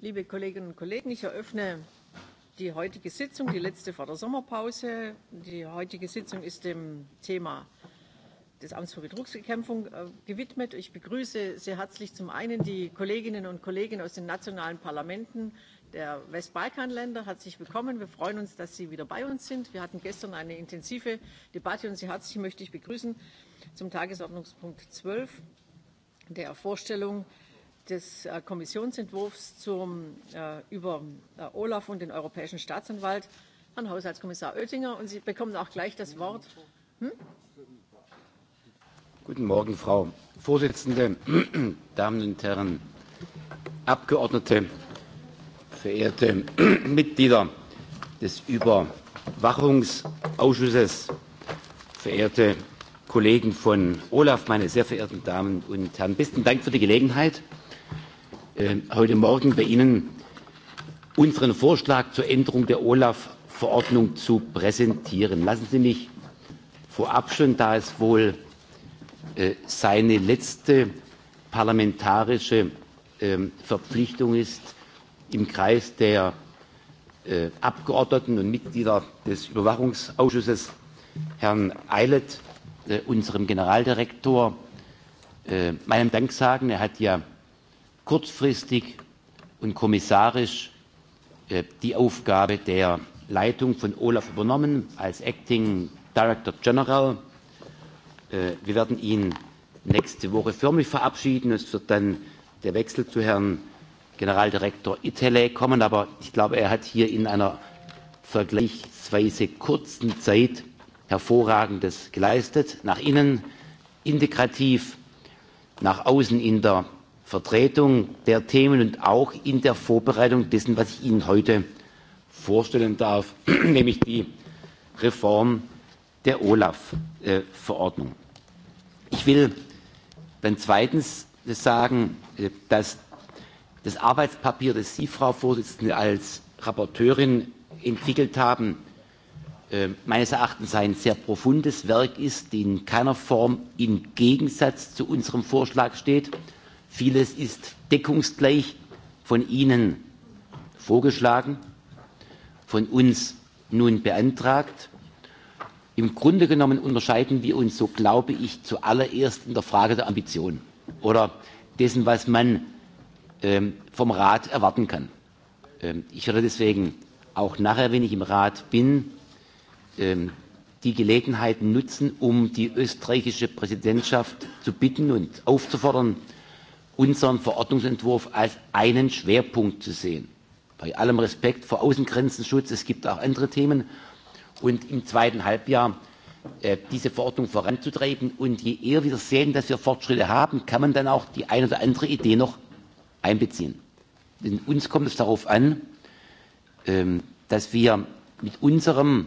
liebe Kolleginnen und Kollegen, ich eröffne die heutige Sitzung, die letzte vor der Sommerpause. Die heutige Sitzung ist dem Thema des Amts für Betrugsbekämpfung äh, gewidmet. Ich begrüße sehr herzlich zum einen die Kolleginnen und Kollegen aus den nationalen Parlamenten der Westbalkanländer. Herzlich willkommen. Wir freuen uns, dass Sie wieder bei uns sind. Wir hatten gestern eine intensive Debatte und Sie herzlich möchte ich begrüßen zum Tagesordnungspunkt 12 der Vorstellung äh, des äh, Kommissionsentwurfs zum, äh, über äh, Olaf und den Europäischen Staatsanwalt, Herrn Haushaltskommissar Oettinger. Und Sie bekommen auch gleich das Wort. Hm? Guten Morgen, Frau Vorsitzende, Damen und Herren Abgeordnete, verehrte Mitglieder des Überwachungsausschusses, verehrte Kollegen von Olaf, meine sehr verehrten Damen und Herren. Besten Dank für die Gelegenheit, Ähm, heute Morgen bei Ihnen unseren Vorschlag zur Änderung der Olaf-Verordnung zu präsentieren. Lassen Sie mich vorab schon, da es wohl äh, seine letzte parlamentarische äh, Verpflichtung ist, im Kreis der äh, Abgeordneten und Mitglieder des Überwachungsausschusses Herrn Eilert, äh, unserem Generaldirektor, äh, meinen Dank sagen. Er hat ja kurzfristig und kommissarisch äh, die Aufgabe der Leitung von Olaf übernommen als Acting Director General. Äh, wir werden ihn nächste Woche förmlich verabschieden. Es wird dann der Wechsel zu Herrn Generaldirektor Itele kommen, aber ich glaube, er hat hier in einer vergleichsweise kurzen Zeit Hervorragendes geleistet, nach innen integrativ, nach außen in der Vertretung der Themen und auch in der Vorbereitung dessen, was ich Ihnen heute vorstellen darf, nämlich die Reform der Olaf-Verordnung. Ich will dann zweitens sagen, äh, dass das Arbeitspapier, das Sie, Frau Vorsitzende, als Rapporteurin entwickelt haben, äh, meines Erachtens ein sehr profundes Werk ist, in keiner Form im Gegensatz zu unserem Vorschlag steht Vieles ist deckungsgleich von Ihnen vorgeschlagen, von uns nun beantragt. Im Grunde genommen unterscheiden wir uns, so glaube ich, zuallererst in der Frage der Ambition oder dessen, was man ähm, vom Rat erwarten kann. Ähm, ich werde deswegen auch nachher, wenn ich im Rat bin, ähm, die Gelegenheit nutzen, um die österreichische Präsidentschaft zu bitten und aufzufordern, unseren Verordnungsentwurf als einen Schwerpunkt zu sehen. Bei allem Respekt vor Außengrenzenschutz, es gibt auch andere Themen. Und im zweiten Halbjahr äh, diese Verordnung voranzutreiben. Und je eher wir sehen, dass wir Fortschritte haben, kann man dann auch die eine oder andere Idee noch einbeziehen. Denn uns kommt es darauf an, ähm, dass wir mit unserem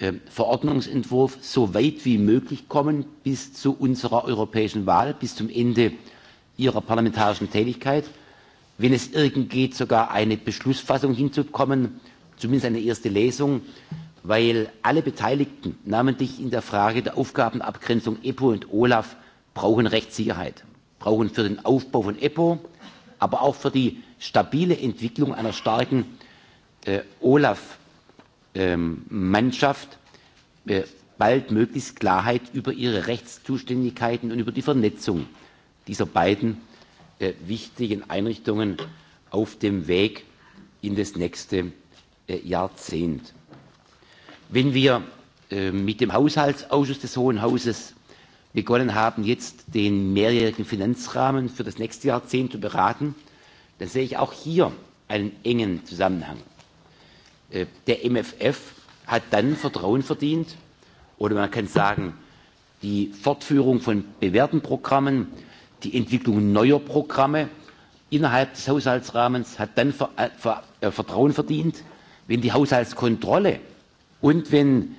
ähm, Verordnungsentwurf so weit wie möglich kommen bis zu unserer europäischen Wahl, bis zum Ende ihrer parlamentarischen Tätigkeit, wenn es irgend geht, sogar eine Beschlussfassung hinzubekommen, zumindest eine erste Lesung, weil alle Beteiligten, namentlich in der Frage der Aufgabenabgrenzung EPO und OLAF, brauchen Rechtssicherheit, brauchen für den Aufbau von EPO, aber auch für die stabile Entwicklung einer starken äh, OLAF-Mannschaft ähm, äh, bald möglichst Klarheit über ihre Rechtszuständigkeiten und über die Vernetzung dieser beiden äh, wichtigen Einrichtungen auf dem Weg in das nächste äh, Jahrzehnt. Wenn wir äh, mit dem Haushaltsausschuss des Hohen Hauses begonnen haben, jetzt den mehrjährigen Finanzrahmen für das nächste Jahrzehnt zu beraten, dann sehe ich auch hier einen engen Zusammenhang. Äh, der MFF hat dann Vertrauen verdient, oder man kann sagen, die Fortführung von bewährten Programmen die Entwicklung neuer Programme innerhalb des Haushaltsrahmens hat dann Ver äh, Ver äh, Vertrauen verdient, wenn die Haushaltskontrolle und wenn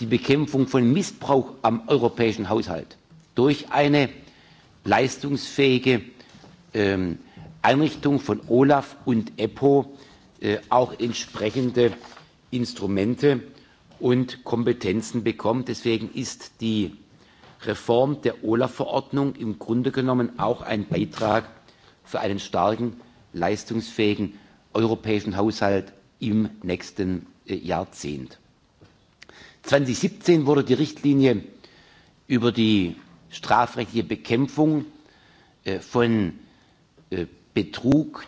die Bekämpfung von Missbrauch am europäischen Haushalt durch eine leistungsfähige ähm, Einrichtung von Olaf und EPO äh, auch entsprechende Instrumente und Kompetenzen bekommt. Deswegen ist die Reform der Olaf-Verordnung im Grunde genommen auch ein Beitrag für einen starken, leistungsfähigen europäischen Haushalt im nächsten äh, Jahrzehnt. 2017 wurde die Richtlinie über die strafrechtliche Bekämpfung äh, von äh, Betrug,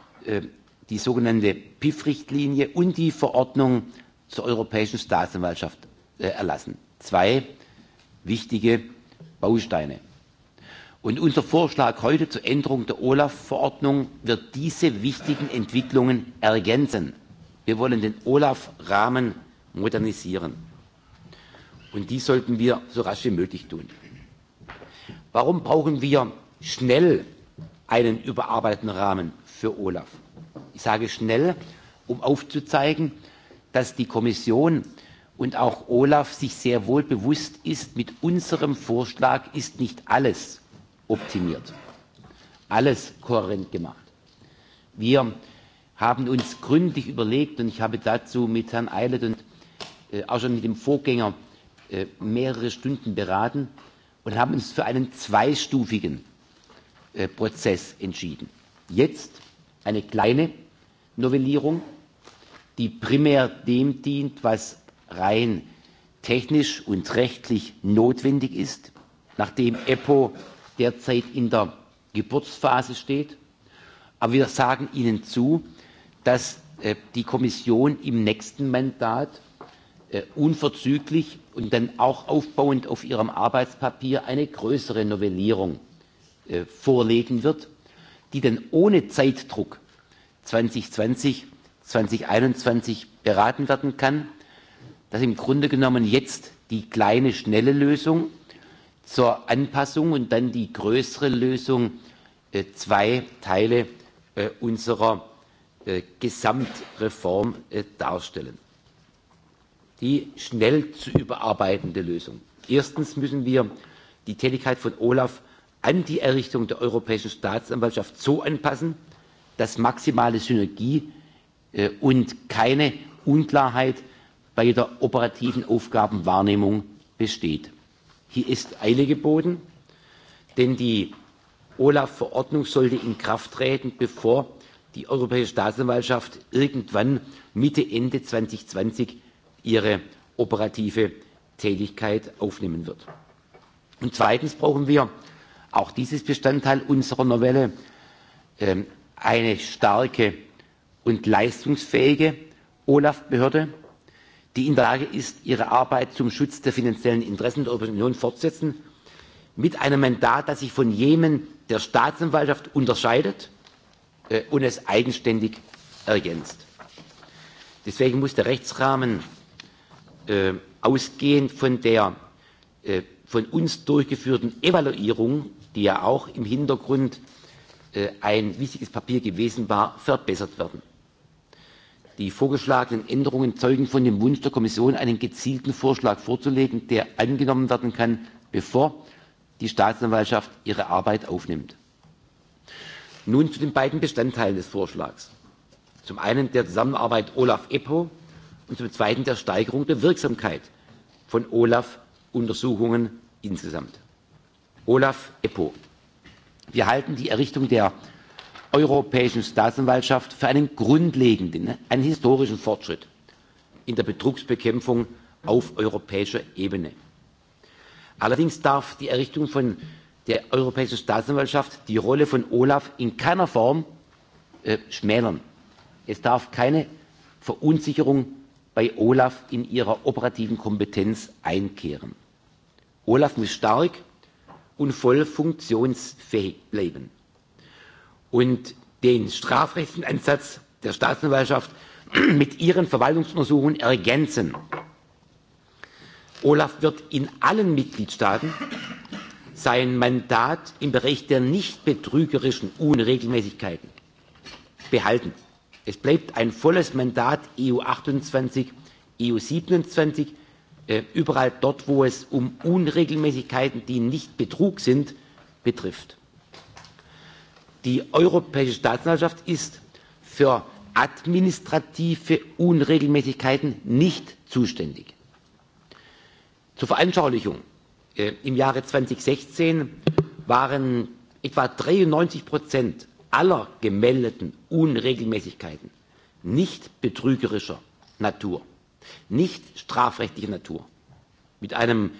die sogenannte PIF-Richtlinie und die Verordnung zur europäischen Staatsanwaltschaft erlassen. Zwei wichtige Bausteine. Und unser Vorschlag heute zur Änderung der Olaf-Verordnung wird diese wichtigen Entwicklungen ergänzen. Wir wollen den Olaf-Rahmen modernisieren. Und dies sollten wir so rasch wie möglich tun. Warum brauchen wir schnell einen überarbeiteten Rahmen für Olaf? Ich sage schnell, um aufzuzeigen, dass die Kommission und auch Olaf sich sehr wohl bewusst ist, mit unserem Vorschlag ist nicht alles optimiert, alles kohärent gemacht. Wir haben uns gründlich überlegt, und ich habe dazu mit Herrn Eilert und äh, auch schon mit dem Vorgänger äh, mehrere Stunden beraten und haben uns für einen zweistufigen äh, Prozess entschieden. Jetzt eine kleine Novellierung, die primär dem dient, was rein technisch und rechtlich notwendig ist, nachdem EPO derzeit in der Geburtsphase steht. Aber wir sagen Ihnen zu, dass äh, die Kommission im nächsten Mandat äh, unverzüglich und dann auch aufbauend auf Ihrem Arbeitspapier eine größere Novellierung äh, vorlegen wird, die dann ohne Zeitdruck 2020, 2021 beraten werden kann dass im Grunde genommen jetzt die kleine, schnelle Lösung zur Anpassung und dann die größere Lösung äh, zwei Teile äh, unserer äh, Gesamtreform äh, darstellen. Die schnell zu überarbeitende Lösung. Erstens müssen wir die Tätigkeit von Olaf an die Errichtung der Europäischen Staatsanwaltschaft so anpassen, dass maximale Synergie äh, und keine Unklarheit bei der operativen Aufgabenwahrnehmung besteht. Hier ist Eile geboten, denn die Olaf-Verordnung sollte in Kraft treten, bevor die Europäische Staatsanwaltschaft irgendwann Mitte, Ende 2020 ihre operative Tätigkeit aufnehmen wird. Und zweitens brauchen wir, auch dieses Bestandteil unserer Novelle, ähm, eine starke und leistungsfähige Olaf-Behörde, die in der lage ist ihre arbeit zum schutz der finanziellen interessen der europäischen union fortzusetzen mit einem mandat das sich von jenem der staatsanwaltschaft unterscheidet äh, und es eigenständig ergänzt. deswegen muss der rechtsrahmen äh, ausgehend von der äh, von uns durchgeführten evaluierung die ja auch im hintergrund äh, ein wichtiges papier gewesen war verbessert werden die vorgeschlagenen änderungen zeugen von dem wunsch der kommission einen gezielten vorschlag vorzulegen der angenommen werden kann bevor die staatsanwaltschaft ihre arbeit aufnimmt. nun zu den beiden bestandteilen des vorschlags zum einen der zusammenarbeit olaf eppo und zum zweiten der steigerung der wirksamkeit von olaf untersuchungen insgesamt. olaf eppo wir halten die errichtung europäischen Staatsanwaltschaft für einen grundlegenden, einen historischen Fortschritt in der Betrugsbekämpfung auf europäischer Ebene. Allerdings darf die Errichtung von der Europäischen Staatsanwaltschaft die Rolle von Olaf in keiner Form äh, schmälern. Es darf keine Verunsicherung bei Olaf in ihrer operativen Kompetenz einkehren. Olaf muss stark und voll funktionsfähig bleiben und den strafrechtsansatz der staatsanwaltschaft mit ihren verwaltungsuntersuchungen ergänzen. olaf wird in allen mitgliedstaaten sein mandat im bereich der nicht betrügerischen unregelmäßigkeiten behalten. es bleibt ein volles mandat eu achtundzwanzig eu siebenundzwanzig äh, überall dort wo es um unregelmäßigkeiten die nicht betrug sind geht die europäische staatsanwaltschaft ist für administrative unregelmäßigkeiten nicht zuständig. zur veranschaulichung äh, im jahre zweitausendsechzehn waren etwa dreiundneunzig aller gemeldeten unregelmäßigkeiten nicht betrügerischer natur nicht strafrechtlicher natur mit einem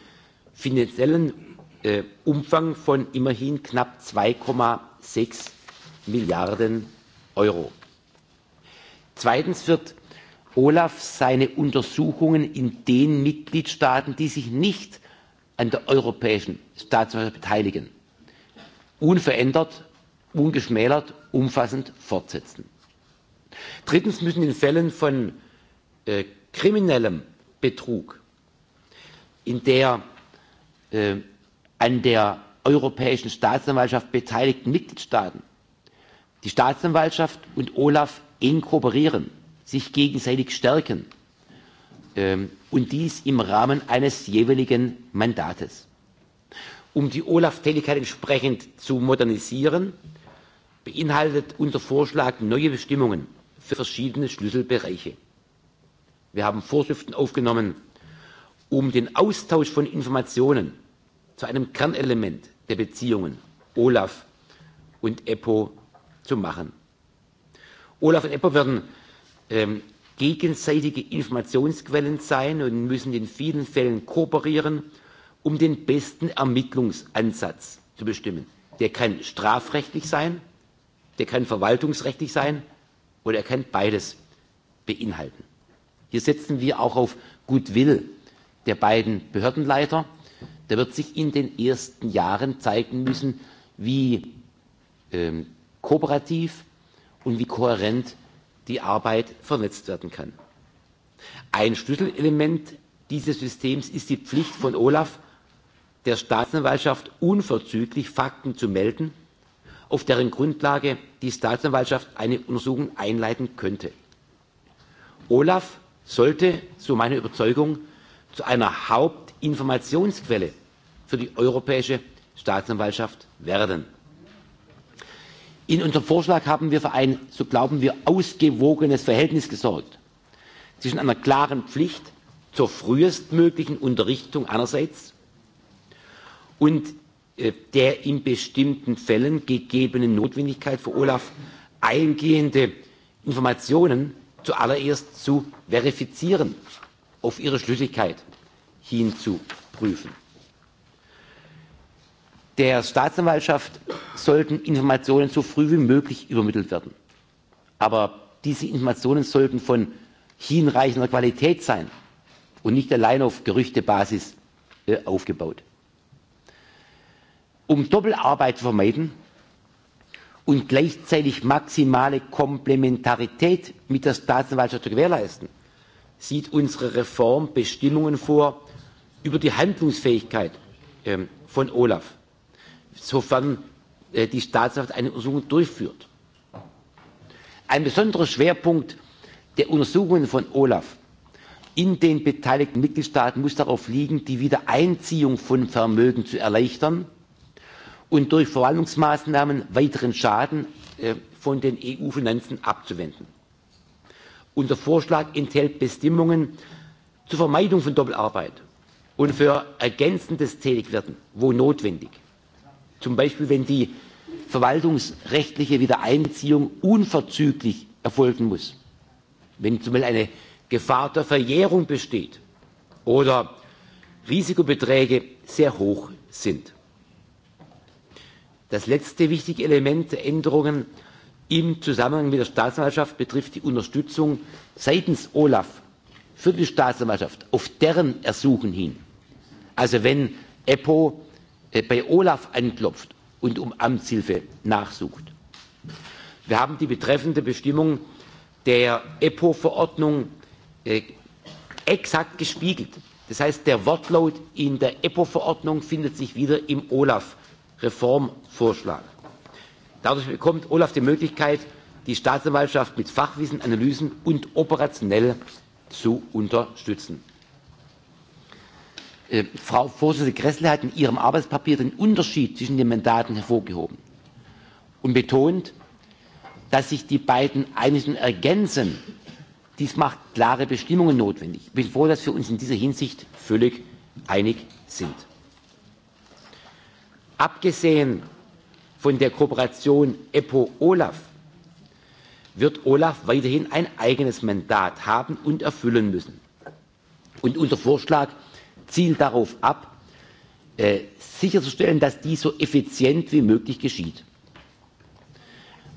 finanziellen äh, umfang von immerhin knapp zwei sechs milliarden euro. zweitens wird olaf seine untersuchungen in den mitgliedstaaten die sich nicht an der europäischen staatsanwaltschaft beteiligen unverändert ungeschmälert umfassend fortsetzen. drittens müssen in fällen von äh, kriminellem betrug in der äh, an der europäischen staatsanwaltschaft beteiligten mitgliedstaaten die staatsanwaltschaft und olaf eng kooperieren sich gegenseitig stärken ähm, und dies im rahmen eines jeweiligen mandates. um die olaf tätigkeit entsprechend zu modernisieren beinhaltet unser vorschlag neue bestimmungen für verschiedene schlüsselbereiche. wir haben vorschriften aufgenommen um den austausch von informationen zu einem kernelement der Beziehungen Olaf und EPO zu machen. Olaf und EPO werden ähm, gegenseitige Informationsquellen sein und müssen in vielen Fällen kooperieren, um den besten Ermittlungsansatz zu bestimmen. Der kann strafrechtlich sein, der kann verwaltungsrechtlich sein oder er kann beides beinhalten. Hier setzen wir auch auf Goodwill der beiden Behördenleiter da wird sich in den ersten Jahren zeigen müssen, wie ähm, kooperativ und wie kohärent die Arbeit vernetzt werden kann. Ein Schlüsselelement dieses Systems ist die Pflicht von Olaf, der Staatsanwaltschaft unverzüglich Fakten zu melden, auf deren Grundlage die Staatsanwaltschaft eine Untersuchung einleiten könnte. Olaf sollte, so meine Überzeugung, zu einer Hauptinformationsquelle für die Europäische Staatsanwaltschaft werden. In unserem Vorschlag haben wir für ein, so glauben wir, ausgewogenes Verhältnis gesorgt zwischen einer klaren Pflicht zur frühestmöglichen Unterrichtung einerseits und äh, der in bestimmten Fällen gegebenen Notwendigkeit für Olaf eingehende Informationen zuallererst zu verifizieren, auf ihre Schlüssigkeit hin zu prüfen der staatsanwaltschaft sollten informationen so früh wie möglich übermittelt werden aber diese informationen sollten von hinreichender qualität sein und nicht allein auf gerüchtebasis äh, aufgebaut. um doppelarbeit zu vermeiden und gleichzeitig maximale komplementarität mit der staatsanwaltschaft zu gewährleisten sieht unsere reform bestimmungen vor über die handlungsfähigkeit ähm, von olaf sofern äh, die Staatsanwaltschaft eine Untersuchung durchführt. Ein besonderer Schwerpunkt der Untersuchungen von Olaf in den beteiligten Mitgliedstaaten muss darauf liegen, die Wiedereinziehung von Vermögen zu erleichtern und durch Verwaltungsmaßnahmen weiteren Schaden äh, von den EU-Finanzen abzuwenden. Unser Vorschlag enthält Bestimmungen zur Vermeidung von Doppelarbeit und für ergänzendes Tätigwerden, wo notwendig zum beispiel wenn die verwaltungsrechtliche wiedereinbeziehung unverzüglich erfolgen muss wenn zum beispiel eine gefahr der verjährung besteht oder risikobeträge sehr hoch sind. das letzte wichtige element der änderungen im zusammenhang mit der staatsanwaltschaft betrifft die unterstützung seitens olaf für die staatsanwaltschaft auf deren ersuchen hin also wenn eppo Äh, bei Olaf anklopft und um Amtshilfe nachsucht. Wir haben die betreffende Bestimmung der EPO-Verordnung äh, exakt gespiegelt. Das heißt, der Wortlaut in der EPO-Verordnung findet sich wieder im OLAF-Reformvorschlag. Dadurch bekommt OLAF die Möglichkeit, die Staatsanwaltschaft mit Fachwissen, Analysen und operationell zu unterstützen. Äh, Frau Vorsitzende Gressle hat in ihrem Arbeitspapier den Unterschied zwischen den Mandaten hervorgehoben und betont, dass sich die beiden Einheiten ergänzen. Dies macht klare Bestimmungen notwendig. Ich bin froh, dass wir uns in dieser Hinsicht völlig einig sind. Abgesehen von der Kooperation EPO-OLAF wird OLAF weiterhin ein eigenes Mandat haben und erfüllen müssen. Und unser Vorschlag zielen darauf ab äh, sicherzustellen dass dies so effizient wie möglich geschieht.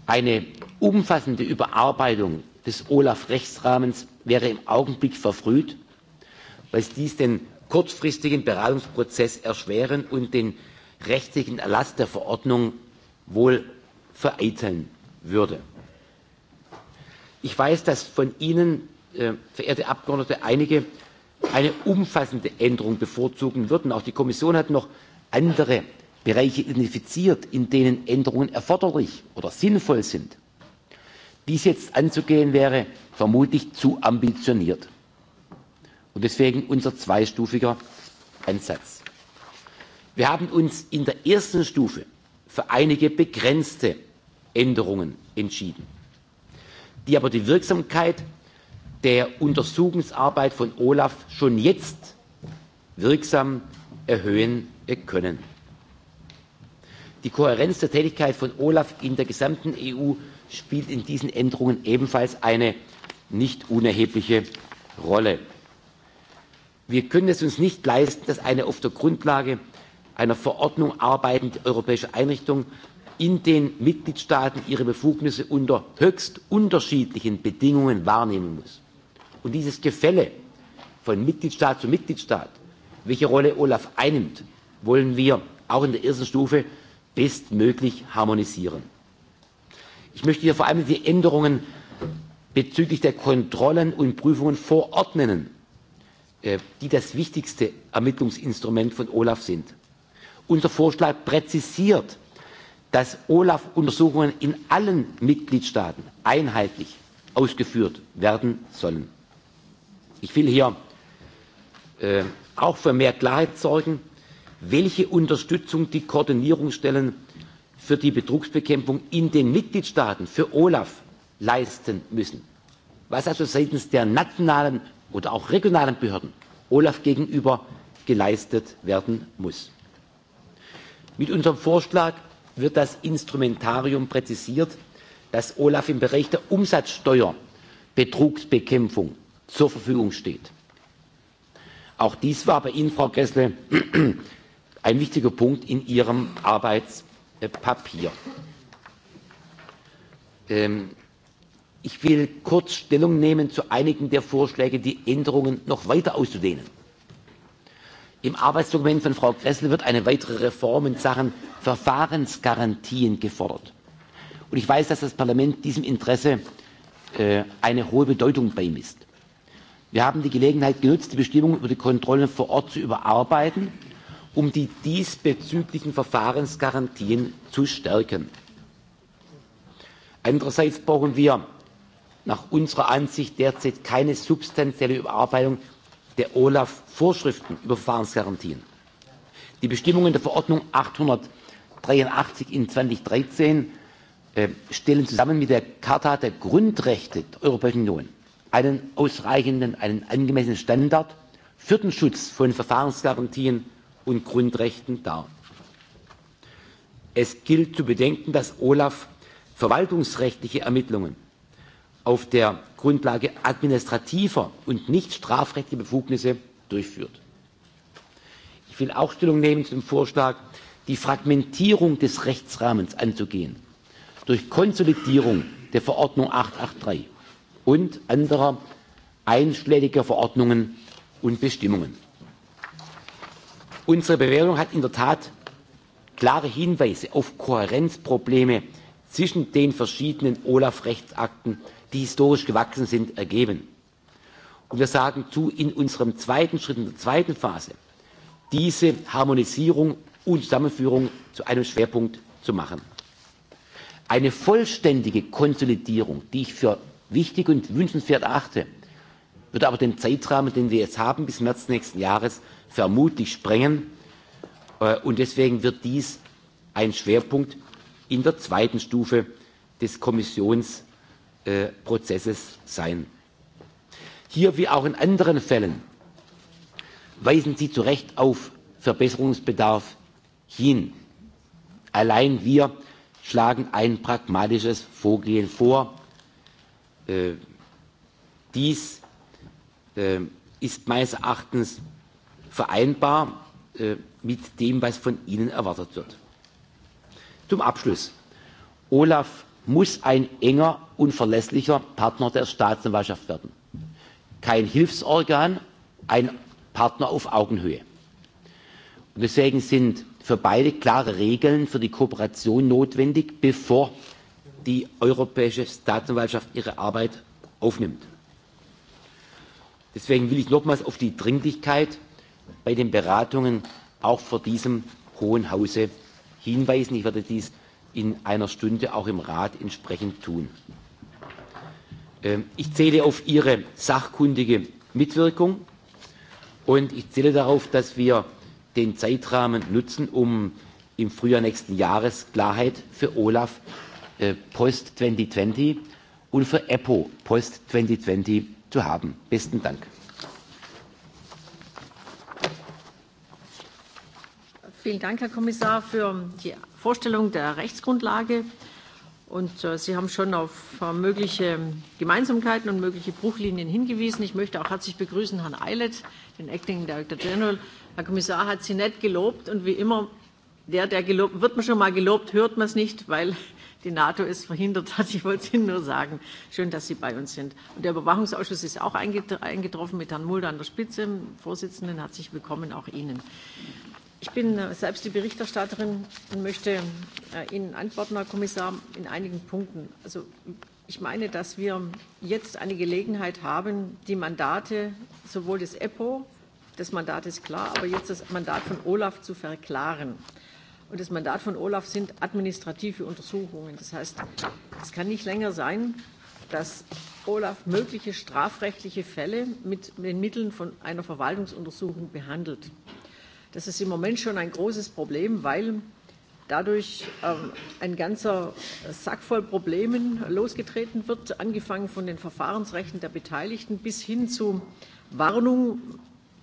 eine umfassende überarbeitung des olaf rechtsrahmens wäre im augenblick verfrüht weil dies den kurzfristigen beratungsprozess erschweren und den rechtlichen erlass der verordnung wohl vereiteln würde. ich weiß dass von ihnen äh, verehrte abgeordnete einige eine umfassende änderung bevorzugen würden auch die kommission hat noch andere bereiche identifiziert in denen änderungen erforderlich oder sinnvoll sind dies jetzt anzugehen wäre vermutlich zu ambitioniert und deswegen unser zweistufiger ansatz. wir haben uns in der ersten stufe für einige begrenzte änderungen entschieden die aber die wirksamkeit der Untersuchungsarbeit von Olaf schon jetzt wirksam erhöhen können. Die Kohärenz der Tätigkeit von Olaf in der gesamten EU spielt in diesen Änderungen ebenfalls eine nicht unerhebliche Rolle. Wir können es uns nicht leisten, dass eine auf der Grundlage einer Verordnung arbeitende europäische Einrichtung in den Mitgliedstaaten ihre Befugnisse unter höchst unterschiedlichen Bedingungen wahrnehmen muss und dieses Gefälle von Mitgliedstaat zu Mitgliedstaat, welche Rolle Olaf einnimmt, wollen wir auch in der ersten Stufe bestmöglich harmonisieren. Ich möchte hier vor allem die Änderungen bezüglich der Kontrollen und Prüfungen vor Ort nennen, äh, die das wichtigste Ermittlungsinstrument von Olaf sind. Unser Vorschlag präzisiert, dass Olaf-Untersuchungen in allen Mitgliedstaaten einheitlich ausgeführt werden sollen. Ich will hier äh, auch für mehr Klarheit sorgen, welche Unterstützung die Koordinierungsstellen für die Betrugsbekämpfung in den Mitgliedstaaten für Olaf leisten müssen. Was also seitens der nationalen oder auch regionalen Behörden Olaf gegenüber geleistet werden muss. Mit unserem Vorschlag wird das Instrumentarium präzisiert, das Olaf im Bereich der Umsatzsteuer Betrugsbekämpfung zur Verfügung steht. Auch dies war bei Ihnen, Frau Gressle, ein wichtiger Punkt in Ihrem Arbeitspapier. Ähm, ich will kurz Stellung nehmen zu einigen der Vorschläge, die Änderungen noch weiter auszudehnen. Im Arbeitsdokument von Frau Gressel wird eine weitere Reform in Sachen Verfahrensgarantien gefordert. Und ich weiß, dass das Parlament diesem Interesse äh, eine hohe Bedeutung beimisst wir haben die gelegenheit genutzt die bestimmungen über die kontrollen vor ort zu überarbeiten um die diesbezüglichen verfahrensgarantien zu stärken. andererseits brauchen wir nach unserer ansicht derzeit keine substanzielle überarbeitung der olaf vorschriften über verfahrensgarantien. die bestimmungen der verordnung achthundertdreiundachtzig zweitausenddreizehn äh, stellen zusammen mit der charta der grundrechte der europäischen union einen ausreichenden, einen angemessenen Standard für den Schutz von Verfahrensgarantien und Grundrechten dar. Es gilt zu bedenken, dass Olaf verwaltungsrechtliche Ermittlungen auf der Grundlage administrativer und nicht strafrechtlicher Befugnisse durchführt. Ich will auch Stellung nehmen zum Vorschlag, die Fragmentierung des Rechtsrahmens anzugehen durch Konsolidierung der Verordnung 883 und anderer einschlägiger verordnungen und bestimmungen. unsere bewertung hat in der tat klare hinweise auf kohärenzprobleme zwischen den verschiedenen olaf rechtsakten die historisch gewachsen sind ergeben. und wir sagen zu in unserem zweiten schritt in der zweiten phase diese harmonisierung und zusammenführung zu einem schwerpunkt zu machen. eine vollständige konsolidierung die ich wichtig und wünschenswert erachte, würde aber den Zeitrahmen, den wir jetzt haben, bis März nächsten Jahres vermutlich sprengen. Äh, und deswegen wird dies ein Schwerpunkt in der zweiten Stufe des Kommissionsprozesses äh, sein. Hier wie auch in anderen Fällen weisen Sie zu Recht auf Verbesserungsbedarf hin. Allein wir schlagen ein pragmatisches Vorgehen vor Äh, dies äh, ist meines Erachtens vereinbar äh, mit dem, was von Ihnen erwartet wird. Zum Abschluss. Olaf muss ein enger und verlässlicher Partner der Staatsanwaltschaft werden. Kein Hilfsorgan, ein Partner auf Augenhöhe. Und deswegen sind für beide klare Regeln für die Kooperation notwendig, bevor die europäische Staatsanwaltschaft ihre Arbeit aufnimmt. Deswegen will ich nochmals auf die Dringlichkeit bei den Beratungen auch vor diesem Hohen Hause hinweisen. Ich werde dies in einer Stunde auch im Rat entsprechend tun. Ähm, ich zähle auf Ihre sachkundige Mitwirkung und ich zähle darauf, dass wir den Zeitrahmen nutzen, um im Frühjahr nächsten Jahres Klarheit für Olaf äh, Post 2020 und für EPO Post 2020 zu haben. Besten Dank. Vielen Dank, Herr Kommissar, für die Vorstellung der Rechtsgrundlage. Und äh, Sie haben schon auf äh, mögliche Gemeinsamkeiten und mögliche Bruchlinien hingewiesen. Ich möchte auch herzlich begrüßen Herrn Eilert, den Acting Director General. Herr Kommissar hat Sie nett gelobt und wie immer, der, der gelobt, wird man schon mal gelobt, hört man es nicht, weil die NATO es verhindert hat. Ich wollte es Ihnen nur sagen. Schön, dass Sie bei uns sind. Und der Überwachungsausschuss ist auch eingetroffen mit Herrn Mulder an der Spitze, dem Vorsitzenden. Herzlich willkommen auch Ihnen. Ich bin äh, selbst die Berichterstatterin und möchte äh, Ihnen antworten, Herr Kommissar, in einigen Punkten. Also ich meine, dass wir jetzt eine Gelegenheit haben, die Mandate sowohl des EPO, das Mandat ist klar, aber jetzt das Mandat von Olaf zu verklaren. Äh, Und das Mandat von Olaf sind administrative Untersuchungen. Das heißt, es kann nicht länger sein, dass Olaf mögliche strafrechtliche Fälle mit den Mitteln von einer Verwaltungsuntersuchung behandelt. Das ist im Moment schon ein großes Problem, weil dadurch ähm, ein ganzer Sack voll Problemen losgetreten wird, angefangen von den Verfahrensrechten der Beteiligten bis hin zu Warnung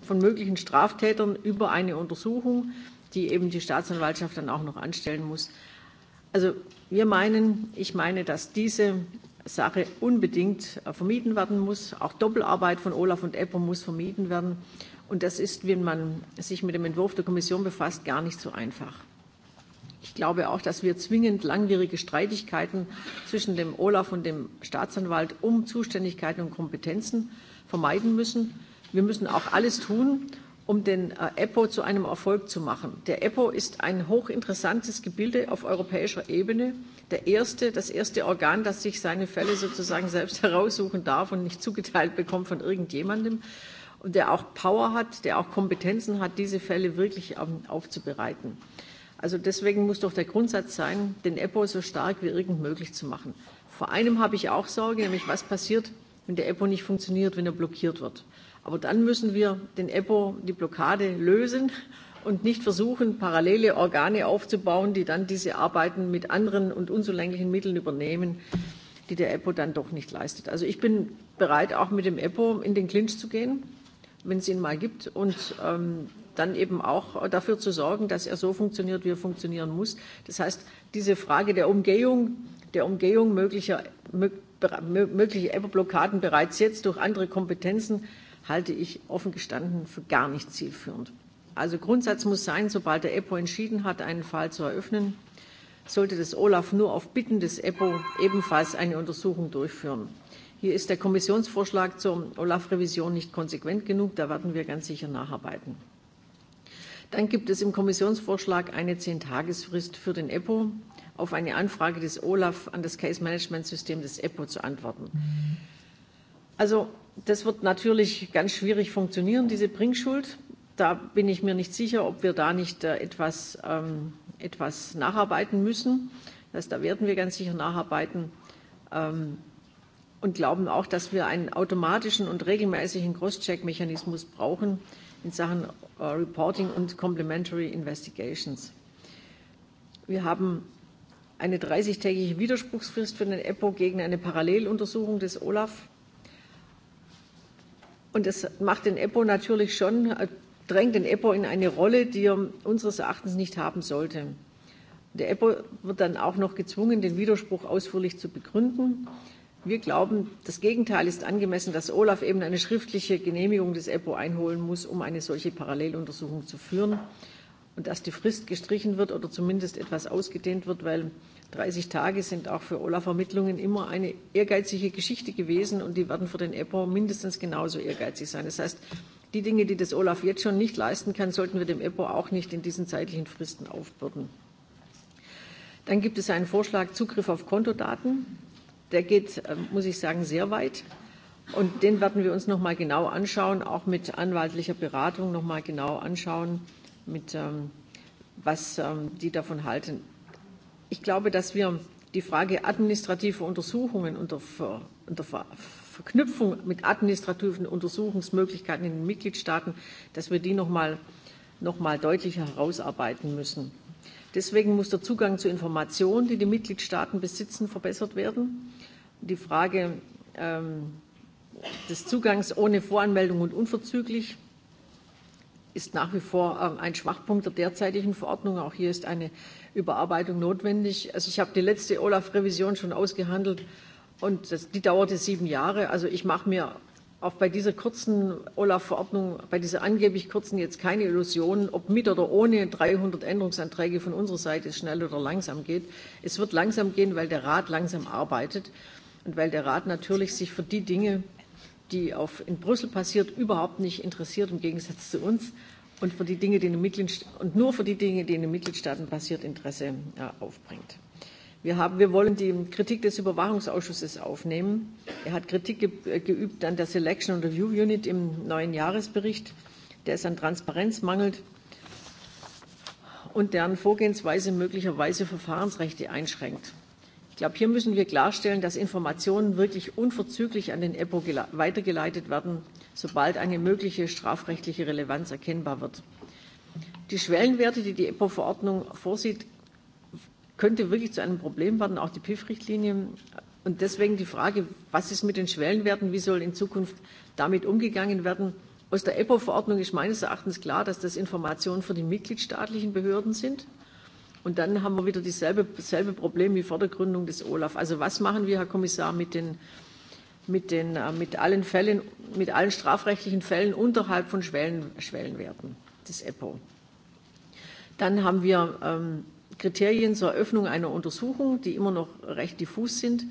von möglichen Straftätern über eine Untersuchung, die eben die Staatsanwaltschaft dann auch noch anstellen muss. Also wir meinen, ich meine, dass diese Sache unbedingt äh, vermieden werden muss. Auch Doppelarbeit von Olaf und EPPO muss vermieden werden. Und das ist, wenn man sich mit dem Entwurf der Kommission befasst, gar nicht so einfach. Ich glaube auch, dass wir zwingend langwierige Streitigkeiten zwischen dem Olaf und dem Staatsanwalt um Zuständigkeiten und Kompetenzen vermeiden müssen. Wir müssen auch alles tun, um den äh, EPO zu einem Erfolg zu machen. Der EPO ist ein hochinteressantes Gebilde auf europäischer Ebene, der erste, das erste Organ, das sich seine Fälle sozusagen selbst heraussuchen darf und nicht zugeteilt bekommt von irgendjemandem und der auch Power hat, der auch Kompetenzen hat, diese Fälle wirklich ähm, aufzubereiten. Also deswegen muss doch der Grundsatz sein, den EPO so stark wie irgend möglich zu machen. Vor einem habe ich auch Sorge, nämlich was passiert, wenn der EPO nicht funktioniert, wenn er blockiert wird. Aber dann müssen wir den EPO, die Blockade lösen und nicht versuchen, parallele Organe aufzubauen, die dann diese Arbeiten mit anderen und unzulänglichen Mitteln übernehmen, die der EPO dann doch nicht leistet. Also ich bin bereit, auch mit dem EPO in den Clinch zu gehen, wenn es ihn mal gibt, und ähm, dann eben auch dafür zu sorgen, dass er so funktioniert, wie er funktionieren muss. Das heißt, diese Frage der Umgehung, der Umgehung möglicher, mög, mögliche EPO-Blockaden bereits jetzt durch andere Kompetenzen halte ich offen gestanden für gar nicht zielführend. Also Grundsatz muss sein, sobald der EPO entschieden hat, einen Fall zu eröffnen, sollte das Olaf nur auf Bitten des EPO ebenfalls eine Untersuchung durchführen. Hier ist der Kommissionsvorschlag zur Olaf-Revision nicht konsequent genug. Da werden wir ganz sicher nacharbeiten. Dann gibt es im Kommissionsvorschlag eine Zehn-Tagesfrist für den EPO, auf eine Anfrage des Olaf an das Case-Management-System des EPO zu antworten. Also Das wird natürlich ganz schwierig funktionieren, diese Bringschuld. Da bin ich mir nicht sicher, ob wir da nicht äh, etwas, ähm, etwas nacharbeiten müssen. Das, da werden wir ganz sicher nacharbeiten ähm, und glauben auch, dass wir einen automatischen und regelmäßigen Cross-Check-Mechanismus brauchen in Sachen äh, Reporting und Complementary Investigations. Wir haben eine 30-tägige Widerspruchsfrist für den EPO gegen eine Paralleluntersuchung des OLAF Und das macht den EPO natürlich schon, äh, drängt den EPO in eine Rolle, die er unseres Erachtens nicht haben sollte. Der EPO wird dann auch noch gezwungen, den Widerspruch ausführlich zu begründen. Wir glauben, das Gegenteil ist angemessen, dass Olaf eben eine schriftliche Genehmigung des EPO einholen muss, um eine solche Paralleluntersuchung zu führen und dass die Frist gestrichen wird oder zumindest etwas ausgedehnt wird, weil 30 Tage sind auch für Olaf-Ermittlungen immer eine ehrgeizige Geschichte gewesen und die werden für den EPO mindestens genauso ehrgeizig sein. Das heißt, die Dinge, die das Olaf jetzt schon nicht leisten kann, sollten wir dem EPO auch nicht in diesen zeitlichen Fristen aufbürden. Dann gibt es einen Vorschlag Zugriff auf Kontodaten. Der geht, ähm, muss ich sagen, sehr weit. Und den werden wir uns noch mal genau anschauen, auch mit anwaltlicher Beratung noch mal genau anschauen mit ähm, was ähm, die davon halten. Ich glaube, dass wir die Frage administrativer Untersuchungen unter, Ver, unter Ver, Verknüpfung mit administrativen Untersuchungsmöglichkeiten in den Mitgliedstaaten, dass wir die nochmal noch mal deutlicher herausarbeiten müssen. Deswegen muss der Zugang zu Informationen, die die Mitgliedstaaten besitzen, verbessert werden. Die Frage ähm, des Zugangs ohne Voranmeldung und unverzüglich ist nach wie vor ähm, ein Schwachpunkt der derzeitigen Verordnung. Auch hier ist eine Überarbeitung notwendig. Also ich habe die letzte Olaf-Revision schon ausgehandelt und das, die dauerte sieben Jahre. Also ich mache mir auch bei dieser kurzen Olaf-Verordnung, bei dieser angeblich kurzen jetzt keine Illusionen, ob mit oder ohne 300 Änderungsanträge von unserer Seite schnell oder langsam geht. Es wird langsam gehen, weil der Rat langsam arbeitet und weil der Rat natürlich sich für die Dinge die auf, in Brüssel passiert, überhaupt nicht interessiert, im Gegensatz zu uns. Und, für die Dinge, die in den und nur für die Dinge, die in den Mitgliedstaaten passiert, Interesse ja, aufbringt. Wir, haben, wir wollen die Kritik des Überwachungsausschusses aufnehmen. Er hat Kritik ge äh, geübt an der Selection and Review Unit im neuen Jahresbericht, der es an Transparenz mangelt und deren Vorgehensweise möglicherweise Verfahrensrechte einschränkt. Ich glaube, hier müssen wir klarstellen, dass Informationen wirklich unverzüglich an den EPO weitergeleitet werden, sobald eine mögliche strafrechtliche Relevanz erkennbar wird. Die Schwellenwerte, die die EPO-Verordnung vorsieht, könnte wirklich zu einem Problem werden, auch die PIF-Richtlinie. Und deswegen die Frage, was ist mit den Schwellenwerten, wie soll in Zukunft damit umgegangen werden? Aus der EPO-Verordnung ist meines Erachtens klar, dass das Informationen für die mitgliedstaatlichen Behörden sind – Und dann haben wir wieder dieselbe, dasselbe Problem wie vor der Gründung des Olaf. Also was machen wir, Herr Kommissar, mit den, mit den, äh, mit allen Fällen, mit allen strafrechtlichen Fällen unterhalb von Schwellen, Schwellenwerten des EPO? Dann haben wir ähm, Kriterien zur Eröffnung einer Untersuchung, die immer noch recht diffus sind.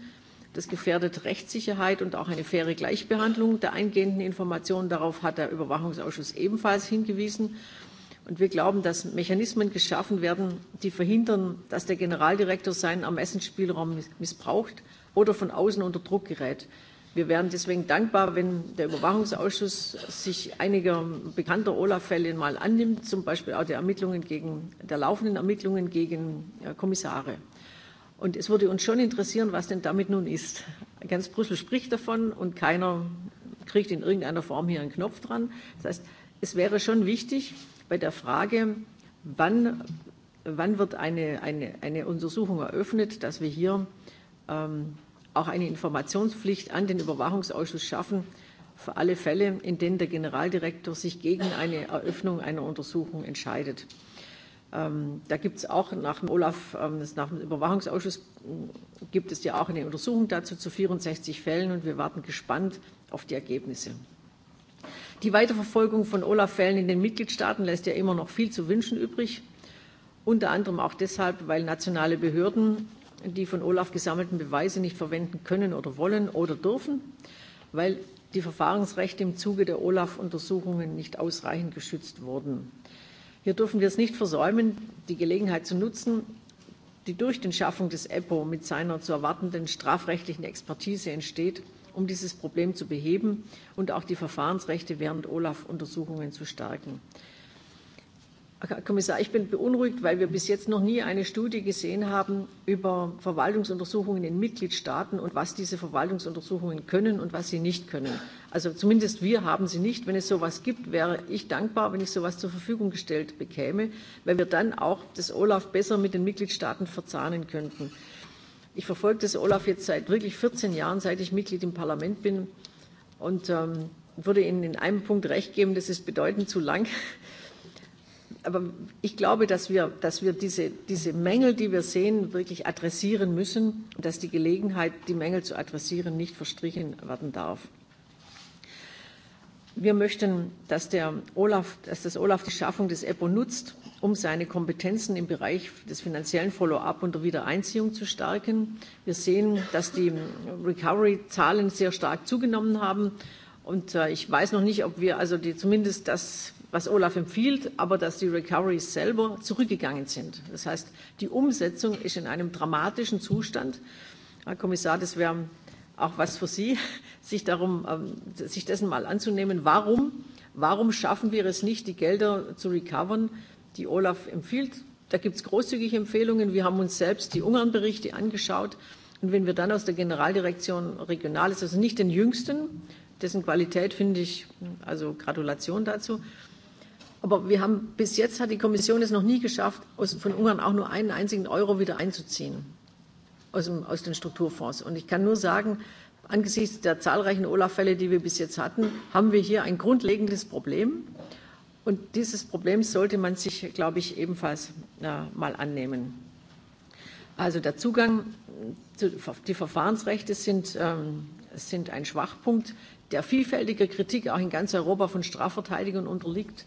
Das gefährdet Rechtssicherheit und auch eine faire Gleichbehandlung der eingehenden Informationen. Darauf hat der Überwachungsausschuss ebenfalls hingewiesen. Äh, Und wir glauben, dass Mechanismen geschaffen werden, die verhindern, dass der Generaldirektor seinen Ermessensspielraum missbraucht oder von außen unter Druck gerät. Wir wären deswegen dankbar, wenn der Überwachungsausschuss sich einiger bekannter Olaf-Fälle mal annimmt, zum Beispiel auch der, Ermittlungen gegen, der laufenden Ermittlungen gegen äh, Kommissare. Und es würde uns schon interessieren, was denn damit nun ist. Ganz Brüssel spricht davon und keiner kriegt in irgendeiner Form hier einen Knopf dran. Das heißt, es wäre schon wichtig, bei der Frage, wann, wann wird eine, eine, eine Untersuchung eröffnet, dass wir hier ähm, auch eine Informationspflicht an den Überwachungsausschuss schaffen, für alle Fälle, in denen der Generaldirektor sich gegen eine Eröffnung einer Untersuchung entscheidet. Ähm, da gibt es auch nach dem Olaf, ähm, nach dem Überwachungsausschuss gibt es ja auch eine Untersuchung dazu zu 64 Fällen und wir warten gespannt auf die Ergebnisse. Die Weiterverfolgung von Olaf-Fällen in den Mitgliedstaaten lässt ja immer noch viel zu wünschen übrig. Unter anderem auch deshalb, weil nationale Behörden die von Olaf gesammelten Beweise nicht verwenden können oder wollen oder dürfen, weil die Verfahrensrechte im Zuge der Olaf-Untersuchungen nicht ausreichend geschützt wurden. Hier dürfen wir es nicht versäumen, die Gelegenheit zu nutzen, die durch den Schaffung des EPO mit seiner zu erwartenden strafrechtlichen Expertise entsteht um dieses Problem zu beheben und auch die Verfahrensrechte während Olaf-Untersuchungen zu stärken. Herr Kommissar, ich bin beunruhigt, weil wir bis jetzt noch nie eine Studie gesehen haben über Verwaltungsuntersuchungen in Mitgliedstaaten und was diese Verwaltungsuntersuchungen können und was sie nicht können. Also zumindest wir haben sie nicht. Wenn es sowas gibt, wäre ich dankbar, wenn ich sowas zur Verfügung gestellt bekäme, weil wir dann auch das OLAF besser mit den Mitgliedstaaten verzahnen könnten. Ich verfolge das Olaf jetzt seit wirklich 14 Jahren, seit ich Mitglied im Parlament bin und ähm, würde Ihnen in einem Punkt recht geben, das ist bedeutend zu lang. Aber ich glaube, dass wir, dass wir diese, diese Mängel, die wir sehen, wirklich adressieren müssen und dass die Gelegenheit, die Mängel zu adressieren, nicht verstrichen werden darf. Wir möchten, dass, der Olaf, dass das Olaf die Schaffung des EPO nutzt, um seine Kompetenzen im Bereich des finanziellen Follow-up und der Wiedereinziehung zu stärken. Wir sehen, dass die Recovery-Zahlen sehr stark zugenommen haben. Und äh, ich weiß noch nicht, ob wir also die, zumindest das, was Olaf empfiehlt, aber dass die Recoveries selber zurückgegangen sind. Das heißt, die Umsetzung ist in einem dramatischen Zustand. Herr Kommissar, das wäre auch was für Sie, sich, darum, ähm, sich dessen mal anzunehmen. Warum, warum schaffen wir es nicht, die Gelder zu recovern, die Olaf empfiehlt? Da gibt es großzügige Empfehlungen. Wir haben uns selbst die Ungarn-Berichte angeschaut. Und wenn wir dann aus der Generaldirektion Regionales, also nicht den jüngsten, dessen Qualität finde ich, also Gratulation dazu. Aber wir haben, bis jetzt hat die Kommission es noch nie geschafft, aus, von Ungarn auch nur einen einzigen Euro wieder einzuziehen aus, dem, aus den Strukturfonds. Und ich kann nur sagen, angesichts der zahlreichen Olaf-Fälle, die wir bis jetzt hatten, haben wir hier ein grundlegendes Problem. Und dieses Problem sollte man sich, glaube ich, ebenfalls äh, mal annehmen. Also der Zugang, zu, die Verfahrensrechte sind, ähm, sind ein Schwachpunkt, der vielfältiger Kritik auch in ganz Europa von Strafverteidigern unterliegt. Äh,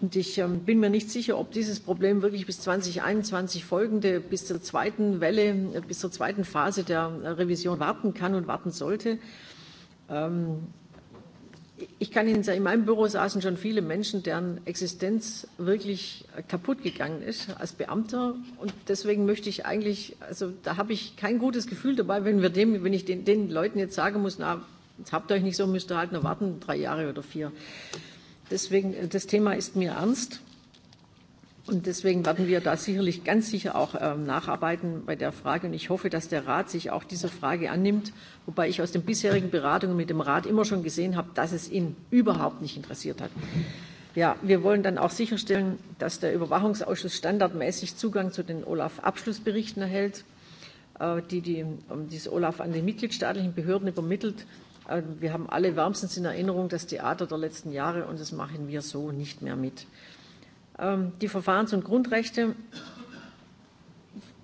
Und ich ähm, bin mir nicht sicher, ob dieses Problem wirklich bis 2021 folgende, bis zur zweiten Welle, äh, bis zur zweiten Phase der äh, Revision warten kann und warten sollte. Ähm, ich kann Ihnen sagen, in meinem Büro saßen schon viele Menschen, deren Existenz wirklich äh, kaputt gegangen ist als Beamter. Und deswegen möchte ich eigentlich, also da habe ich kein gutes Gefühl dabei, wenn, wir dem, wenn ich den, den Leuten jetzt sagen muss, na, jetzt habt ihr euch nicht so, müsst ihr halt noch warten, drei Jahre oder vier. Äh, Deswegen, äh, das Thema ist mir ernst. Und deswegen werden wir da sicherlich ganz sicher auch ähm, nacharbeiten bei der Frage. Und ich hoffe, dass der Rat sich auch dieser Frage annimmt, wobei ich aus den bisherigen Beratungen mit dem Rat immer schon gesehen habe, dass es ihn überhaupt nicht interessiert hat. Ja, wir wollen dann auch sicherstellen, dass der Überwachungsausschuss standardmäßig Zugang zu den OLAF-Abschlussberichten erhält, äh, die, die ähm, dieses OLAF an die mitgliedstaatlichen Behörden übermittelt. Wir haben alle wärmstens in Erinnerung das Theater der letzten Jahre und das machen wir so nicht mehr mit. Ähm, die Verfahrens- und Grundrechte.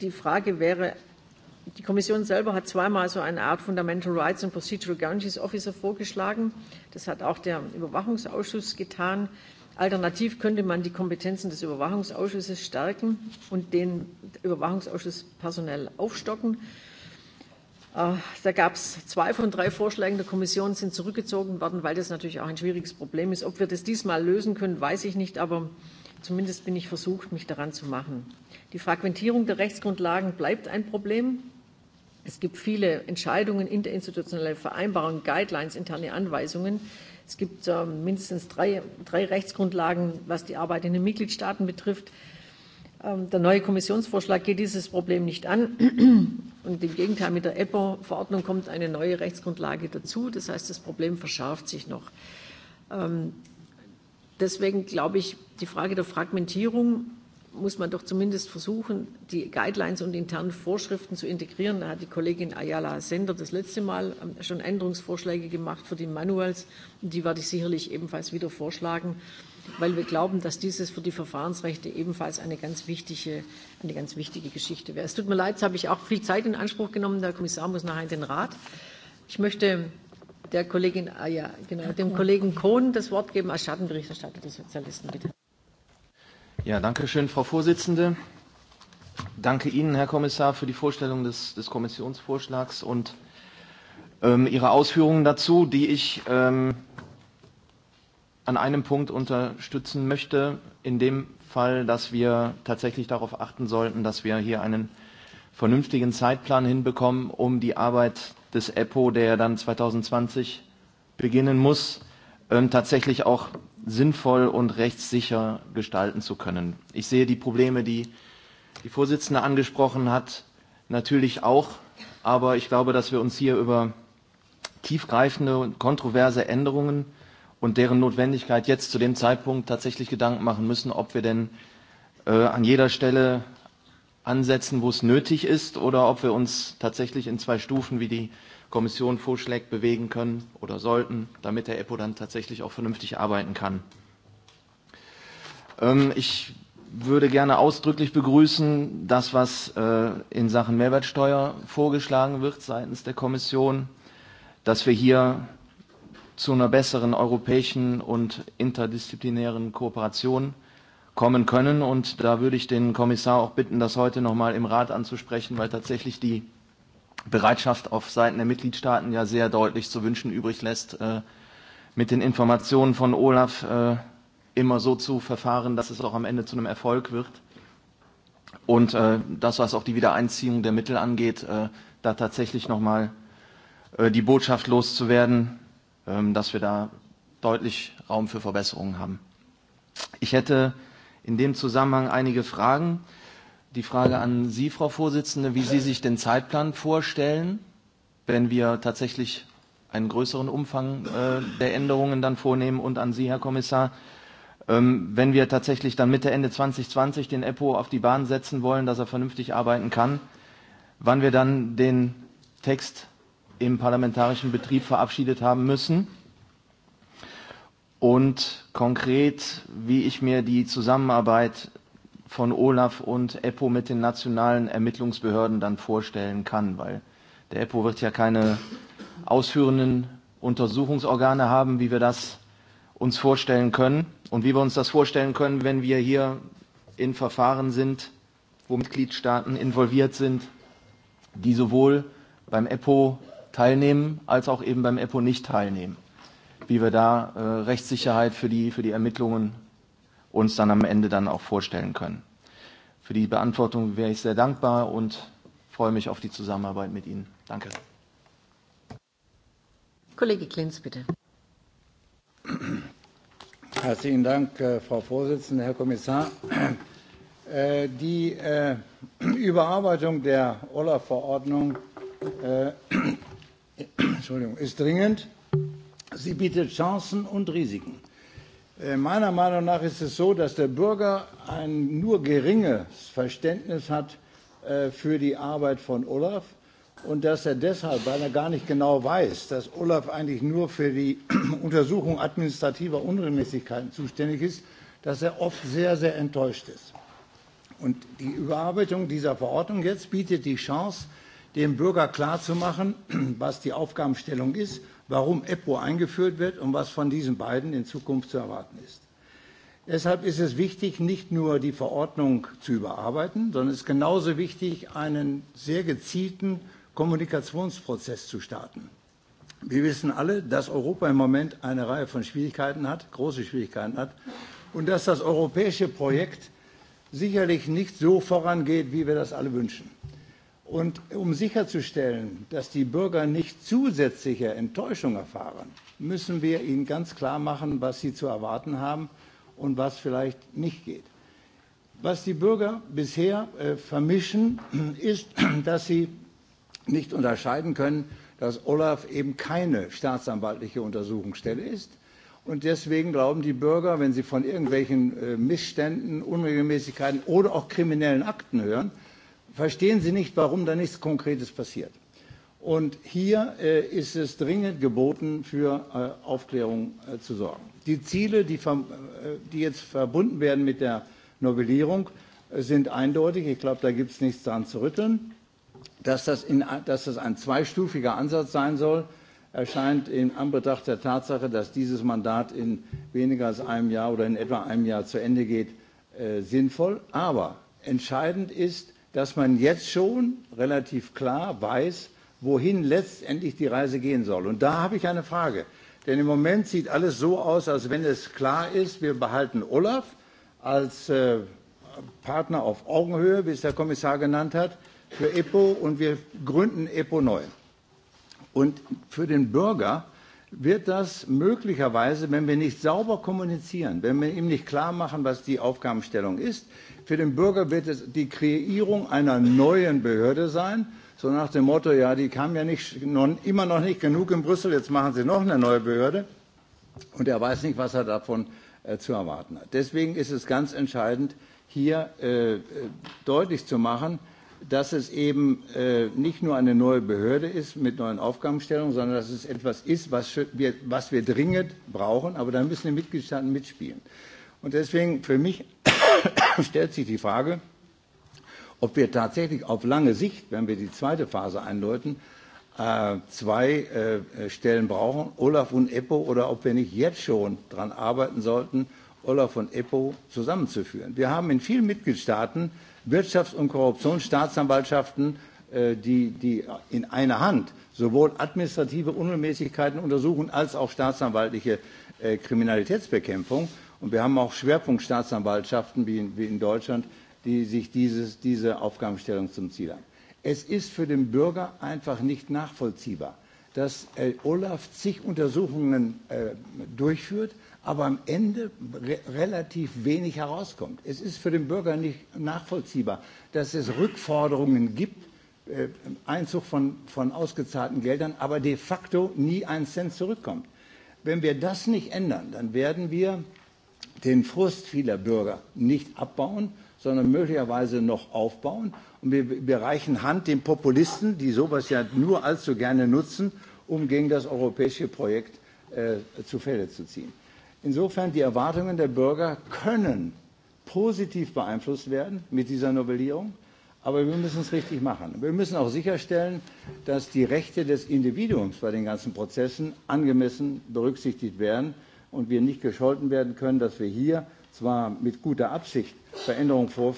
Die Frage wäre, die Kommission selber hat zweimal so eine Art Fundamental Rights and Procedural Guarantees Officer vorgeschlagen. Das hat auch der Überwachungsausschuss getan. Alternativ könnte man die Kompetenzen des Überwachungsausschusses stärken und den Überwachungsausschuss personell aufstocken. Äh, da gab es zwei von drei Vorschlägen der Kommission sind zurückgezogen worden, weil das natürlich auch ein schwieriges Problem ist. Ob wir das diesmal lösen können, weiß ich nicht, aber zumindest bin ich versucht, mich daran zu machen. Die Fragmentierung der Rechtsgrundlagen bleibt ein Problem. Es gibt viele Entscheidungen, interinstitutionelle Vereinbarungen, Guidelines, interne Anweisungen. Es gibt äh, mindestens drei, drei Rechtsgrundlagen, was die Arbeit in den Mitgliedstaaten betrifft. Ähm, der neue Kommissionsvorschlag geht dieses Problem nicht an. Und im Gegenteil, mit der EPO-Verordnung kommt eine neue Rechtsgrundlage dazu. Das heißt, das Problem verschärft sich noch. Ähm, deswegen glaube ich, die Frage der Fragmentierung muss man doch zumindest versuchen, die Guidelines und internen Vorschriften zu integrieren. Da hat die Kollegin Ayala Sender das letzte Mal ähm, schon Änderungsvorschläge gemacht für die Manuals. Die werde ich sicherlich ebenfalls wieder vorschlagen weil wir glauben, dass dieses für die Verfahrensrechte ebenfalls eine ganz wichtige, eine ganz wichtige Geschichte wäre. Es tut mir leid, jetzt habe ich auch viel Zeit in Anspruch genommen. Der Kommissar muss nachher in den Rat. Ich möchte der Kollegin, ah ja, genau, dem Kollegen Kohn das Wort geben als Schattenberichterstatter der Sozialisten, bitte. Ja, danke schön, Frau Vorsitzende. Danke Ihnen, Herr Kommissar, für die Vorstellung des, des Kommissionsvorschlags und ähm, Ihre Ausführungen dazu, die ich ähm, an einem Punkt unterstützen möchte, in dem Fall, dass wir tatsächlich darauf achten sollten, dass wir hier einen vernünftigen Zeitplan hinbekommen, um die Arbeit des EPO, der dann 2020 beginnen muss, ähm, tatsächlich auch sinnvoll und rechtssicher gestalten zu können. Ich sehe die Probleme, die die Vorsitzende angesprochen hat, natürlich auch, aber ich glaube, dass wir uns hier über tiefgreifende und kontroverse Änderungen und deren Notwendigkeit jetzt zu dem Zeitpunkt tatsächlich Gedanken machen müssen, ob wir denn äh, an jeder Stelle ansetzen, wo es nötig ist, oder ob wir uns tatsächlich in zwei Stufen, wie die Kommission vorschlägt, bewegen können oder sollten, damit der EPO dann tatsächlich auch vernünftig arbeiten kann. Ähm, ich würde gerne ausdrücklich begrüßen, das, was äh, in Sachen Mehrwertsteuer vorgeschlagen wird seitens der Kommission, dass wir hier zu einer besseren europäischen und interdisziplinären Kooperation kommen können. Und da würde ich den Kommissar auch bitten, das heute nochmal im Rat anzusprechen, weil tatsächlich die Bereitschaft auf Seiten der Mitgliedstaaten ja sehr deutlich zu wünschen übrig lässt, äh, mit den Informationen von Olaf äh, immer so zu verfahren, dass es auch am Ende zu einem Erfolg wird. Und äh, das, was auch die Wiedereinziehung der Mittel angeht, äh, da tatsächlich nochmal äh, die Botschaft loszuwerden, ähm, dass wir da deutlich Raum für Verbesserungen haben. Ich hätte in dem Zusammenhang einige Fragen. Die Frage an Sie, Frau Vorsitzende, wie Sie sich den Zeitplan vorstellen, wenn wir tatsächlich einen größeren Umfang äh, der Änderungen dann vornehmen und an Sie, Herr Kommissar, ähm, wenn wir tatsächlich dann Mitte, Ende 2020 den EPO auf die Bahn setzen wollen, dass er vernünftig arbeiten kann, wann wir dann den Text im parlamentarischen Betrieb verabschiedet haben müssen und konkret, wie ich mir die Zusammenarbeit von Olaf und EPO mit den nationalen Ermittlungsbehörden dann vorstellen kann, weil der EPO wird ja keine ausführenden Untersuchungsorgane haben, wie wir das uns vorstellen können und wie wir uns das vorstellen können, wenn wir hier in Verfahren sind, wo Mitgliedstaaten involviert sind, die sowohl beim EPO teilnehmen, als auch eben beim EPO nicht teilnehmen. Wie wir da äh, Rechtssicherheit für die, für die Ermittlungen uns dann am Ende dann auch vorstellen können. Für die Beantwortung wäre ich sehr dankbar und freue mich auf die Zusammenarbeit mit Ihnen. Danke. Kollege Klinz, bitte. Herzlichen Dank, äh, Frau Vorsitzende, Herr Kommissar. Äh, die äh, Überarbeitung der Olaf-Verordnung Entschuldigung, ist dringend. Sie bietet Chancen und Risiken. Äh, meiner Meinung nach ist es so, dass der Bürger ein nur geringes Verständnis hat äh, für die Arbeit von Olaf und dass er deshalb, weil er gar nicht genau weiß, dass Olaf eigentlich nur für die Untersuchung administrativer Unregelmäßigkeiten zuständig ist, dass er oft sehr, sehr enttäuscht ist. Und die Überarbeitung dieser Verordnung jetzt bietet die Chance, dem Bürger klarzumachen, was die Aufgabenstellung ist, warum EPRO eingeführt wird und was von diesen beiden in Zukunft zu erwarten ist. Deshalb ist es wichtig, nicht nur die Verordnung zu überarbeiten, sondern es ist genauso wichtig, einen sehr gezielten Kommunikationsprozess zu starten. Wir wissen alle, dass Europa im Moment eine Reihe von Schwierigkeiten hat, große Schwierigkeiten hat, und dass das europäische Projekt sicherlich nicht so vorangeht, wie wir das alle wünschen. Und um sicherzustellen, dass die Bürger nicht zusätzliche Enttäuschung erfahren, müssen wir ihnen ganz klar machen, was sie zu erwarten haben und was vielleicht nicht geht. Was die Bürger bisher äh, vermischen, ist, dass sie nicht unterscheiden können, dass Olaf eben keine staatsanwaltliche Untersuchungsstelle ist. Und deswegen glauben die Bürger, wenn sie von irgendwelchen äh, Missständen, Unregelmäßigkeiten oder auch kriminellen Akten hören, verstehen sie nicht, warum da nichts Konkretes passiert. Und hier äh, ist es dringend geboten, für äh, Aufklärung äh, zu sorgen. Die Ziele, die, ver, äh, die jetzt verbunden werden mit der Novellierung, äh, sind eindeutig. Ich glaube, da gibt es nichts daran zu rütteln. Dass das, in, dass das ein zweistufiger Ansatz sein soll, erscheint in Anbetracht der Tatsache, dass dieses Mandat in weniger als einem Jahr oder in etwa einem Jahr zu Ende geht, äh, sinnvoll. Aber entscheidend ist, dass man jetzt schon relativ klar weiß, wohin letztendlich die Reise gehen soll. Und da habe ich eine Frage. Denn im Moment sieht alles so aus, als wenn es klar ist, wir behalten Olaf als äh, Partner auf Augenhöhe, wie es der Kommissar genannt hat, für EPO und wir gründen EPO neu. Und für den Bürger wird das möglicherweise, wenn wir nicht sauber kommunizieren, wenn wir ihm nicht klar machen, was die Aufgabenstellung ist, für den Bürger wird es die Kreierung einer neuen Behörde sein, so nach dem Motto, ja, die kam ja nicht, non, immer noch nicht genug in Brüssel, jetzt machen sie noch eine neue Behörde und er weiß nicht, was er davon äh, zu erwarten hat. Deswegen ist es ganz entscheidend, hier äh, äh deutlich zu machen, äh, dass es eben äh, nicht nur eine neue Behörde ist mit neuen Aufgabenstellungen, sondern dass es etwas ist, was wir, was wir dringend brauchen, aber da müssen die Mitgliedstaaten mitspielen. Und deswegen für mich stellt sich die Frage, ob wir tatsächlich auf lange Sicht, wenn wir die zweite Phase einläuten, äh, zwei äh, Stellen brauchen, Olaf und EPO, oder ob wir nicht jetzt schon daran arbeiten sollten, Olaf und EPO zusammenzuführen. Wir haben in vielen Mitgliedstaaten äh, Wirtschafts- und Korruptionsstaatsanwaltschaften, äh, die, die in einer Hand sowohl administrative Unregelmäßigkeiten untersuchen als auch staatsanwaltliche äh, Kriminalitätsbekämpfung. Und wir haben auch Schwerpunktstaatsanwaltschaften wie in, wie in Deutschland, die sich dieses, diese Aufgabenstellung zum Ziel haben. Es ist für den Bürger einfach nicht nachvollziehbar, dass äh, Olaf zig Untersuchungen äh, durchführt, aber am Ende re relativ wenig herauskommt. Es ist für den Bürger nicht nachvollziehbar, dass es Rückforderungen gibt, äh, Einzug von, von ausgezahlten Geldern, aber de facto nie ein Cent zurückkommt. Wenn wir das nicht ändern, dann werden wir den Frust vieler Bürger nicht abbauen, sondern möglicherweise noch aufbauen. Und wir, wir reichen Hand den Populisten, die sowas ja nur allzu gerne nutzen, um gegen das europäische Projekt äh, zu Felde zu ziehen. Insofern die Erwartungen der Bürger können positiv beeinflusst werden mit dieser Novellierung. Aber wir müssen es richtig machen. Wir müssen auch sicherstellen, dass die Rechte des Individuums bei den ganzen Prozessen angemessen berücksichtigt werden und wir nicht gescholten werden können, dass wir hier zwar mit guter Absicht Veränderungen vor,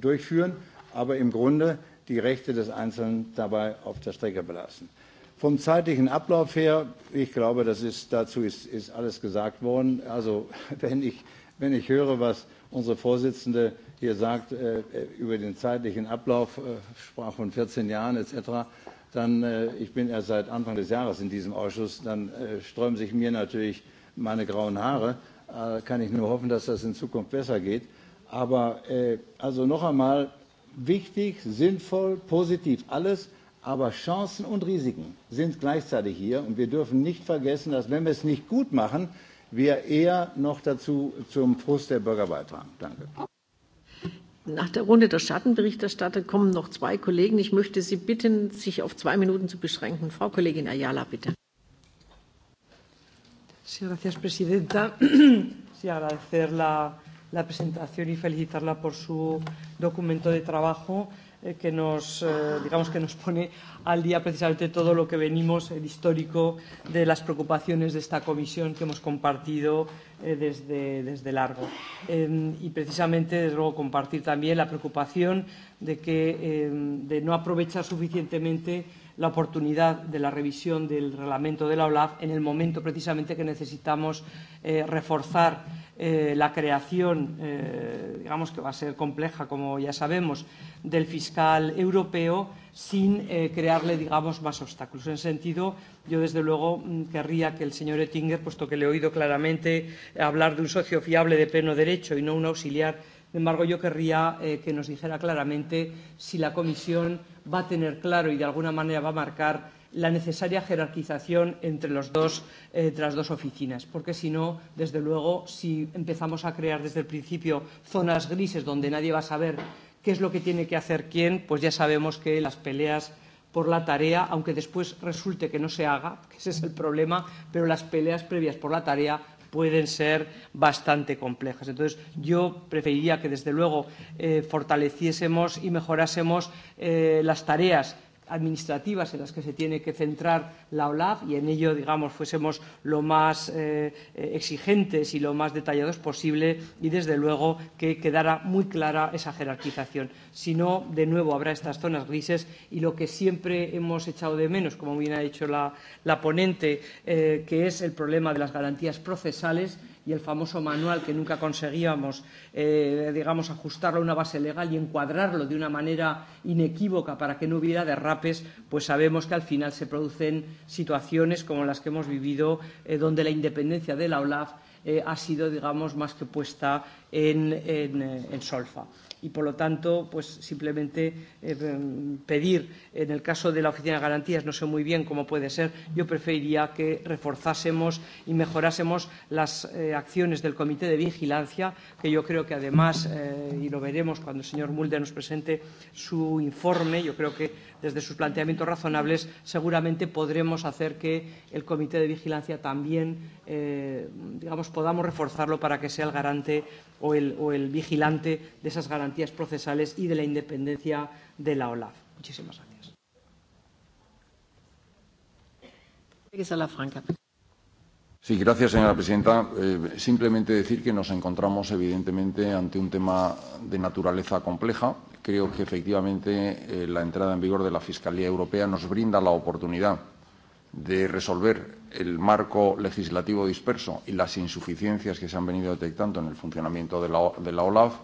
durchführen, aber im Grunde die Rechte des Einzelnen dabei auf der Strecke belassen. Vom zeitlichen Ablauf her, ich glaube, das ist, dazu ist, ist alles gesagt worden. Also wenn ich, wenn ich höre, was unsere Vorsitzende hier sagt äh, äh über den zeitlichen Ablauf, äh, sprach von 14 Jahren etc., dann, äh, ich bin erst seit Anfang des Jahres in diesem Ausschuss, dann äh, sträuben sich mir natürlich meine grauen Haare. Äh, kann ich nur hoffen, dass das in Zukunft besser geht. Aber äh, also noch einmal, wichtig, sinnvoll, positiv alles. Aber Chancen und Risiken sind gleichzeitig hier. Und wir dürfen nicht vergessen, dass wenn wir es nicht gut machen, wir eher noch dazu zum Frust der Bürger beitragen. Danke. Nach der Runde der Schattenberichterstatter kommen noch zwei Kollegen. Ich möchte Sie bitten, sich auf zwei Minuten zu beschränken. Frau Kollegin Ayala, bitte. Sí, gracias, Presidenta. Sí, agradecer la, la presentación y felicitarla por su documento de trabajo. Eh, eh, que nos, eh, digamos que nos pone al día precisamente todo lo que venimos, el histórico de las preocupaciones de esta comisión que hemos compartido eh, desde, desde largo. Eh, y precisamente, desde luego, compartir también la preocupación de, que, eh, de no aprovechar suficientemente la oportunidad de la revisión del reglamento de la OLAF en el momento precisamente que necesitamos eh, reforzar eh, la creación, eh, digamos que va a ser compleja, como ya sabemos, del fiscal europeo sin eh, crearle, digamos, más obstáculos. En ese sentido, yo desde luego mm, querría que el señor Ettinger, puesto que le he oído claramente hablar de un socio fiable de pleno derecho y no un auxiliar Sin embargo, yo querría eh, que nos dijera claramente si la Comisión va a tener claro y de alguna manera va a marcar la necesaria jerarquización entre, los dos, eh, entre las dos oficinas, porque si no, desde luego, si empezamos a crear desde el principio zonas grises donde nadie va a saber qué es lo que tiene que hacer quién, pues ya sabemos que las peleas por la tarea, aunque después resulte que no se haga, que ese es el problema, pero las peleas previas por la tarea pueden ser bastante complejas. Entonces, yo preferiría que, desde luego, eh, fortaleciésemos y mejorásemos eh, las tareas administrativas en las que se tiene que centrar la OLAF y en ello, digamos, fuésemos lo más eh, eh, exigentes y lo más detallados posible y, desde luego, que quedara muy clara esa jerarquización. Si no, de nuevo, habrá estas zonas grises y lo que siempre hemos echado de menos, como bien ha dicho la, la ponente, eh, que es el problema de las garantías procesales. Eh, y el famoso manual que nunca conseguíamos, eh, digamos, ajustarlo a una base legal y encuadrarlo de una manera inequívoca para que no hubiera derrapes, pues sabemos que al final se producen situaciones como las que hemos vivido, eh, donde la independencia de la OLAF eh, ha sido, digamos, más que puesta en, en, eh, en solfa y, por lo tanto, pues simplemente eh, pedir, en el caso de la Oficina de Garantías, no sé muy bien cómo puede ser, yo preferiría que reforzásemos y mejorásemos las eh, acciones del Comité de Vigilancia, que yo creo que además, eh, y lo veremos cuando el señor Mulder nos presente su informe, yo creo que desde sus planteamientos razonables seguramente podremos hacer que el Comité de Vigilancia también, eh, digamos, podamos reforzarlo para que sea el garante o el, o el vigilante de esas garantías garantías procesales y de la independencia de la OLAF. Muchísimas gracias. Sí, gracias, señora presidenta. Eh, simplemente decir que nos encontramos, evidentemente, ante un tema de naturaleza compleja. Creo que, efectivamente, eh, la entrada en vigor de la Fiscalía Europea nos brinda la oportunidad de resolver el marco legislativo disperso y las insuficiencias que se han venido detectando en el funcionamiento de la, de la OLAF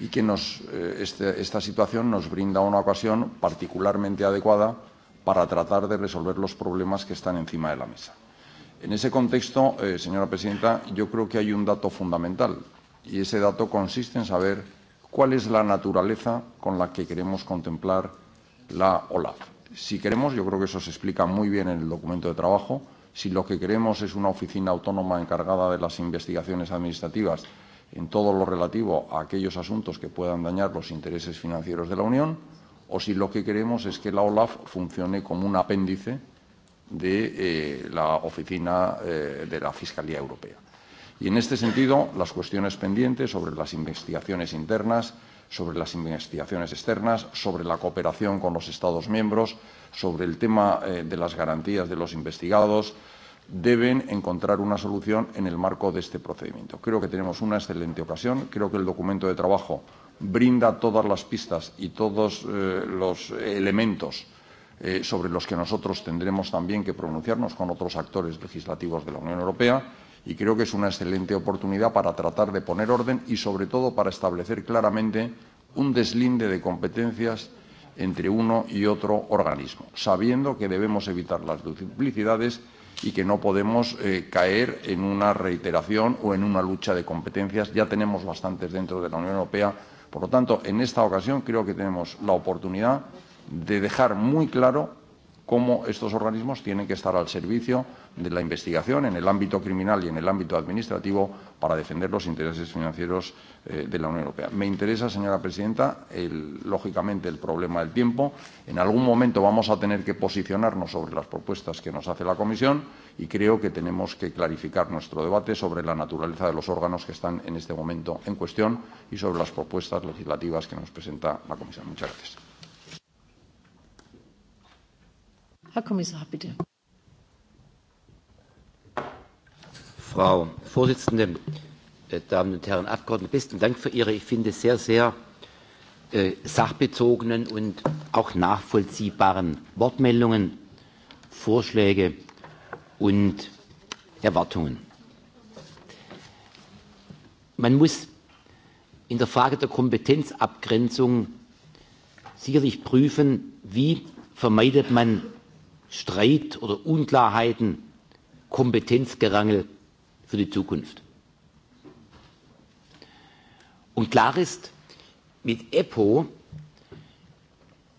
y que nos, eh, este, esta situación nos brinda una ocasión particularmente adecuada para tratar de resolver los problemas que están encima de la mesa. En ese contexto, eh, señora presidenta, yo creo que hay un dato fundamental y ese dato consiste en saber cuál es la naturaleza con la que queremos contemplar la OLAF si queremos, yo creo que eso se explica muy bien en el documento de trabajo, si lo que queremos es una oficina autónoma encargada de las investigaciones administrativas en todo lo relativo a aquellos asuntos que puedan dañar los intereses financieros de la Unión, o si lo que queremos es que la OLAF funcione como un apéndice de eh, la oficina eh, de la Fiscalía Europea. Y en este sentido, las cuestiones pendientes sobre las investigaciones internas, sobre las investigaciones externas, sobre la cooperación con los Estados miembros, sobre el tema eh, de las garantías de los investigados, deben encontrar una solución en el marco de este procedimiento. Creo que tenemos una excelente ocasión. Creo que el documento de trabajo brinda todas las pistas y todos eh, los elementos eh, sobre los que nosotros tendremos también que pronunciarnos con otros actores legislativos de la Unión Europea y creo que es una excelente oportunidad para tratar de poner orden y, sobre todo, para establecer claramente un deslinde de competencias entre uno y otro organismo, sabiendo que debemos evitar las duplicidades y que no podemos eh, caer en una reiteración o en una lucha de competencias. Ya tenemos bastantes dentro de la Unión Europea. Por lo tanto, en esta ocasión creo que tenemos la oportunidad de dejar muy claro cómo estos organismos tienen que estar al servicio de la investigación en el ámbito criminal y en el ámbito administrativo para defender los intereses financieros eh, de la Unión Europea. Me interesa, señora presidenta, el, lógicamente el problema del tiempo. En algún momento vamos a tener que posicionarnos sobre las propuestas que nos hace la Comisión y creo que tenemos que clarificar nuestro debate sobre la naturaleza de los órganos que están en este momento en cuestión y sobre las propuestas legislativas que nos presenta la Comisión. Muchas gracias. Herr Kommissar, bitte. Frau Vorsitzende, äh, Damen und Herren Abgeordnete, besten Dank für Ihre, ich finde, sehr, sehr äh, sachbezogenen und auch nachvollziehbaren Wortmeldungen, Vorschläge und Erwartungen. Man muss in der Frage der Kompetenzabgrenzung sicherlich prüfen, wie vermeidet man Streit oder Unklarheiten, Kompetenzgerangel für die Zukunft. Und klar ist, mit EPO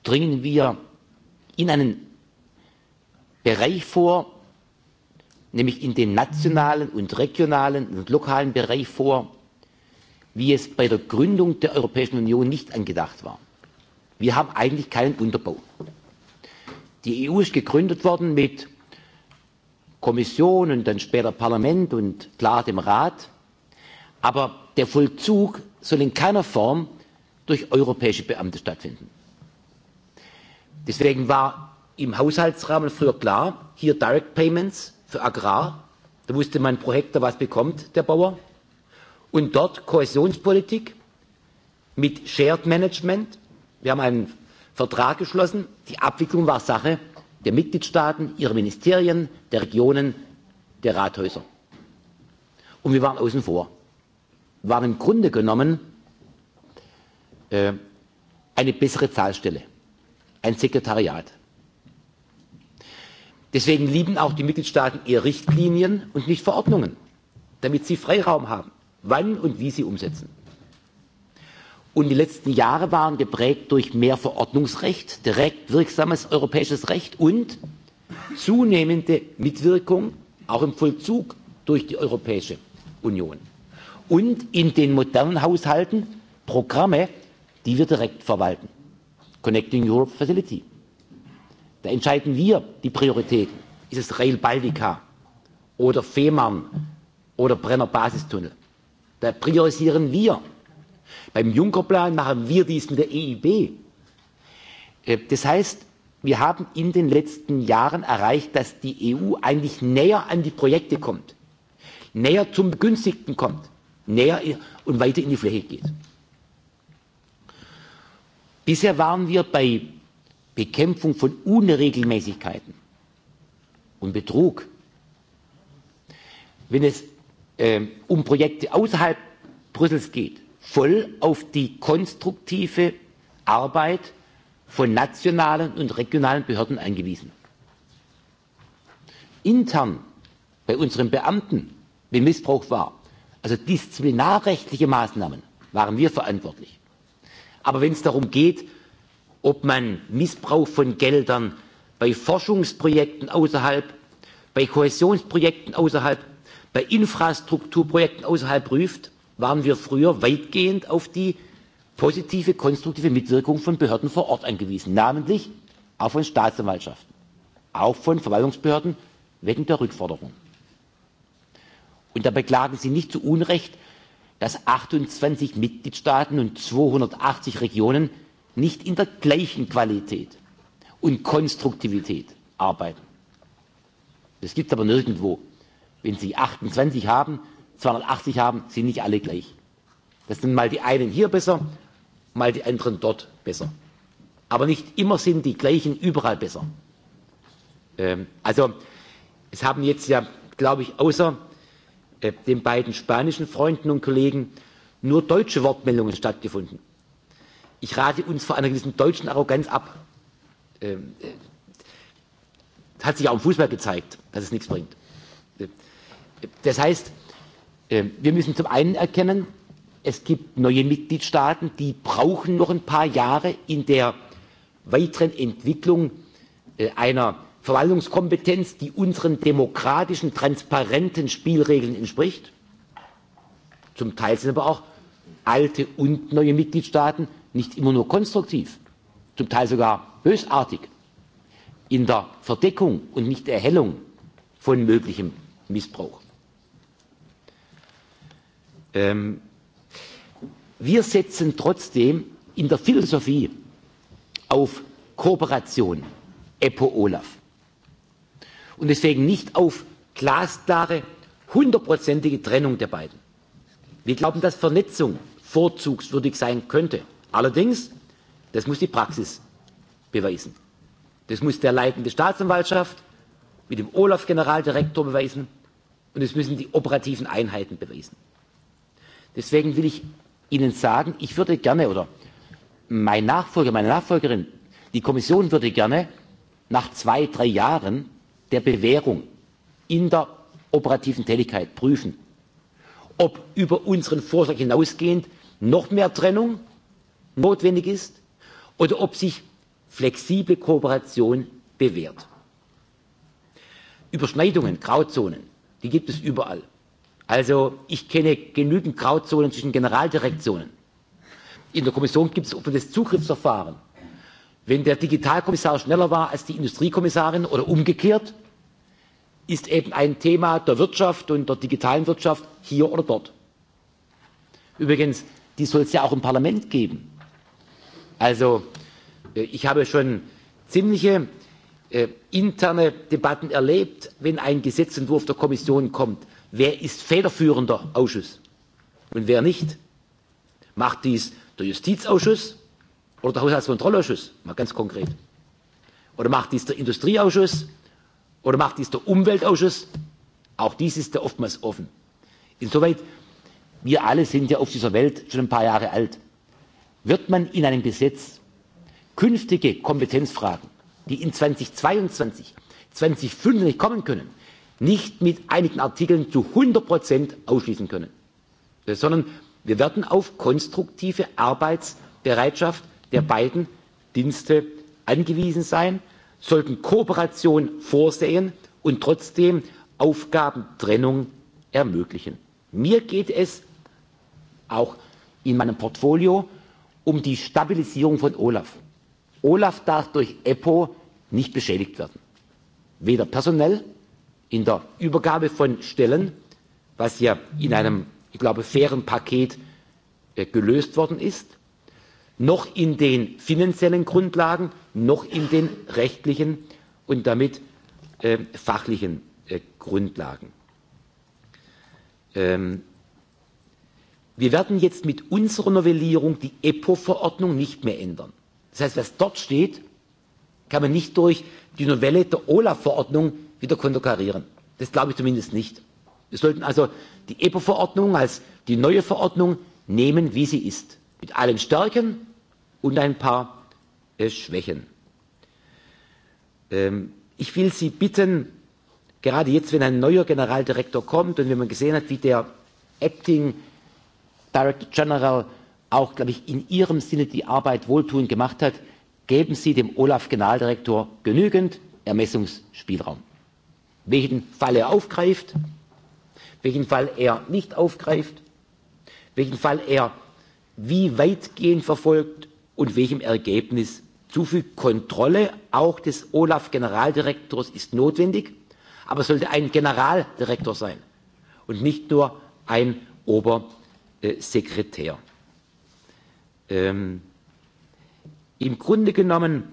dringen wir in einen Bereich vor, nämlich in den nationalen und regionalen und lokalen Bereich vor, wie es bei der Gründung der Europäischen Union nicht angedacht war. Wir haben eigentlich keinen Unterbau. Die EU ist gegründet worden mit Kommission und dann später Parlament und klar dem Rat. Aber der Vollzug soll in keiner Form durch europäische Beamte stattfinden. Deswegen war im Haushaltsrahmen früher klar, hier Direct Payments für Agrar, da wusste man pro Hektar, was bekommt der Bauer. Und dort Kohäsionspolitik mit Shared Management. Wir haben einen vertrag geschlossen die abwicklung war sache der mitgliedstaaten ihrer ministerien der regionen der rathäuser und wir waren außen vor waren im grunde genommen äh, eine bessere Zahlstelle, ein Sekretariat. Deswegen lieben auch die Mitgliedstaaten eher Richtlinien und nicht Verordnungen, damit sie Freiraum haben, wann und wie sie umsetzen und die letzten jahre waren geprägt durch mehr verordnungsrecht direkt wirksames europäisches recht und zunehmende mitwirkung auch im vollzug durch die europäische union und in den modernen haushalten programme die wir direkt verwalten connecting europe facility da entscheiden wir die prioritäten ist es rail baltica oder fehmarn oder brenner basistunnel da priorisieren wir Beim Juncker-Plan machen wir dies mit der EIB. Äh, das heißt, wir haben in den letzten Jahren erreicht, dass die EU eigentlich näher an die Projekte kommt, näher zum Begünstigten kommt, näher und weiter in die Fläche geht. Bisher waren wir bei Bekämpfung von Unregelmäßigkeiten und Betrug. Wenn es äh, um Projekte außerhalb Brüssels geht, voll auf die konstruktive arbeit von nationalen und regionalen behörden angewiesen. intern bei unseren beamten wenn missbrauch war also disziplinarrechtliche maßnahmen waren wir verantwortlich. aber wenn es darum geht ob man missbrauch von geldern bei forschungsprojekten außerhalb bei kohäsionsprojekten außerhalb bei infrastrukturprojekten außerhalb prüft waren wir früher weitgehend auf die positive konstruktive mitwirkung von behörden vor ort angewiesen namentlich auch von staatsanwaltschaften auch von verwaltungsbehörden wegen der rückforderung. und da beklagen sie nicht zu unrecht dass achtundzwanzig mitgliedstaaten und zweihundertachtzig regionen nicht in der gleichen qualität und konstruktivität arbeiten. das gibt es aber nirgendwo. wenn sie achtundzwanzig zweihundertachtzig haben sind nicht alle gleich. das sind mal die einen hier besser mal die anderen dort besser. aber nicht immer sind die gleichen überall besser. Ähm, also es haben jetzt ja glaube ich außer äh, den beiden spanischen freunden und kollegen nur deutsche wortmeldungen stattgefunden. ich rate uns vor einer gewissen deutschen arroganz ab. Ähm, äh, hat sich auch im Fußball gezeigt, dass es nichts bringt. Äh, das heißt, Ähm, wir müssen zum einen erkennen es gibt neue mitgliedstaaten die brauchen noch ein paar jahre in der weiteren entwicklung äh, einer verwaltungskompetenz die unseren demokratischen transparenten spielregeln entspricht. zum teil sind aber auch alte und neue mitgliedstaaten nicht immer nur konstruktiv zum teil sogar bösartig in der verdeckung und nicht erhellung von möglichem missbrauch. Ähm, wir setzen trotzdem in der Philosophie auf Kooperation, EPO Olaf. Und deswegen nicht auf glasklare, hundertprozentige Trennung der beiden. Wir glauben, dass Vernetzung vorzugswürdig sein könnte. Allerdings, das muss die Praxis beweisen. Das muss der leitende Staatsanwaltschaft mit dem Olaf-Generaldirektor beweisen und das müssen die operativen Einheiten beweisen. Deswegen will ich Ihnen sagen, ich würde gerne oder mein Nachfolger, meine Nachfolgerin, die Kommission würde gerne nach zwei, drei Jahren der Bewährung in der operativen Tätigkeit prüfen, ob über unseren Vorschlag hinausgehend noch mehr Trennung notwendig ist oder ob sich flexible Kooperation bewährt. Überschneidungen, Grauzonen, die gibt es überall. Also ich kenne genügend Grauzonen zwischen Generaldirektionen. In der Kommission gibt es offenes Zugriffsverfahren. Wenn der Digitalkommissar schneller war als die Industriekommissarin oder umgekehrt, ist eben ein Thema der Wirtschaft und der digitalen Wirtschaft hier oder dort. Übrigens, die soll es ja auch im Parlament geben. Also äh, ich habe schon ziemliche äh, interne Debatten erlebt, wenn ein Gesetzentwurf der Kommission kommt Wer ist federführender Ausschuss und wer nicht? Macht dies der Justizausschuss oder der Haushaltskontrollausschuss? Mal ganz konkret. Oder macht dies der Industrieausschuss? Oder macht dies der Umweltausschuss? Auch dies ist ja oftmals offen. Insoweit, wir alle sind ja auf dieser Welt schon ein paar Jahre alt. Wird man in einem Gesetz künftige Kompetenzfragen, die in 2022, 2025 nicht kommen können, nicht mit einigen Artikeln zu 100 Prozent ausschließen können, äh, sondern wir werden auf konstruktive Arbeitsbereitschaft der beiden Dienste angewiesen sein, sollten Kooperation vorsehen und trotzdem Aufgabentrennung ermöglichen. Mir geht es auch in meinem Portfolio um die Stabilisierung von Olaf. Olaf darf durch EPO nicht beschädigt werden. Weder personell in der Übergabe von Stellen, was ja in einem, ich glaube, fairen Paket äh, gelöst worden ist, noch in den finanziellen Grundlagen, noch in den rechtlichen und damit äh, fachlichen äh, Grundlagen. Ähm, wir werden jetzt mit unserer Novellierung die EPO-Verordnung nicht mehr ändern. Das heißt, was dort steht, kann man nicht durch die Novelle der OLAF-Verordnung wieder konterkarieren. Das glaube ich zumindest nicht. Wir sollten also die EPO-Verordnung als die neue Verordnung nehmen, wie sie ist. Mit allen Stärken und ein paar äh, Schwächen. Ähm, ich will Sie bitten, gerade jetzt, wenn ein neuer Generaldirektor kommt und wenn man gesehen hat, wie der Acting Director General auch, glaube ich, in Ihrem Sinne die Arbeit wohltuend gemacht hat, geben Sie dem Olaf Generaldirektor genügend Ermessungsspielraum welchen Fall er aufgreift, welchen Fall er nicht aufgreift, welchen Fall er wie weitgehend verfolgt und welchem Ergebnis zufügt. Kontrolle auch des Olaf-Generaldirektors ist notwendig, aber sollte ein Generaldirektor sein und nicht nur ein Obersekretär. Ähm, Im Grunde genommen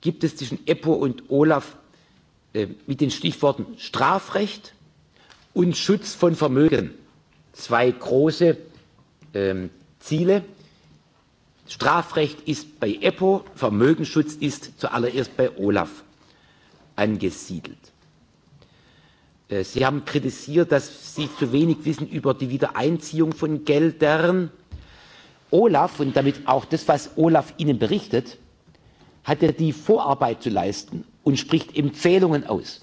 gibt es zwischen EPO und Olaf Äh, mit den Stichworten Strafrecht und Schutz von Vermögen. Zwei große ähm, Ziele. Strafrecht ist bei EPO, Vermögensschutz ist zuallererst bei OLAF angesiedelt. Äh, Sie haben kritisiert, dass Sie zu wenig wissen über die Wiedereinziehung von Geldern. OLAF und damit auch das, was OLAF Ihnen berichtet, hat er die vorarbeit zu leisten und spricht empfehlungen aus.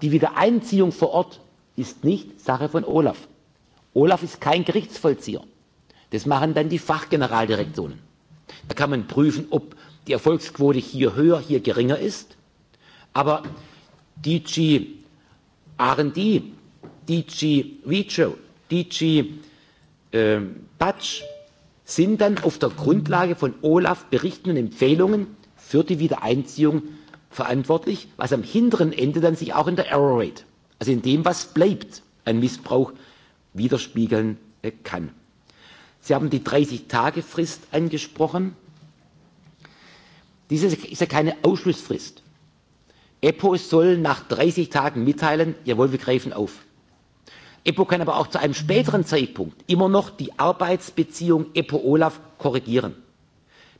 die wiedereinziehung vor ort ist nicht sache von olaf. olaf ist kein gerichtsvollzieher. das machen dann die fachgeneraldirektionen. da kann man prüfen ob die erfolgsquote hier höher hier geringer ist. aber dg rd dg regio dg äh, batch sind dann auf der grundlage von olaf berichten und empfehlungen für die Wiedereinziehung verantwortlich, was am hinteren Ende dann sich auch in der Error Rate, also in dem, was bleibt an Missbrauch, widerspiegeln äh, kann. Sie haben die 30-Tage-Frist angesprochen. Diese ist ja keine Ausschlussfrist. EPO soll nach 30 Tagen mitteilen, jawohl, wir greifen auf. EPO kann aber auch zu einem späteren Zeitpunkt immer noch die Arbeitsbeziehung EPO-OLAF korrigieren.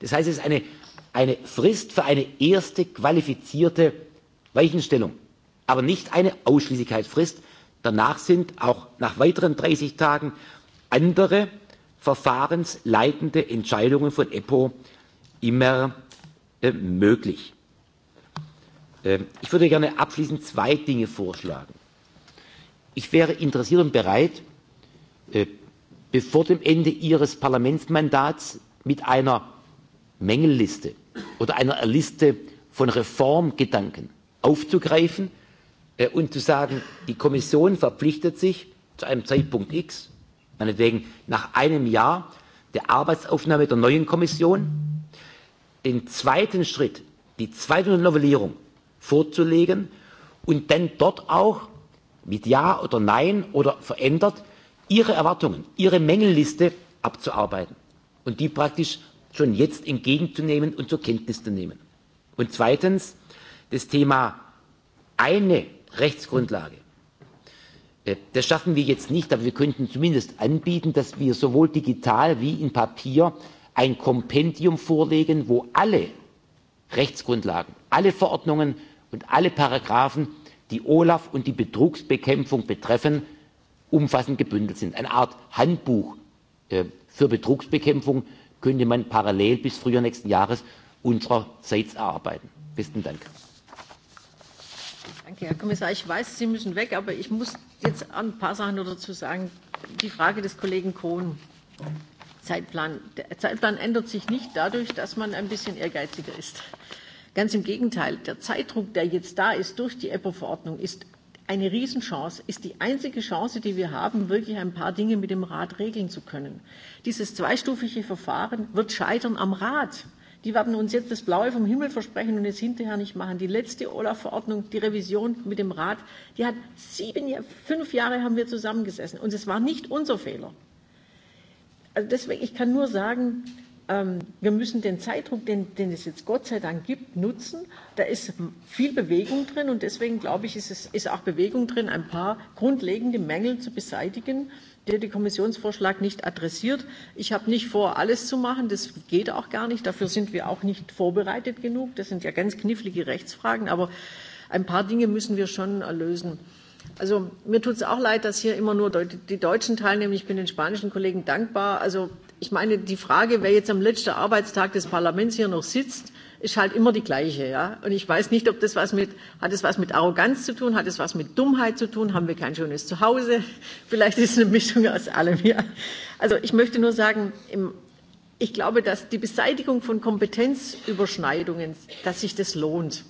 Das heißt, es ist eine eine frist für eine erste qualifizierte weichenstellung aber nicht eine ausschließlichkeitsfrist. danach sind auch nach weiteren dreißig tagen andere verfahrensleitende entscheidungen von eppo immer äh, möglich. Äh, ich würde gerne abschließend zwei Dinge vorschlagen. Ich wäre interessiert und bereit, äh, bevor dem Ende Ihres Parlamentsmandats mit einer Mängelliste oder einer Liste von Reformgedanken aufzugreifen äh, und zu sagen, die Kommission verpflichtet sich zu einem Zeitpunkt X, meinetwegen nach einem Jahr der Arbeitsaufnahme der neuen Kommission, den zweiten Schritt, die zweite Novellierung vorzulegen und dann dort auch mit Ja oder Nein oder verändert ihre Erwartungen, ihre Mängelliste abzuarbeiten und die praktisch schon jetzt entgegenzunehmen und zur Kenntnis zu nehmen. Und zweitens das Thema eine Rechtsgrundlage. Äh, das schaffen wir jetzt nicht, aber wir könnten zumindest anbieten, dass wir sowohl digital wie in Papier ein Kompendium vorlegen, wo alle Rechtsgrundlagen, alle Verordnungen und alle Paragraphen, die Olaf und die Betrugsbekämpfung betreffen, umfassend gebündelt sind. Eine Art Handbuch äh, für Betrugsbekämpfung, könnte man parallel bis Frühjahr nächsten Jahres unsererseits erarbeiten. Besten Dank. Danke, Herr Kommissar. Ich weiß, Sie müssen weg, aber ich muss jetzt ein paar Sachen dazu sagen. Die Frage des Kollegen Kohn. Zeitplan. Der Zeitplan ändert sich nicht dadurch, dass man ein bisschen ehrgeiziger ist. Ganz im Gegenteil, der Zeitdruck, der jetzt da ist durch die EPO-Verordnung, ist eine Riesenchance, ist die einzige Chance, die wir haben, wirklich ein paar Dinge mit dem Rat regeln zu können. Dieses zweistufige Verfahren wird scheitern am Rat. Die werden uns jetzt das Blaue vom Himmel versprechen und es hinterher nicht machen. Die letzte Olaf-Verordnung, die Revision mit dem Rat, die hat sieben, fünf Jahre haben wir zusammengesessen und es war nicht unser Fehler. Also deswegen, ich kann nur sagen, ähm, wir müssen den Zeitdruck, den, den es jetzt Gott sei Dank gibt, nutzen. Da ist viel Bewegung drin und deswegen glaube ich, ist, es, ist auch Bewegung drin, ein paar grundlegende Mängel zu beseitigen, der die Kommissionsvorschlag nicht adressiert. Ich habe nicht vor, alles zu machen, das geht auch gar nicht. Dafür sind wir auch nicht vorbereitet genug. Das sind ja ganz knifflige Rechtsfragen, aber ein paar Dinge müssen wir schon lösen. Äh, Also mir tut es auch leid, dass hier immer nur die Deutschen teilnehmen. Ich bin den spanischen Kollegen dankbar. Also ich meine, die Frage, wer jetzt am letzten Arbeitstag des Parlaments hier noch sitzt, ist halt immer die gleiche, ja. Und ich weiß nicht, ob das was mit, hat es was mit Arroganz zu tun, hat es was mit Dummheit zu tun, haben wir kein schönes Zuhause? Vielleicht ist es eine Mischung aus allem, ja. Also ich möchte nur sagen, im, ich glaube, dass die Beseitigung von Kompetenzüberschneidungen, dass sich das lohnt.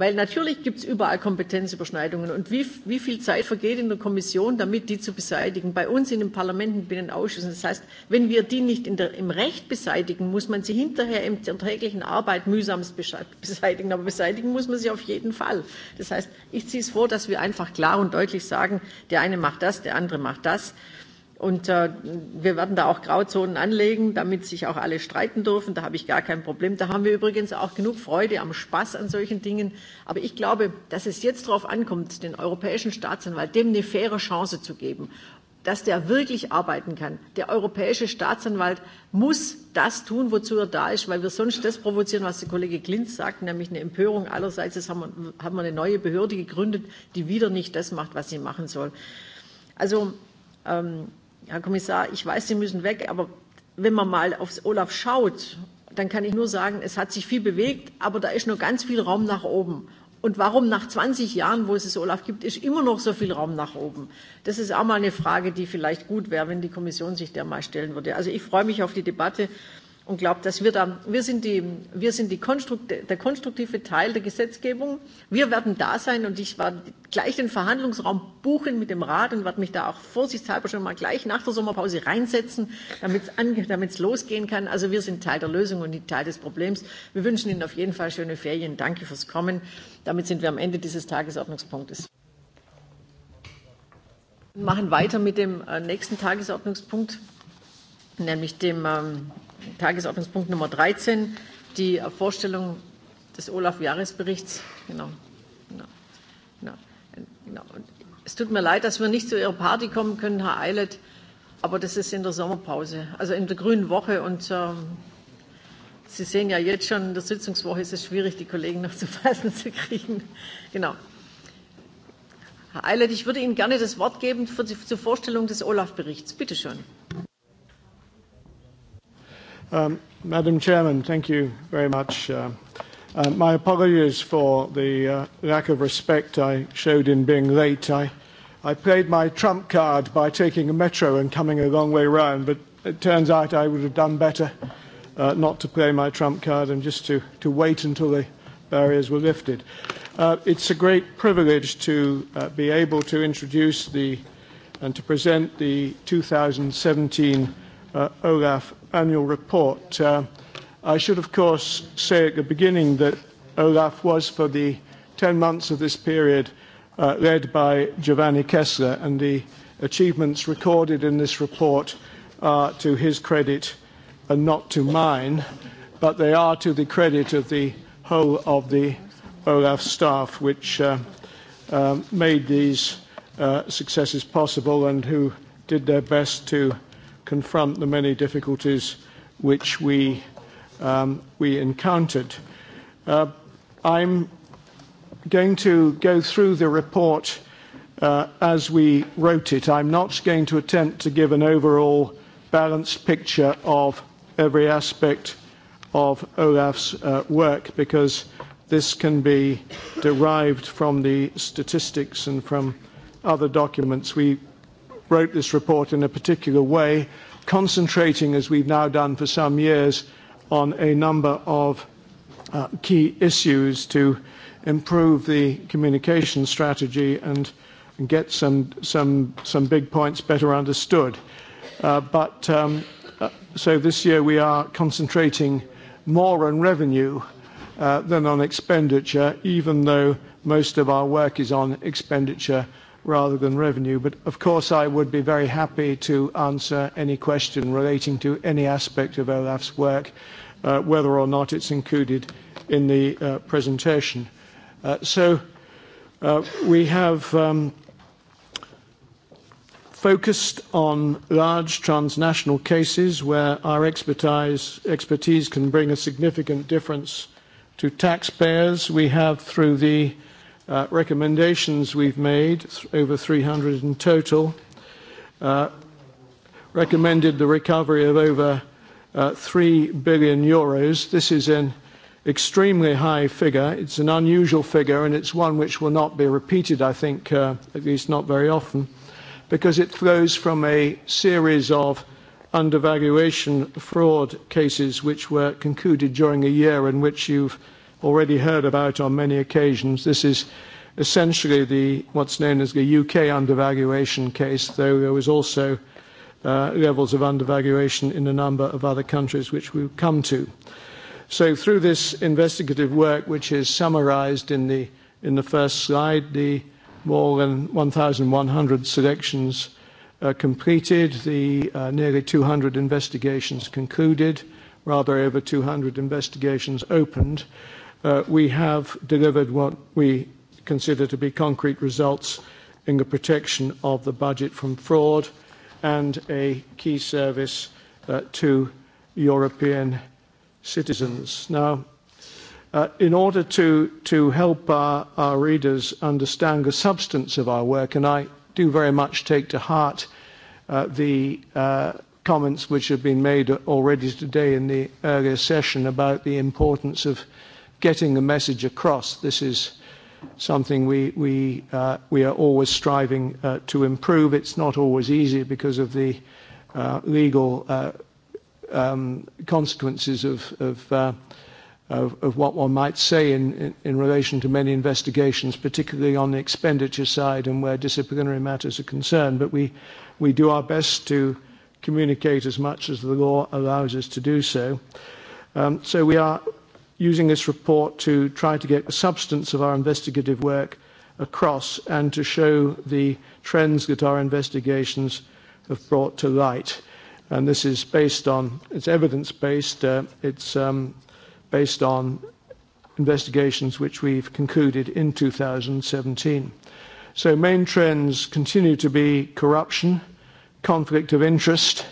Weil natürlich gibt es überall Kompetenzüberschneidungen. Und wie, wie viel Zeit vergeht in der Kommission, damit die zu beseitigen? Bei uns in den Parlamenten, bei den Ausschüssen. Das heißt, wenn wir die nicht in der, im Recht beseitigen, muss man sie hinterher in der täglichen Arbeit mühsamst beseitigen. Aber beseitigen muss man sie auf jeden Fall. Das heißt, ich ziehe es vor, dass wir einfach klar und deutlich sagen, der eine macht das, der andere macht das. Äh, Und äh, wir werden da auch Grauzonen anlegen, damit sich auch alle streiten dürfen. Da habe ich gar kein Problem. Da haben wir übrigens auch genug Freude am Spaß an solchen Dingen. Aber ich glaube, dass es jetzt darauf ankommt, den europäischen Staatsanwalt dem eine faire Chance zu geben, dass der wirklich arbeiten kann. Der europäische Staatsanwalt muss das tun, wozu er da ist, weil wir sonst das provozieren, was der Kollege Klinz sagt, nämlich eine Empörung allerseits. Jetzt haben wir, haben wir eine neue Behörde gegründet, die wieder nicht das macht, was sie machen soll. Also ähm, Herr Kommissar, ich weiß, Sie müssen weg, aber wenn man mal aufs Olaf schaut, dann kann ich nur sagen, es hat sich viel bewegt, aber da ist noch ganz viel Raum nach oben. Und warum nach 20 Jahren, wo es das Olaf gibt, ist immer noch so viel Raum nach oben? Das ist auch mal eine Frage, die vielleicht gut wäre, wenn die Kommission sich der mal stellen würde. Also ich freue mich auf die Debatte und glaube, dass wir da, wir sind, die, wir sind die Konstrukt, der konstruktive Teil der Gesetzgebung. Wir werden da sein und ich werde gleich den Verhandlungsraum buchen mit dem Rat und werde mich da auch vorsichtshalber schon mal gleich nach der Sommerpause reinsetzen, damit es losgehen kann. Also wir sind Teil der Lösung und nicht Teil des Problems. Wir wünschen Ihnen auf jeden Fall schöne Ferien. Danke fürs Kommen. Damit sind wir am Ende dieses Tagesordnungspunktes machen weiter mit dem äh, nächsten Tagesordnungspunkt, nämlich dem ähm, Tagesordnungspunkt Nummer 13, die Vorstellung des Olaf-Jahresberichts. Genau. genau. genau. genau. Und es tut mir leid, dass wir nicht zu Ihrer Party kommen können, Herr Eilert, aber das ist in der Sommerpause, also in der grünen Woche. Und ähm, Sie sehen ja jetzt schon, in der Sitzungswoche ist es schwierig, die Kollegen noch zu fassen zu kriegen. Genau. Herr Eilert, ich würde Ihnen gerne das Wort geben für die, zur Vorstellung des Olaf-Berichts. Bitte schön. Um, Madam Chairman, thank you very much. Uh, uh, my apologies for the uh, lack of respect I showed in being late. I, I played my trump card by taking a metro and coming a long way round, but it turns out I would have done better uh, not to play my trump card and just to, to wait until the barriers were lifted. Uh, it's a great privilege to uh, be able to introduce the and to present the 2017 uh, OLAF annual report. Uh, I should, of course, say at the beginning that OLAF was, for the 10 months of this period, uh, led by Giovanni Kessler, and the achievements recorded in this report are to his credit and not to mine, but they are to the credit of the whole of the OLAF staff, which uh, uh, made these uh, successes possible and who did their best to confront the many difficulties which we, um, we encountered. Uh, I'm going to go through the report uh, as we wrote it. I'm not going to attempt to give an overall balanced picture of every aspect of Olaf's uh, work because this can be derived from the statistics and from other documents. We wrote this report in a particular way, concentrating, as we've now done for some years, on a number of uh, key issues to improve the communication strategy and, and get some, some, some big points better understood. Uh, but um, uh, so this year we are concentrating more on revenue uh, than on expenditure, even though most of our work is on expenditure rather than revenue. But of course, I would be very happy to answer any question relating to any aspect of Olaf's work, uh, whether or not it's included in the uh, presentation. Uh, so uh, we have um, focused on large transnational cases where our expertise, expertise can bring a significant difference to taxpayers. We have, through the uh, uh, recommendations we've made, over 300 in total, uh, recommended the recovery of over uh, 3 billion euros. This is an extremely high figure. It's an unusual figure, and it's one which will not be repeated, I think, uh, at least not very often, because it flows from a series of undervaluation fraud cases which were concluded during a year in which you've already heard about on many occasions. This is essentially the, what's known as the UK undervaluation case, though there was also uh, levels of undervaluation in a number of other countries, which we'll come to. So through this investigative work, which is summarized in the, in the first slide, the more than 1,100 selections uh, completed, the uh, nearly 200 investigations concluded, rather over 200 investigations opened uh, we have delivered what we consider to be concrete results in the protection of the budget from fraud and a key service uh, to European citizens. Now, uh, in order to, to help our, our readers understand the substance of our work, and I do very much take to heart uh, the uh, comments which have been made already today in the earlier session about the importance of getting the message across. This is something we, we, uh, we are always striving uh, to improve. It's not always easy because of the uh, legal uh, um, consequences of, of, uh, of, of what one might say in, in, in relation to many investigations, particularly on the expenditure side and where disciplinary matters are concerned. But we, we do our best to communicate as much as the law allows us to do so. Um, so we are using this report to try to get the substance of our investigative work across and to show the trends that our investigations have brought to light. And this is based on, it's evidence-based, uh, it's um, based on investigations which we've concluded in 2017. So main trends continue to be corruption, conflict of interest, uh,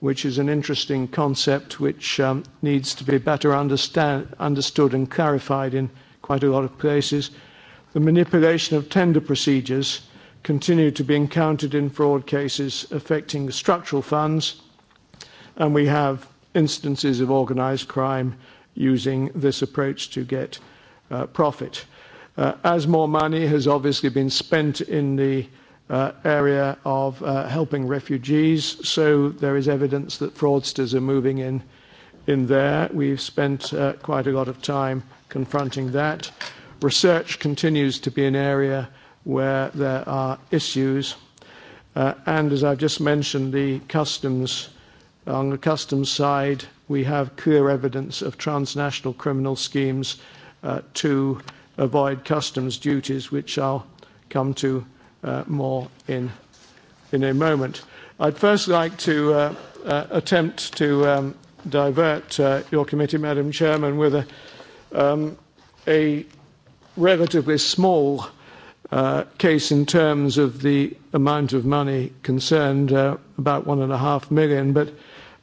which is an interesting concept which um, needs to be better understand, understood and clarified in quite a lot of places. The manipulation of tender procedures continue to be encountered in fraud cases affecting the structural funds, and we have instances of organized crime using this approach to get uh, profit. Uh, as more money has obviously been spent in the uh, uh, area of uh, helping refugees. So there is evidence that fraudsters are moving in, in there. We've spent uh, quite a lot of time confronting that. Research continues to be an area where there are issues. Uh, and as I've just mentioned, the customs, on the customs side, we have clear evidence of transnational criminal schemes uh, to avoid customs duties, which I'll come to uh, more in, in a moment. I'd first like to uh, uh, attempt to um, divert uh, your committee, Madam Chairman, with a, um, a relatively small uh, case in terms of the amount of money concerned, uh, about one and a half million, but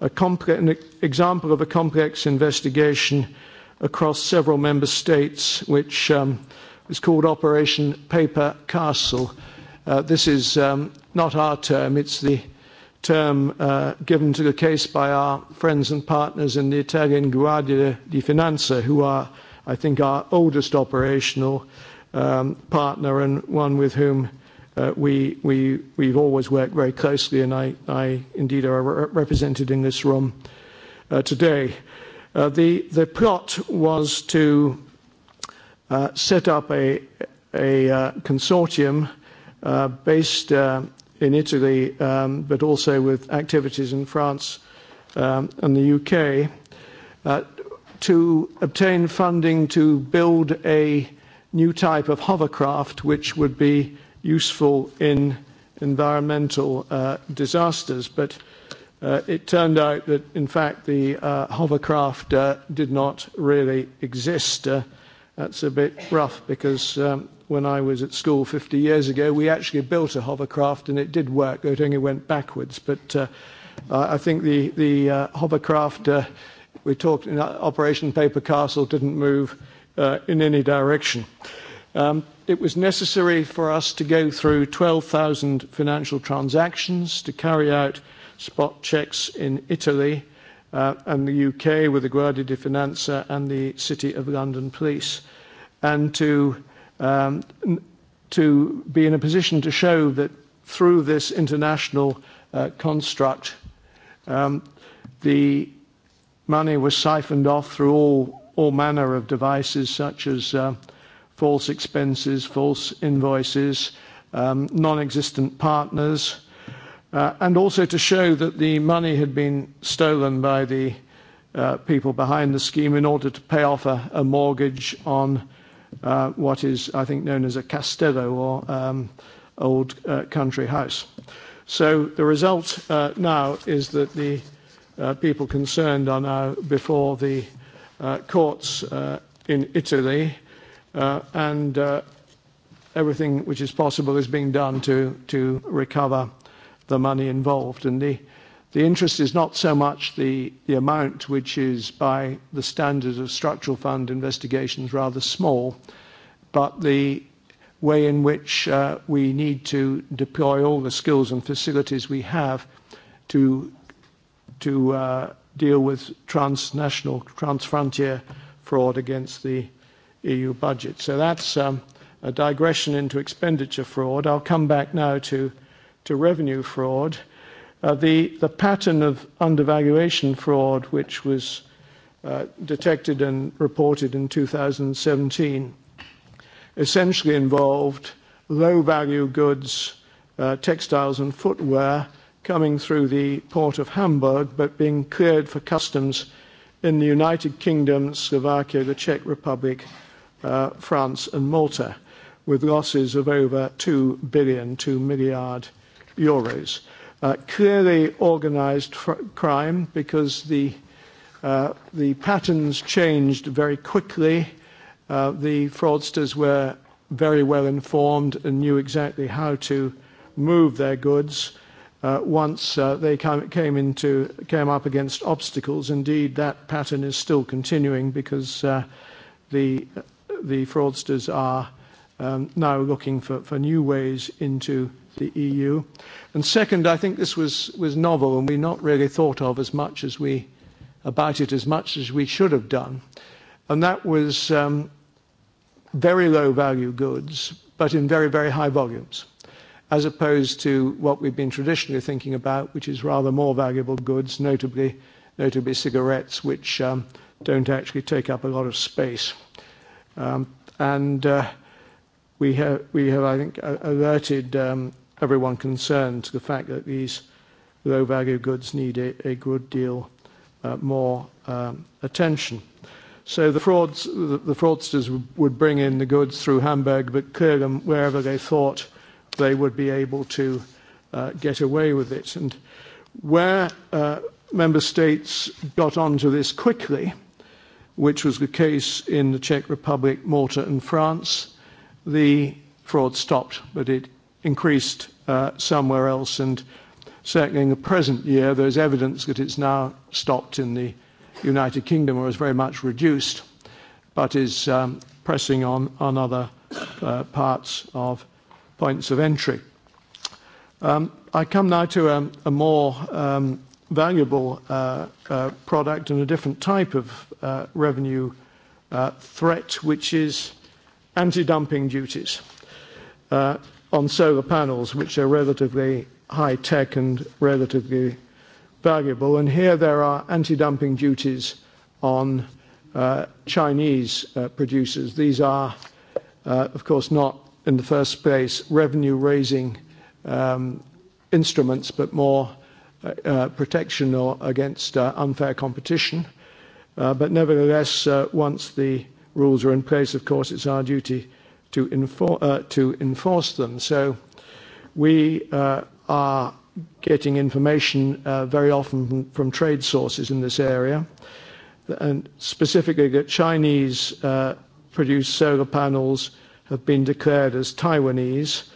a complex, an example of a complex investigation across several member states, which um, is called Operation Paper Castle. Uh, Uh, this is um, not our term, it's the term uh, given to the case by our friends and partners in the Italian Guardia di Finanza, who are, I think, our oldest operational um, partner and one with whom uh, we, we, we've always worked very closely, and I, I indeed are re- represented in this room uh, today. Uh, the, the plot was to uh, set up a, a uh, consortium uh, uh, based uh, in Italy, um, but also with activities in France um, and the UK, uh, to obtain funding to build a new type of hovercraft which would be useful in environmental uh, disasters. But uh, it turned out that, in fact, the uh, hovercraft uh, did not really exist. Uh, that's a bit rough because um, when I was at school 50 years ago, we actually built a hovercraft and it did work. It only went backwards. But uh, I think the, the uh, hovercraft uh, we talked in uh, Operation Paper Castle didn't move uh, in any direction. Um, it was necessary for us to go through 12,000 financial transactions to carry out spot checks in Italy uh, and the UK with the Guardia di Finanza and the City of London Police, and to uh, um, to be in a position to show that through this international uh, construct, um, the money was siphoned off through all, all manner of devices such as uh, false expenses, false invoices, um, non-existent partners, uh, and also to show that the money had been stolen by the uh, people behind the scheme in order to pay off a, a mortgage on uh, what is, I think, known as a castello or um, old uh, country house. So the result uh, now is that the uh, people concerned are now before the uh, courts uh, in Italy, uh, and uh, everything which is possible is being done to, to recover the money involved. And the uh, The interest is not so much the, the amount, which is by the standards of structural fund investigations rather small, but the way in which uh, we need to deploy all the skills and facilities we have to, to uh, deal with transnational, transfrontier fraud against the EU budget. So that's um, a digression into expenditure fraud. I'll come back now to, to revenue fraud. Uh, Uh, the, the pattern of undervaluation fraud, which was uh, detected and reported in 2017, essentially involved low-value goods, uh, textiles and footwear coming through the port of Hamburg, but being cleared for customs in the United Kingdom, Slovakia, the Czech Republic, uh, France, and Malta, with losses of over 2 billion, 2 milliard euros. Uh, clearly organized fr- crime because the, uh, the patterns changed very quickly. Uh, the fraudsters were very well informed and knew exactly how to move their goods uh, once uh, they came, came, into, came up against obstacles. Indeed, that pattern is still continuing because uh, the, the fraudsters are um, now looking for, for new ways into the EU. And second, I think this was, was novel and we not really thought of as much as we, about it as much as we should have done. And that was um, very low value goods, but in very, very high volumes, as opposed to what we've been traditionally thinking about, which is rather more valuable goods, notably, notably cigarettes, which um, don't actually take up a lot of space. Um, and uh, we have, we have, I think, alerted um, everyone concerned to the fact that these low-value goods need a good deal uh, more um, attention. So the fraudsters would bring in the goods through Hamburg, but clear them wherever they thought they would be able to uh, get away with it. And where uh, member states got onto this quickly, which was the case in the Czech Republic, Malta, and France, the fraud stopped, but it increased uh, somewhere else. And certainly in the present year, there's evidence that it's now stopped in the United Kingdom or is very much reduced, but is um, pressing on, on other uh, parts of points of entry. Um, I come now to a, a more um, valuable uh, uh, product and a different type of uh, revenue uh, threat, which is anti-dumping duties. Uh, on solar panels, which are relatively high tech and relatively valuable. And here there are anti-dumping duties on uh, Chinese uh, producers. These are, uh, of course, not in the first place revenue-raising um, instruments, but more uh, uh, protection or against uh, unfair competition. But nevertheless, once the rules are in place, of course, it's our duty to, enfor- uh, to enforce them. So we uh, are getting information uh, very often from, from trade sources in this area, and specifically that Chinese uh, produced solar panels have been declared as Taiwanese.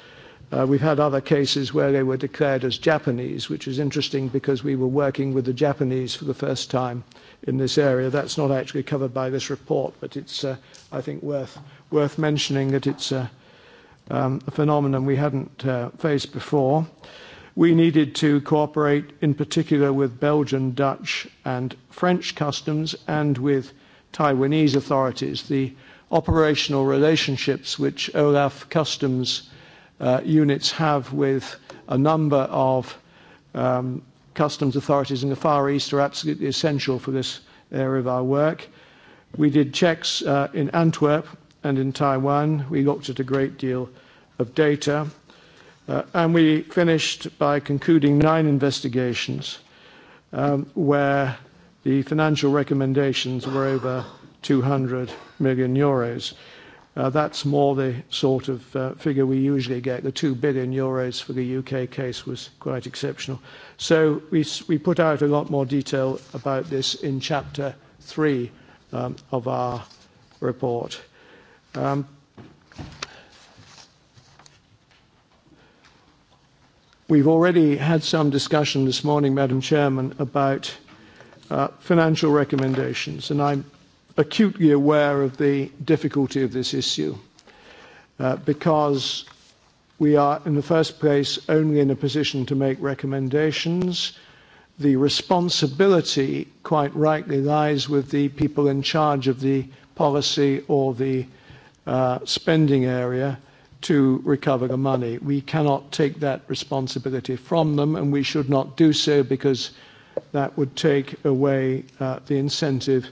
Uh, we've had other cases where they were declared as Japanese, which is interesting because we were working with the Japanese for the first time in this area. That's not actually covered by this report, but it's, uh, I think, worth worth mentioning that it's a, um, a phenomenon we hadn't uh, faced before. We needed to cooperate in particular with Belgian, Dutch and French customs and with Taiwanese authorities. The operational relationships which OLAF customs uh, units have with a number of um, customs authorities in the Far East are absolutely essential for this area of our work. We did checks uh, in Antwerp and in Taiwan. We looked at a great deal of data, uh, and we finished by concluding nine investigations um, where the financial recommendations were over 200 million euros. Uh, that's more the sort of uh, figure we usually get. The 2 billion euros for the U.K. case was quite exceptional. So we, we put out a lot more detail about this in chapter three um, of our report. Um, we've already had some discussion this morning, Madam Chairman, about uh, financial recommendations, and I'm acutely aware of the difficulty of this issue uh, because we are, in the first place, only in a position to make recommendations. The responsibility, quite rightly, lies with the people in charge of the policy or the uh, spending area to recover the money. We cannot take that responsibility from them, and we should not do so because that would take away uh, the incentive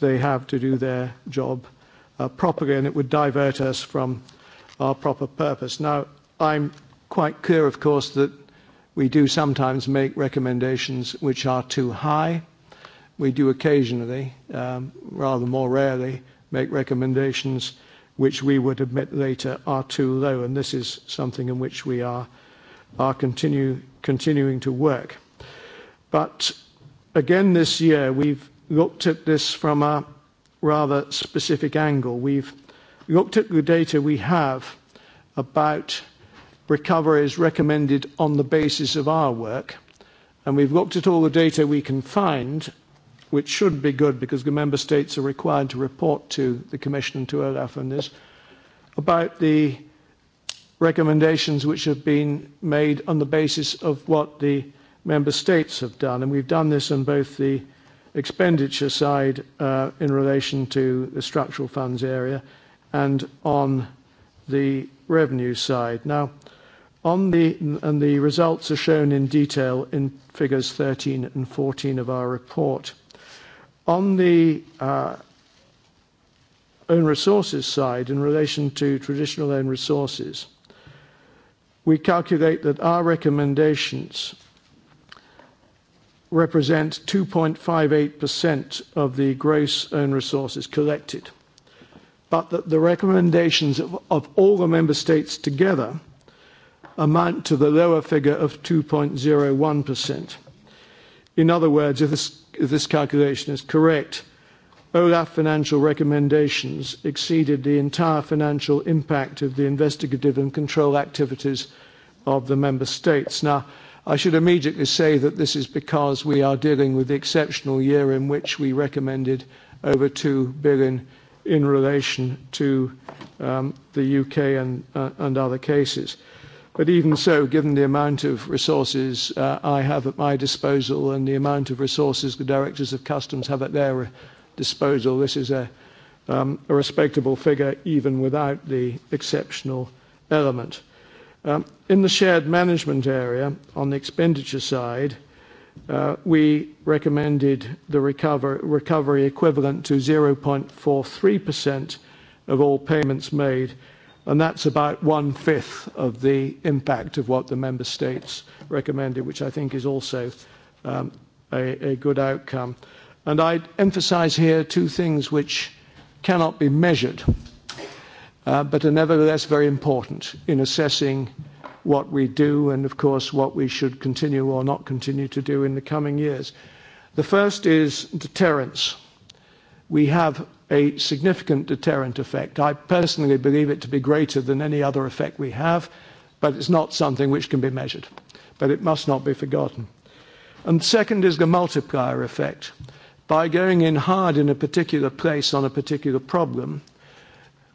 they have to do their job uh, properly, and it would divert us from our proper purpose. Now, I'm quite clear, of course, that we do sometimes make recommendations which are too high. We do occasionally, um, rather more rarely, make recommendations uh, which we would admit later are too low, and this is something in which we are are continue, continuing to work. But again, this year, we've looked at this from a rather specific angle. We've looked at the data we have about recoveries recommended on the basis of our work, and we've looked at all the data we can find which should be good because the member states are required to report to the Commission and to OLAF on this, about the recommendations which have been made on the basis of what the member states have done. And we've done this on both the expenditure side uh, in relation to the structural funds area and on the revenue side. Now, on the, and the results are shown in detail in figures 13 and 14 of our report. On the uh, own resources side, in relation to traditional own resources, we calculate that our recommendations represent 2.58% of the gross own resources collected, but that the recommendations of, of all the member states together amount to the lower figure of 2.01%. In other words, if this if this calculation is correct, OLAF financial recommendations exceeded the entire financial impact of the investigative and control activities of the member states. Now, I should immediately say that this is because we are dealing with the exceptional year in which we recommended over 2 billion in relation to um, the UK and, uh, and other cases. Uh, But even so, given the amount of resources uh, I have at my disposal and the amount of resources the directors of customs have at their uh, disposal, this is a, um, a respectable figure even without the exceptional element. Um, in the shared management area, on the expenditure side, uh, we recommended the recover, recovery equivalent to 0.43% of all payments made and that's about one-fifth of the impact of what the member states recommended, which I think is also um, a, a good outcome. And I'd emphasize here two things which cannot be measured, uh, but are nevertheless very important in assessing what we do and, of course, what we should continue or not continue to do in the coming years. The first is deterrence. We have a significant deterrent effect. I personally believe it to be greater than any other effect we have, but it's not something which can be measured. But it must not be forgotten. And second is the multiplier effect. By going in hard in a particular place on a particular problem,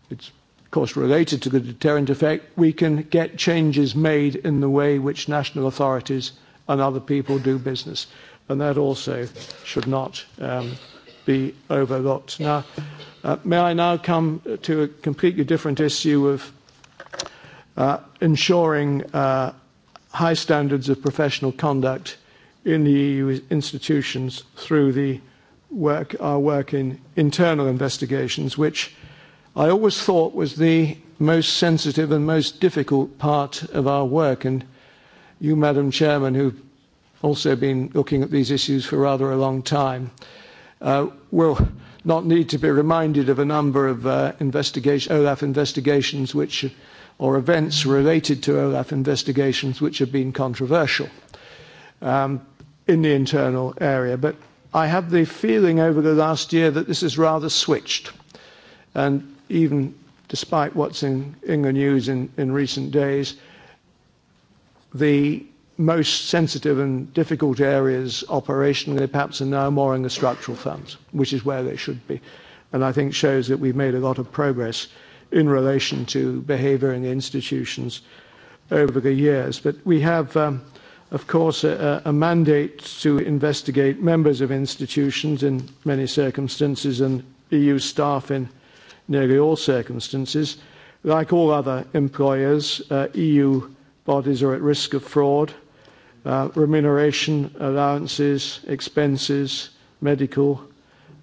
it's of course related to the deterrent effect, we can get changes made in the way which national authorities and other people do business. And that also should not um, be overlooked. Now, uh, may I now come to a completely different issue of uh, ensuring uh, high standards of professional conduct in the EU institutions through the work, our work in internal investigations, which I always thought was the most sensitive and most difficult part of our work. And you, Madam Chairman, who've also been looking at these issues for rather a long time, uh, uh, will not need to be reminded of a number of uh, investigation, OLAF investigations which, or events related to OLAF investigations which have been controversial um, in the internal area. But I have the feeling over the last year that this is rather switched. And even despite what's in, in the news in, in recent days, the most sensitive and difficult areas operationally, perhaps, are now more in the structural funds, which is where they should be. I think shows that we've made a lot of progress in relation to behavior in the institutions over the years. We have, um, of course, a mandate to investigate members of institutions in many circumstances and EU staff in nearly all circumstances. Like all other employers, uh, EU bodies are at risk of fraud uh, remuneration, allowances, expenses, medical,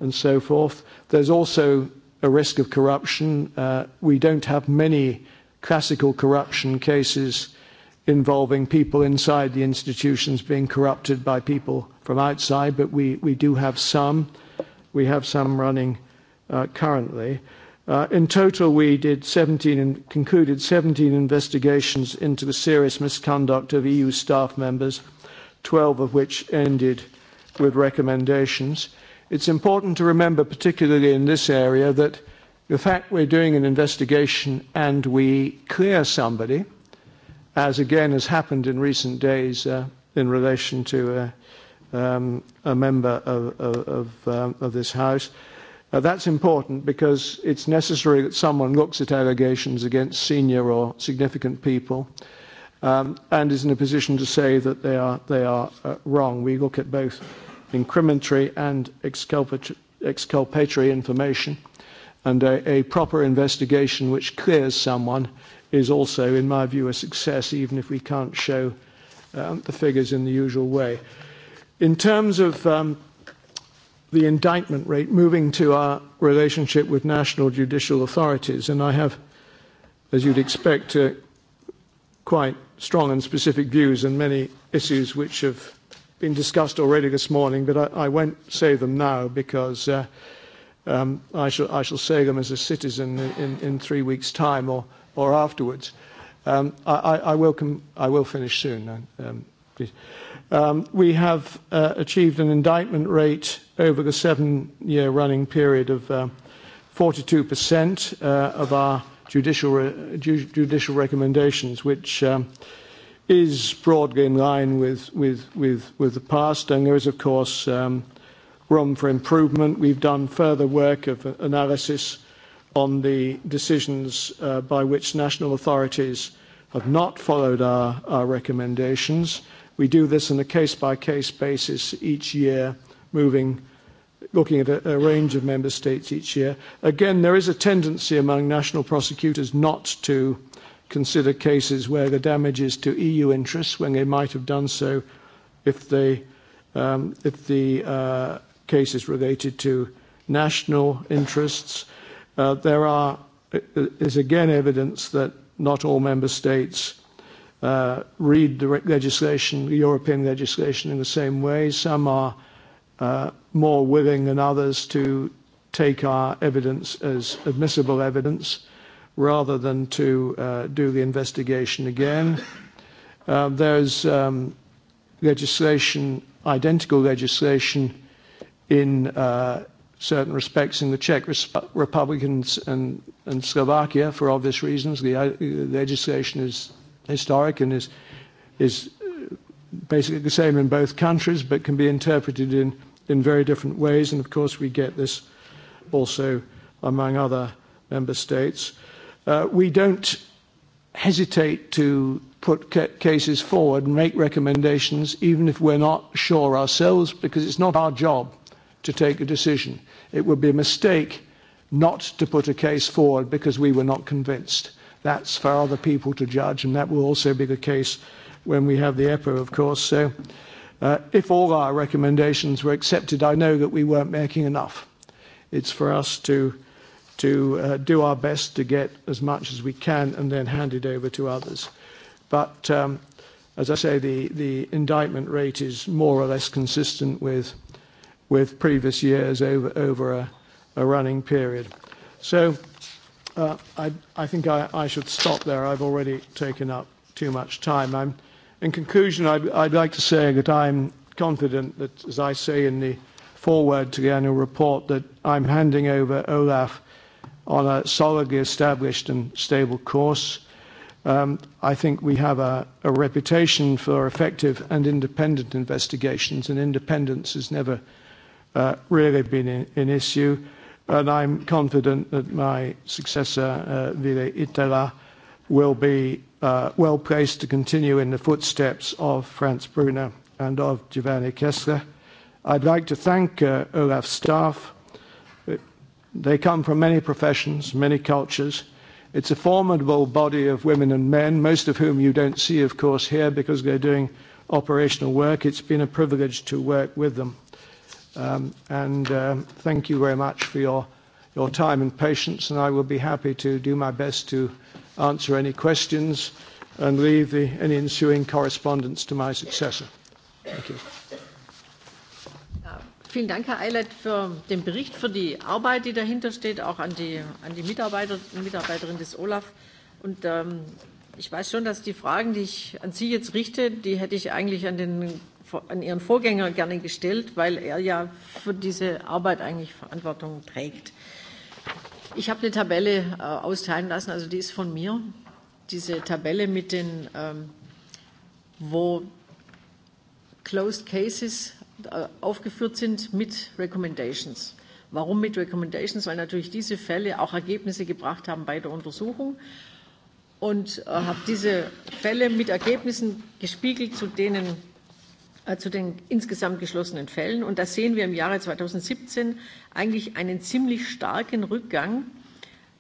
and so forth. There's also a risk of corruption. Uh, we don't have many classical corruption cases involving people inside the institutions being corrupted by people from outside, but we, we do have some. We have some running uh, currently. Uh, Uh, in total, we did 17 and concluded 17 investigations into the serious misconduct of EU staff members, 12 of which ended with recommendations. It's important to remember, particularly in this area, that the fact we're doing an investigation and we clear somebody, as again has happened in recent days uh, in relation to uh, um, a member of, of, of, um, of this House, uh, Uh, that's important because it's necessary that someone looks at allegations against senior or significant people um, and is in a position to say that they are, they are uh, wrong. We look at both incriminatory and exculpatory, exculpatory information, and a, a proper investigation which clears someone is also, in my view, a success, even if we can't show um, the figures in the usual way. In terms of um, the indictment rate, moving to our relationship with national judicial authorities. And I have, as you'd expect, uh, quite strong and specific views on many issues which have been discussed already this morning, but I, I won't say them now because uh, um, I, shall, I shall say them as a citizen in, in three weeks' time or, or afterwards. Um, I, I, will com- I will finish soon. Uh, um, please. Um, we have uh, achieved an indictment rate over the seven-year running period of uh, 42% uh, of our judicial, re ju judicial recommendations, which um, is broadly in line with, with, with, with the past. And there is, of course, um, room for improvement. We've done further work of analysis on the decisions uh, by which national authorities have not followed our, our recommendations. We do this on a case-by-case -case basis each year, moving looking at a, a range of member states each year. Again, there is a tendency among national prosecutors not to consider cases where the damage is to EU interests when they might have done so if, they, um, if the uh, case is related to national interests. Uh, there are, is again evidence that not all member states uh, read the legislation, the European legislation, in the same way. Some are uh, uh, more willing than others to take our evidence as admissible evidence rather than to uh, do the investigation again. Uh, there's um, legislation, identical legislation in uh, certain respects in the Czech Republic and, and, and Slovakia for obvious reasons. The uh, legislation is historic and is, is basically the same in both countries but can be interpreted in in very different ways. And of course, we get this also among other member states. Uh, we don't hesitate to put ca- cases forward and make recommendations, even if we're not sure ourselves, because it's not our job to take a decision. It would be a mistake not to put a case forward because we were not convinced. That's for other people to judge, and that will also be the case when we have the EPO, of course. So Uh, if all our recommendations were accepted, I know that we weren't making enough. It's for us to uh, do our best to get as much as we can and then hand it over to others. But um, as I say, the indictment rate is more or less consistent with previous years over a running period. So uh, I think I should stop there. I've already taken up too much time. I'm In conclusion, I'd, I'd like to say that I'm confident that, as I say in the foreword to the annual report, that I'm handing over Olaf on a solidly established and stable course. Um, I think we have a, a reputation for effective and independent investigations, and independence has never uh, really been in, an issue. And I'm confident that my successor, uh, Vile Itala, will be uh, well placed to continue in the footsteps of Franz Brunner and of Giovanni Kessler. I'd like to thank uh, Olaf's staff. They come from many professions, many cultures. It's a formidable body of women and men, most of whom you don't see, of course, here because they're doing operational work. It's been a privilege to work with them. Um, and um, thank you very much for your, your time and patience, and I will be happy to do my best to answer any questions, and leave the, any ensuing correspondence to my successor. Thank you. Vielen Dank, Herr Eilert, für den Bericht, für die Arbeit, die dahinter steht, auch an die, an die Mitarbeiter und Mitarbeiterinnen des OLAF. Und ähm, ich weiß schon, dass die Fragen, die ich an Sie jetzt richte, die hätte ich eigentlich an, den, an Ihren Vorgänger gerne gestellt, weil er ja für diese Arbeit eigentlich Verantwortung trägt. Ich habe eine Tabelle äh, austeilen lassen, also die ist von mir. Diese Tabelle mit den, ähm, wo Closed Cases äh, aufgeführt sind mit Recommendations. Warum mit Recommendations? Weil natürlich diese Fälle auch Ergebnisse gebracht haben bei der Untersuchung und äh, habe diese Fälle mit Ergebnissen gespiegelt, zu denen Äh, zu den insgesamt geschlossenen Fällen. Und da sehen wir im Jahre 2017 eigentlich einen ziemlich starken Rückgang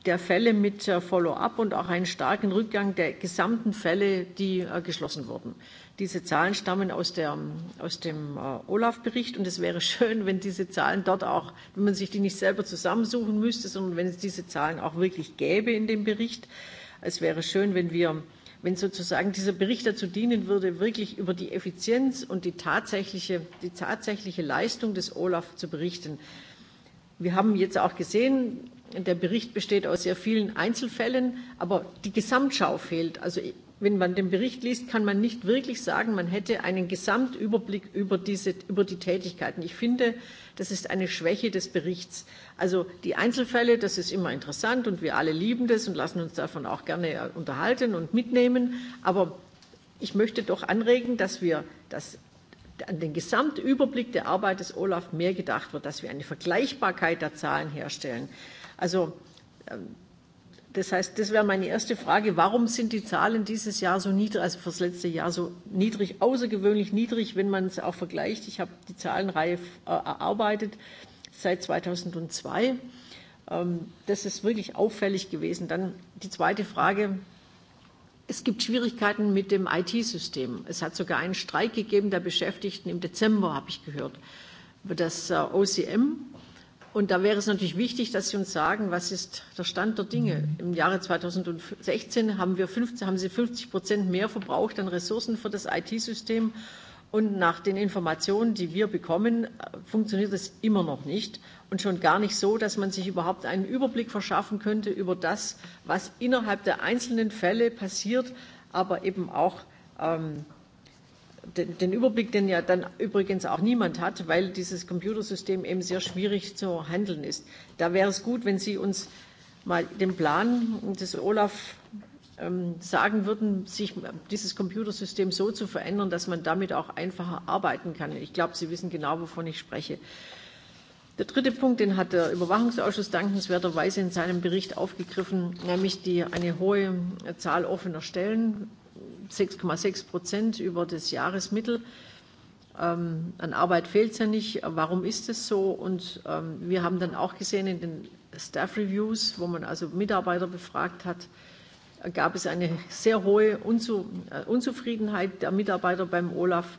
der Fälle mit äh, Follow-up und auch einen starken Rückgang der gesamten Fälle, die äh, geschlossen wurden. Diese Zahlen stammen aus, der, aus dem Olaf-Bericht und es wäre schön, wenn diese Zahlen dort auch, wenn man sich die nicht selber zusammensuchen müsste, sondern wenn es diese Zahlen auch wirklich gäbe in dem Bericht. Es wäre schön, wenn wir wenn sozusagen dieser Bericht dazu dienen würde, wirklich über die Effizienz und die tatsächliche, die tatsächliche Leistung des Olaf zu berichten. Wir haben jetzt auch gesehen, der Bericht besteht aus sehr vielen Einzelfällen, aber die Gesamtschau fehlt. Also wenn man den Bericht liest, kann man nicht wirklich sagen, man hätte einen Gesamtüberblick über, diese, über die Tätigkeiten. Ich finde, das ist eine Schwäche des Berichts. Also die Einzelfälle, das ist immer interessant und wir alle lieben das und lassen uns davon auch gerne äh, unterhalten und mitnehmen. Aber ich möchte doch anregen, dass wir das an den Gesamtüberblick der Arbeit des Olaf mehr gedacht wird, dass wir eine Vergleichbarkeit der Zahlen herstellen. Also ähm, Das heißt, das wäre meine erste Frage. Warum sind die Zahlen dieses Jahr so niedrig, also fürs letzte Jahr so niedrig, außergewöhnlich niedrig, wenn man es auch vergleicht? Ich habe die Zahlenreihe äh, erarbeitet seit 2002. Ähm, das ist wirklich auffällig gewesen. Dann die zweite Frage. Es gibt Schwierigkeiten mit dem IT-System. Es hat sogar einen Streik gegeben der Beschäftigten im Dezember, habe ich gehört, über das äh, OCM Und da wäre es natürlich wichtig, dass Sie uns sagen, was ist der Stand der Dinge. Im Jahre 2016 haben, wir 50, haben Sie 50 Prozent mehr verbraucht an Ressourcen für das IT-System. Und nach den Informationen, die wir bekommen, funktioniert es immer noch nicht. Und schon gar nicht so, dass man sich überhaupt einen Überblick verschaffen könnte über das, was innerhalb der einzelnen Fälle passiert, aber eben auch ähm, den, den Überblick, den ja dann übrigens auch niemand hat, weil dieses Computersystem eben sehr schwierig zu handeln ist. Da wäre es gut, wenn Sie uns mal den Plan des Olaf ähm, sagen würden, sich dieses Computersystem so zu verändern, dass man damit auch einfacher arbeiten kann. Ich glaube, Sie wissen genau, wovon ich spreche. Der dritte Punkt, den hat der Überwachungsausschuss dankenswerterweise in seinem Bericht aufgegriffen, nämlich die, eine hohe Zahl offener Stellen 6,6 Prozent über das Jahresmittel. Ähm, an Arbeit fehlt es ja nicht. Warum ist es so? Und ähm, wir haben dann auch gesehen in den Staff Reviews, wo man also Mitarbeiter befragt hat, gab es eine sehr hohe Unzu äh, Unzufriedenheit der Mitarbeiter beim Olaf.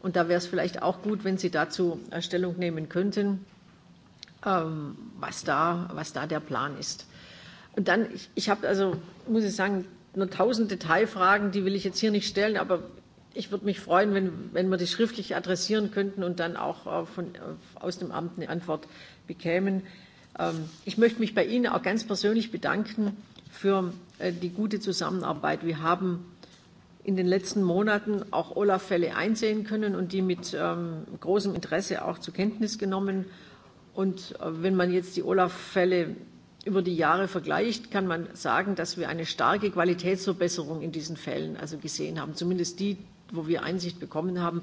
Und da wäre es vielleicht auch gut, wenn Sie dazu äh, Stellung nehmen könnten, ähm, was, da, was da der Plan ist. Und dann, ich, ich habe also, muss ich sagen, nur tausend Detailfragen, die will ich jetzt hier nicht stellen, aber ich würde mich freuen, wenn, wenn wir die schriftlich adressieren könnten und dann auch äh, von, äh, aus dem Amt eine Antwort bekämen. Ähm, ich möchte mich bei Ihnen auch ganz persönlich bedanken für äh, die gute Zusammenarbeit. Wir haben in den letzten Monaten auch Olaf-Fälle einsehen können und die mit ähm, großem Interesse auch zur Kenntnis genommen. Und äh, wenn man jetzt die Olaf-Fälle über die Jahre vergleicht, kann man sagen, dass wir eine starke Qualitätsverbesserung in diesen Fällen also gesehen haben. Zumindest die, wo wir Einsicht bekommen haben.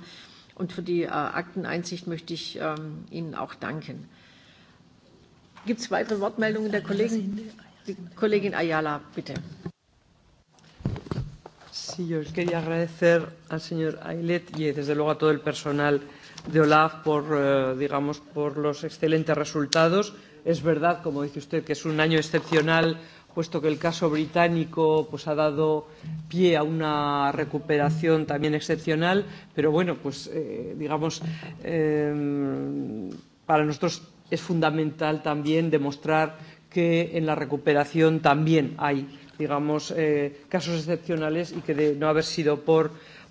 Und für die äh, Akteneinsicht möchte ich ähm, Ihnen auch danken. Gibt es weitere Wortmeldungen der Kollegen? Die Kollegin Ayala, bitte. Sí, yo quería agradecer al señor Ailet y desde luego a todo el personal de OLAF por, eh, digamos, por los excelentes resultados. Eh, Es verdad, como dice usted, que es un año excepcional, puesto que el caso británico pues, ha dado pie a una recuperación también excepcional, pero bueno, pues eh, digamos, eh, para nosotros es fundamental también demostrar que en la recuperación también hay, digamos, eh, casos excepcionales y que de no haber sido por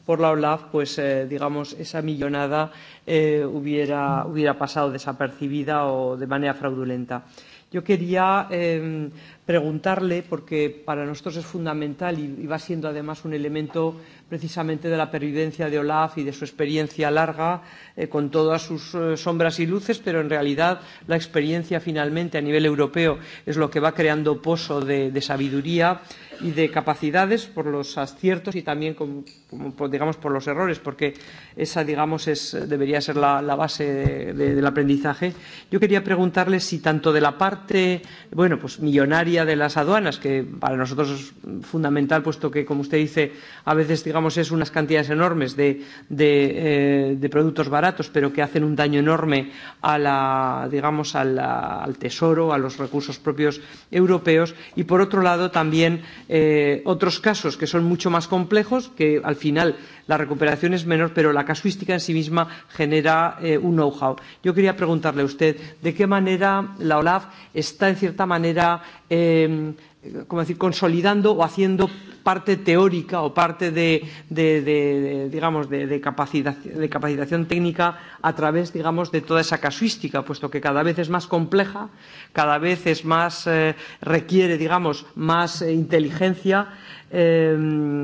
por la OLAF, pues eh, digamos, esa millonada eh, hubiera, hubiera pasado desapercibida o de manera fraudulenta. Yo quería eh, preguntarle, porque para nosotros es fundamental y, y va siendo además un elemento precisamente de la pervivencia de Olaf y de su experiencia larga, eh, con todas sus eh, sombras y luces, pero en realidad la experiencia finalmente a nivel europeo es lo que va creando pozo de, de sabiduría y de capacidades por los aciertos y también con, como, digamos por los errores porque esa digamos es, debería ser la, la base de, de, del aprendizaje yo quería preguntarle si tanto de la parte bueno pues millonaria Guardia de las Aduanas, que para nosotros es fundamental, puesto que, como usted dice, a veces, digamos, es unas cantidades enormes de, de, eh, de productos baratos, pero que hacen un daño enorme a la, digamos, a la, al tesoro, a los recursos propios europeos. Y, por otro lado, también eh, otros casos que son mucho más complejos, que al final la recuperación es menor, pero la casuística en sí misma genera eh, un know-how. Yo quería preguntarle a usted de qué manera la OLAF está, en cierta manera, eh, eh, como decir, consolidando o haciendo parte teórica o parte de, de, de, de digamos, de, de, capacidad, de capacitación técnica a través, digamos, de toda esa casuística, puesto que cada vez es más compleja, cada vez es más, eh, requiere, digamos, más eh, inteligencia eh,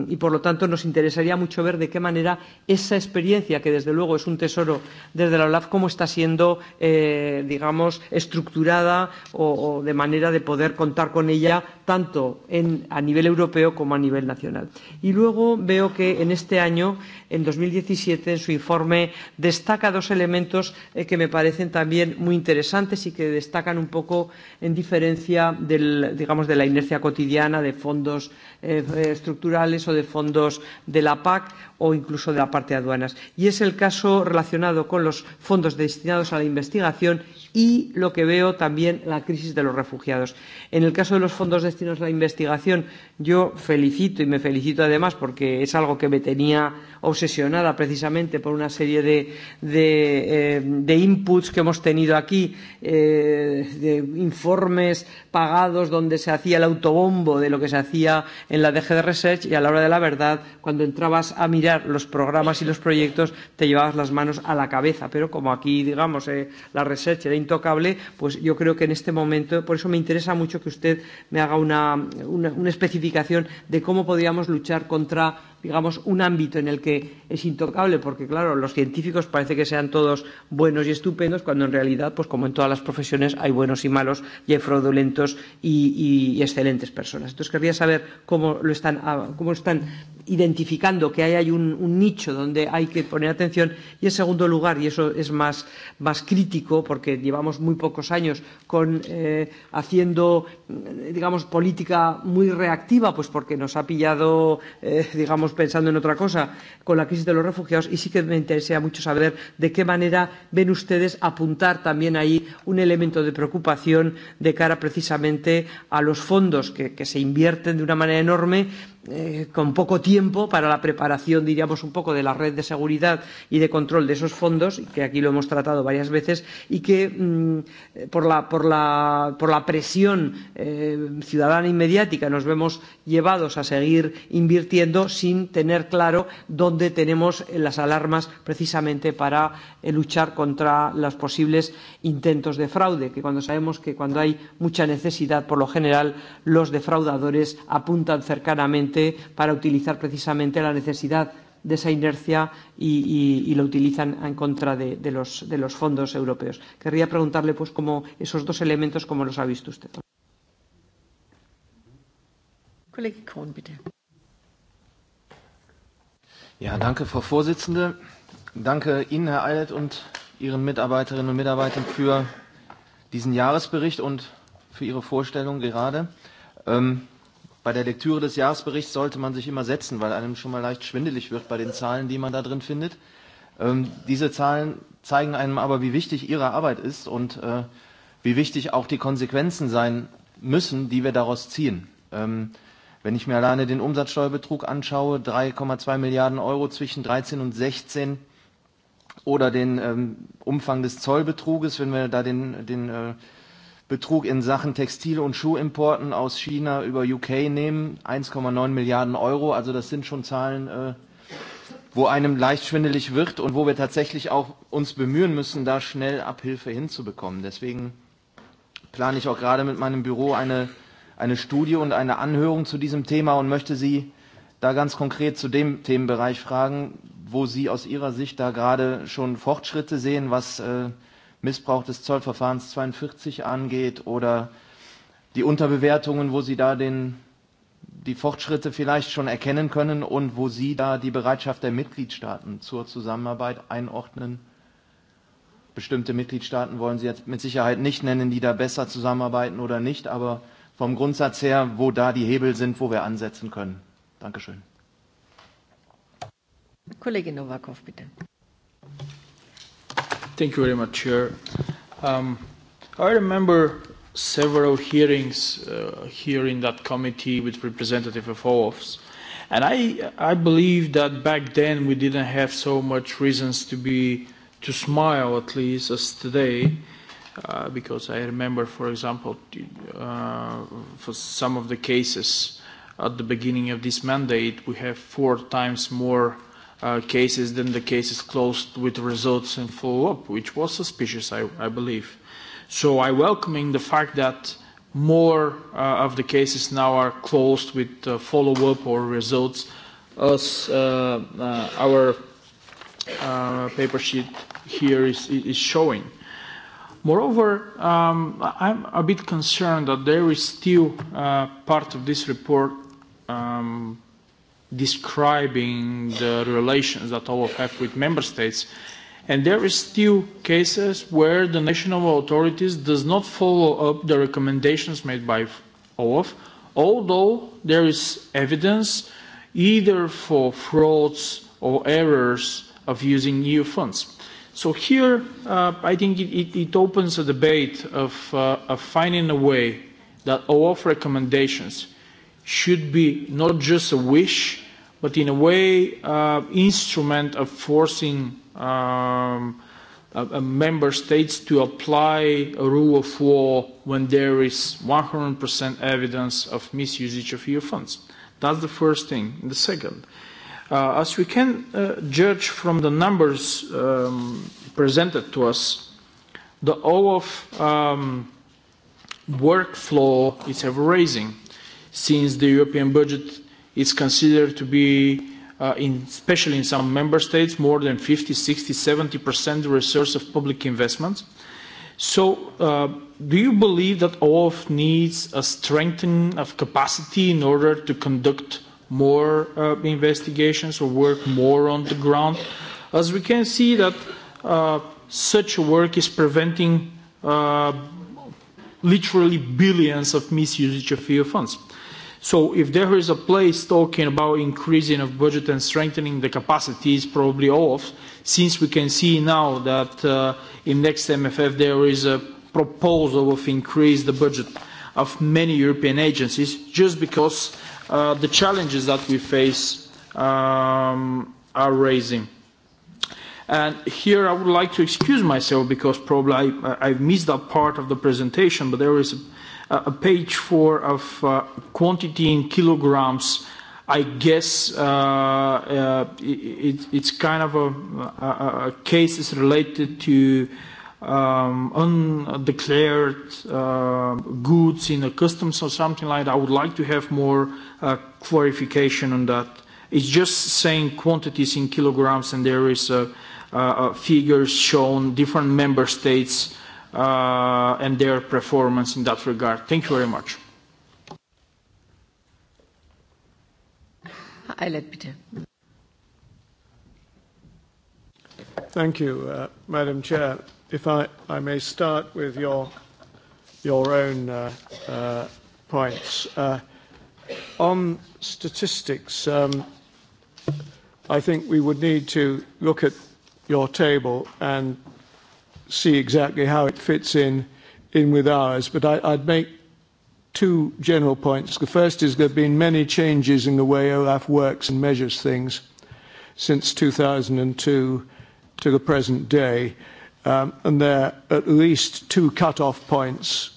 y por lo tanto nos interesaría mucho ver de qué manera esa experiencia, que desde luego es un tesoro desde la OLAF, cómo está siendo, eh, digamos, estructurada o, o de manera de poder contar con ella tanto en, a nivel europeo como a nivel nivel nacional. Y luego veo que en este año en 2017 en su informe destaca dos elementos eh, que me parecen también muy interesantes y que destacan un poco en diferencia del, digamos, de la inercia cotidiana de fondos eh, eh estructurales o de fondos de la PAC o incluso de la parte de aduanas. Y es el caso relacionado con los fondos destinados a la investigación y lo que veo también la crisis de los refugiados. En el caso de los fondos destinados a la investigación, yo felicito y me felicito además porque es algo que me tenía obsesionada precisamente por una serie de, de, eh, de inputs que hemos tenido aquí, eh, de informes pagados donde se hacía el autobombo de lo que se hacía en la DG de Research y a la hora de la verdad, cuando entrabas a mirar los programas y los proyectos, te llevabas las manos a la cabeza. Pero como aquí, digamos, eh, la Research era intocable, pues yo creo que en este momento, por eso me interesa mucho que usted me haga una, una, una especificación de cómo podíamos luchar contra digamos, un ámbito en el que es intocable, porque claro, los científicos parece que sean todos buenos y estupendos, cuando en realidad, pues como en todas las profesiones, hay buenos y malos, y hay fraudulentos y, y, y excelentes personas. Entonces querría saber cómo lo están, ah, cómo están identificando que ahí hay un, un nicho donde hay que poner atención. Y en segundo lugar, y eso es más, más crítico, porque llevamos muy pocos años con eh, haciendo, digamos, política muy reactiva, pues porque nos ha pillado, eh, digamos, pensando en otra cosa con la crisis de los refugiados y sí que me interesaría mucho saber de qué manera ven ustedes apuntar también ahí un elemento de preocupación de cara precisamente a los fondos que, que se invierten de una manera enorme eh, con poco tiempo para la preparación, diríamos, un poco de la red de seguridad y de control de esos fondos, que aquí lo hemos tratado varias veces, y que mmm, por, la, por, la, por la presión eh, ciudadana y mediática nos vemos llevados a seguir invirtiendo sin tener claro dónde tenemos eh, las alarmas precisamente para eh, luchar contra los posibles intentos de fraude, que cuando sabemos que cuando hay mucha necesidad, por lo general, los defraudadores apuntan cercanamente puente para utilizar precisamente la necesidad de esa inercia y, y, y lo utilizan en contra de, de, los, de los fondos europeos. Querría preguntarle, pues, cómo esos dos elementos, cómo los ha visto usted. Kollege Kohn, bitte. Ja, danke, Frau Vorsitzende. Danke Ihnen, Herr Eilert, und Ihren Mitarbeiterinnen und Mitarbeitern für diesen Jahresbericht und für Ihre Vorstellung gerade. Ähm, Bei der Lektüre des Jahresberichts sollte man sich immer setzen, weil einem schon mal leicht schwindelig wird bei den Zahlen, die man da drin findet. Ähm, diese Zahlen zeigen einem aber, wie wichtig Ihre Arbeit ist und äh, wie wichtig auch die Konsequenzen sein müssen, die wir daraus ziehen. Ähm, wenn ich mir alleine den Umsatzsteuerbetrug anschaue, 3,2 Milliarden Euro zwischen 13 und 16 oder den ähm, Umfang des Zollbetruges, wenn wir da den, den äh, Betrug in Sachen Textil- und Schuhimporten aus China über UK nehmen, 1,9 Milliarden Euro. Also das sind schon Zahlen, äh, wo einem leicht schwindelig wird und wo wir tatsächlich auch uns bemühen müssen, da schnell Abhilfe hinzubekommen. Deswegen plane ich auch gerade mit meinem Büro eine, eine Studie und eine Anhörung zu diesem Thema und möchte Sie da ganz konkret zu dem Themenbereich fragen, wo Sie aus Ihrer Sicht da gerade schon Fortschritte sehen, was äh, Missbrauch des Zollverfahrens 42 angeht oder die Unterbewertungen, wo Sie da den, die Fortschritte vielleicht schon erkennen können und wo Sie da die Bereitschaft der Mitgliedstaaten zur Zusammenarbeit einordnen? Bestimmte Mitgliedstaaten wollen Sie jetzt mit Sicherheit nicht nennen, die da besser zusammenarbeiten oder nicht, aber vom Grundsatz her, wo da die Hebel sind, wo wir ansetzen können. Dankeschön. Kollegin Nowakow, bitte. Thank you very much, Chair. Um, I remember several hearings uh, here in that committee with representative of OFS. And I, I believe that back then we didn't have so much reasons to be, to smile at least as today. Uh, because I remember, for example, uh, for some of the cases at the beginning of this mandate, we have four times more uh, uh, cases, then the case is closed with results and follow-up, which was suspicious, I, I believe. So I welcoming the fact that more uh, of the cases now are closed with uh, follow-up or results, as uh, uh, our uh, paper sheet here is, is showing. Moreover, um, I'm a bit concerned that there is still uh, part of this report um, describing the relations that OLAF have with member states. And there is still cases where the national authorities does not follow up the recommendations made by OLAF, although there is evidence either for frauds or errors of using EU funds. So here, uh, I think it, it, it opens a debate of, uh, of finding a way that OLAF recommendations should be not just a wish, but in a way uh, instrument of forcing um, uh, member states to apply a rule of law when there is 100% evidence of misuse of EU funds. That's the first thing. The second, uh, as we can uh, judge from the numbers um, presented to us, the OLAF um, workflow is ever-raising since the European budget it's considered to be, uh, in, especially in some member states, more than 50, 60, 70% the resource of public investments. So uh, do you believe that OAF needs a strengthening of capacity in order to conduct more uh, investigations or work more on the ground? As we can see that uh, such work is preventing uh, literally billions of misusage of EU funds. Uh, So if there is a place talking about increasing of budget and strengthening the capacity is probably off, since we can see now that uh, in next MFF there is a proposal of increase the budget of many European agencies just because uh, the challenges that we face um, are raising. And here I would like to excuse myself because probably I, I've missed that part of the presentation, but there is a Uh, page four of uh, quantity in kilograms, I guess uh, uh, it, it's kind of a, a, a case is related to um, undeclared uh, goods in the customs or something like that. I would like to have more uh, clarification on that. It's just saying quantities in kilograms, and there is a, a, a figures shown different member states uh, and their performance in that regard. Thank you very much. Eilert, bitte. Thank you, uh, Madam Chair. If I, I may start with your, your own uh, uh, points. Uh, on statistics, um, I think we would need to look at your table and see exactly how it fits in, in with ours. But I, I'd make two general points. The first is there have been many changes in the way OLAF works and measures things since 2002 to the present day. Um, and there are at least two cut-off points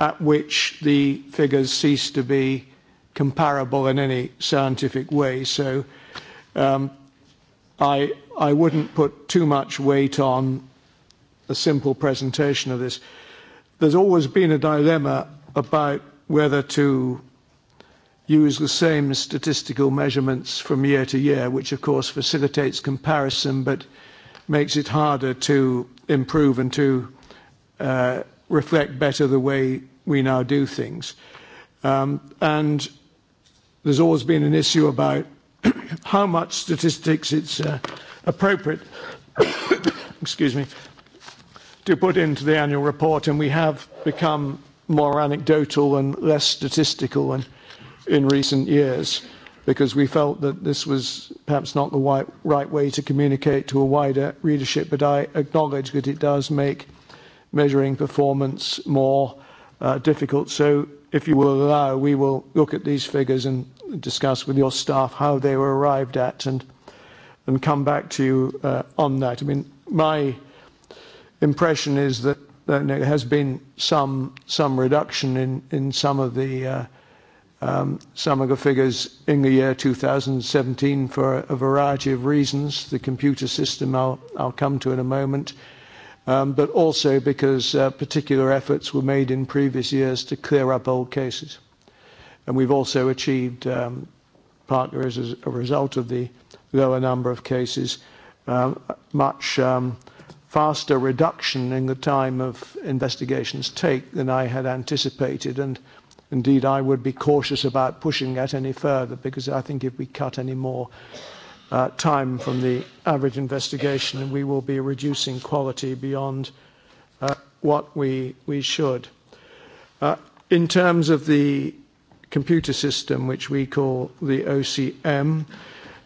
at which the figures cease to be comparable in any scientific way. So um, I, I wouldn't put too much weight on a simple presentation of this. There's always been a dilemma about whether to use the same statistical measurements from year to year, which of course facilitates comparison but makes it harder to improve and to uh, reflect better the way we now do things. Um, and there's always been an issue about how much statistics it's uh, appropriate excuse me, do put into the annual report, and we have become more anecdotal and less statistical and in recent years because we felt that this was perhaps not the white, right way to communicate to a wider readership. But I acknowledge that it does make measuring performance more uh, difficult. So if you will allow, we will look at these figures and discuss with your staff how they were arrived at and, and come back to you uh, on that. I mean, my impression is that there has been some reduction in uh, um, some of the figures in the year 2017 for a variety of reasons. The computer system I'll come to in a moment. Um, but also because uh, particular efforts were made in previous years to clear up old cases. And we've also achieved, um, partly as a result of the lower number of cases, much faster reduction in the time of investigations take than I had anticipated. And indeed, I would be cautious about pushing that any further because I think if we cut any more uh, time from the average investigation, we will be reducing quality beyond uh, what we, we should. Uh, in terms of the computer system, which we call the OCM,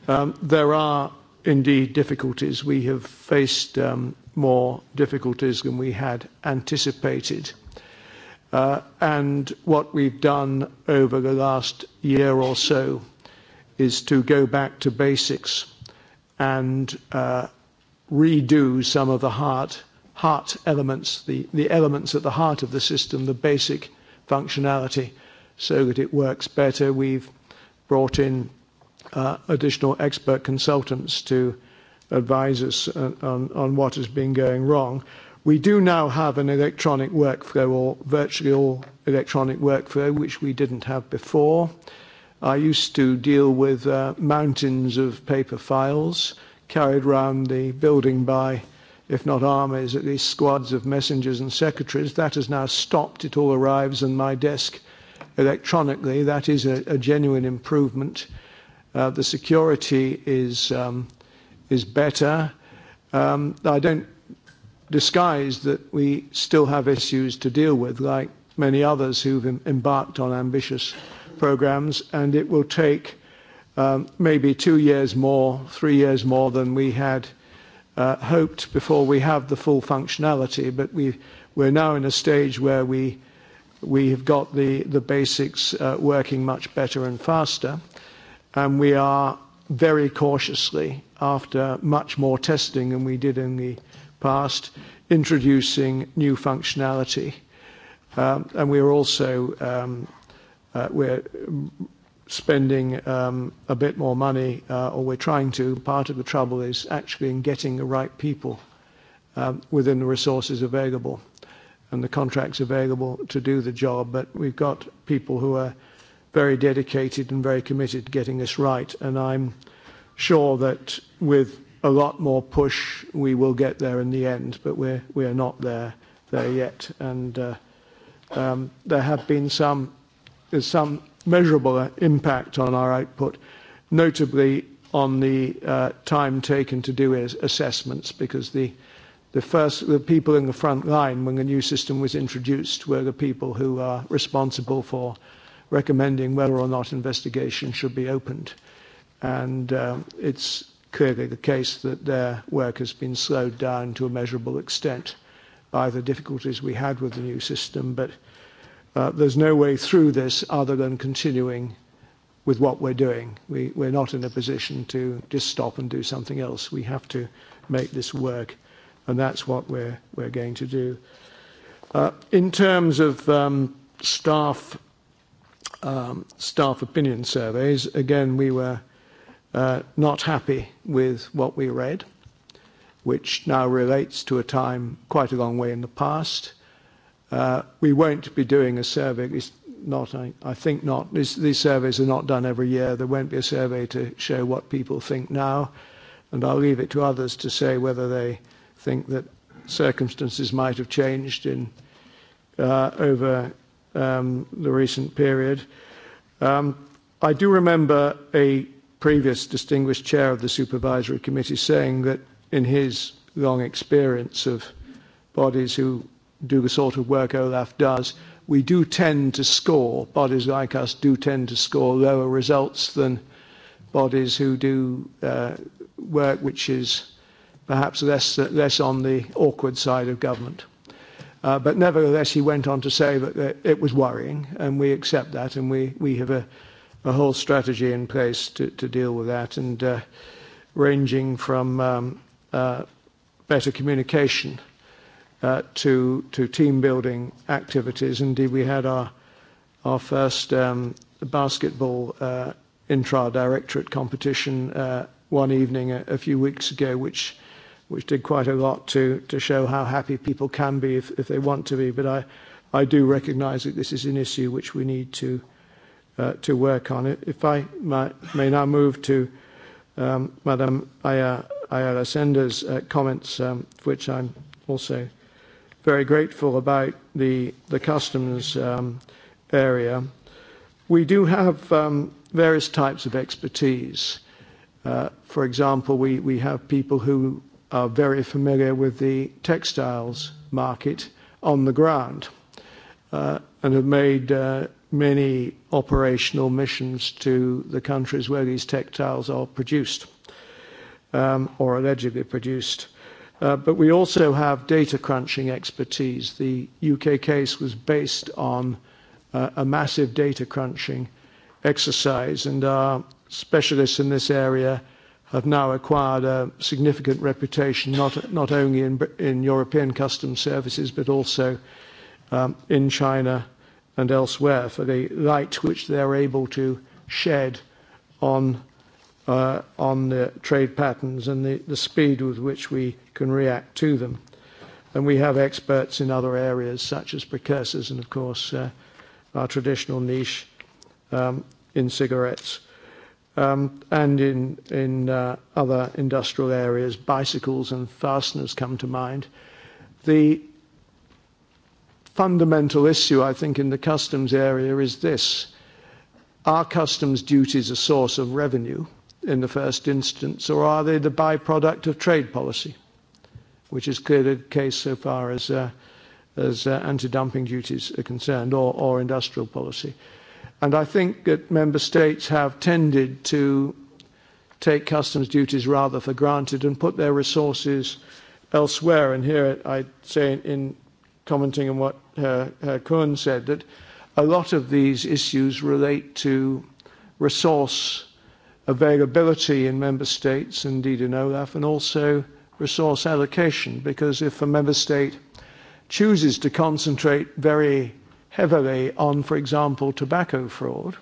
um, there are indeed difficulties. We have faced um, more difficulties than we had anticipated. Uh, and what we've done over the last year or so is to go back to basics and uh, redo some of the heart, heart elements, the, the elements at the heart of the system, the basic functionality, so that it works better. We've brought in uh, additional expert consultants to uh, advise us on, on what has been going wrong. We do now have an electronic workflow or virtually all electronic workflow, which we didn't have before. I used to deal with uh, mountains of paper files carried around the building by, if not armies, at least squads of messengers and secretaries. That has now stopped. It all arrives on my desk electronically. That is a, a genuine improvement. Uh, the security is um, is better. Um, I don't disguise that we still have issues to deal with, like many others who've em embarked on ambitious programs, and it will take um, maybe two years more, three years more than we had uh, hoped before we have the full functionality. But we, we're now in a stage where we, we have got the, the basics uh, working much better and faster, and we are very cautiously after much more testing than we did in the past, introducing new functionality. Um, and we're also um, uh, we're spending um, a bit more money, uh, or we're trying to. Part of the trouble is actually in getting the right people um, within the resources available and the contracts available to do the job. But we've got people who are very dedicated and very committed to getting this right. And I'm sure that with a lot more push, we will get there in the end, but we're, we are not there, there yet. And uh, um, there have been some, there's some measurable uh, impact on our output, notably on the uh, time taken to do assessments, because the, the first, the people in the front line when the new system was introduced were the people who are responsible for uh, recommending whether or not investigation should be opened. And um, it's clearly the case that their work has been slowed down to a measurable extent by the difficulties we had with the new system. But uh, there's no way through this other than continuing with what we're doing. We, we're not in a position to just stop and do something else. We have to make this work, and that's what we're, we're going to do. Uh, in terms of um, staff um, staff opinion surveys, again, we were uh, not happy with what we read, which now relates to a time quite a long way in the past. Uh, we won't be doing a survey, at least not, I, I think not. This, these surveys are not done every year. There won't be a survey to show what people think now, and I'll leave it to others to say whether they think that circumstances might have changed in uh, over um, the recent period. Um, I do remember a previous distinguished chair of the supervisory committee saying that in his long experience of bodies who do the sort of work Olaf does, we do tend to score, bodies like us do tend to score lower results than bodies who do uh, work which is perhaps less, less on the awkward side of government. Uh, but nevertheless, he went on to say that, that it was worrying, and we accept that, and we, we have a, a whole strategy in place to, to deal with that, and uh, ranging from um, uh, better communication uh, to, to team building activities. Indeed, we had our, our first um, basketball uh, intra directorate competition uh, one evening a, a few weeks ago, which which did quite a lot to, to show how happy people can be if, if they want to be. But I, I do recognize that this is an issue which we need to, uh, to work on. If I might, may now move to um, Madame Ayala Sender's uh, comments, um, which I'm also very grateful about the, the customs um, area. We do have um, various types of expertise. Uh, for example, we, we have people who are very familiar with the textiles market on the ground uh, and have made uh, many operational missions to the countries where these textiles are produced um, or allegedly produced. Uh, but we also have data crunching expertise. The UK case was based on uh, a massive data crunching exercise, and our specialists in this area have now acquired a significant reputation, not only in European customs services, but also um, in China and elsewhere, for the light which they're able to shed uh, on the trade patterns and the speed with which we can react to them. We have experts in other areas such as precursors and of course, uh, our traditional niche um, in cigarettes um, and in, in uh, other industrial areas, bicycles and fasteners come to mind. The fundamental issue, I think, in the customs area is this. Are customs duties a source of revenue in the first instance, or are they the byproduct of trade policy, which is clearly the case so far as, uh, as uh, anti-dumping duties are concerned, or, or industrial policy? Uh, And I think that member states have tended to take customs duties rather for granted and put their resources elsewhere. And here I say in commenting on what Herr, Herr Kuhn said that a lot of these issues relate to resource availability in member states, indeed in OLAF, and also resource allocation, because if a member state chooses to concentrate very heavily on, for example, tobacco fraud